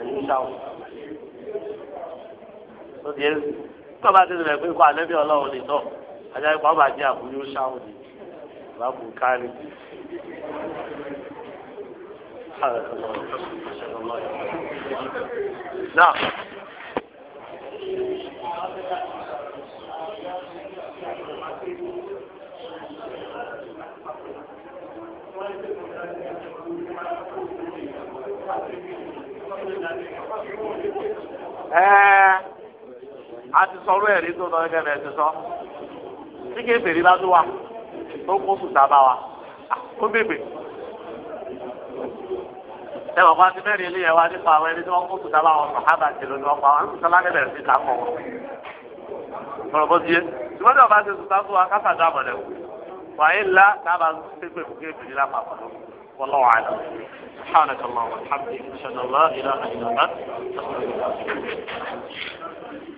ní sàwọn tó di ẹ̀sìn tó bá ti rẹ̀ pé kó àdẹ́bí ọlọ́run ní tọ́ ajá ìpamọ́ àti àbúrò sàwọn ní ìbá سبحانك dị نعم a ti sọ ọ̀rọ̀ ẹ̀rí tó lọ gẹ́gẹ́ bẹ́ẹ̀ ti sọ tí bá tó tó kó sùn wa ah, ó bèbè. ẹ wọ̀ fún mẹ́rin ilé yẹn wá nípa àwọn ẹni tí wọ́n kó kùtà láwọn sàhábà jèrò ni wọ́n pa àwọn kùtà láti bẹ̀rẹ̀ sí kàkọ́ wọn. mọ̀rọ̀ bó ti yé ṣùgbọ́n tí wọ́n bá ti sùn sáfù wa káfà dá àmọ̀lẹ̀ wò wàyí ńlá tábà ṣépè fún kéèké ìlà pàpà والله أعلم سبحانك اللهم وبحمدك أشهد أن لا إله إلا أنت أستغفرك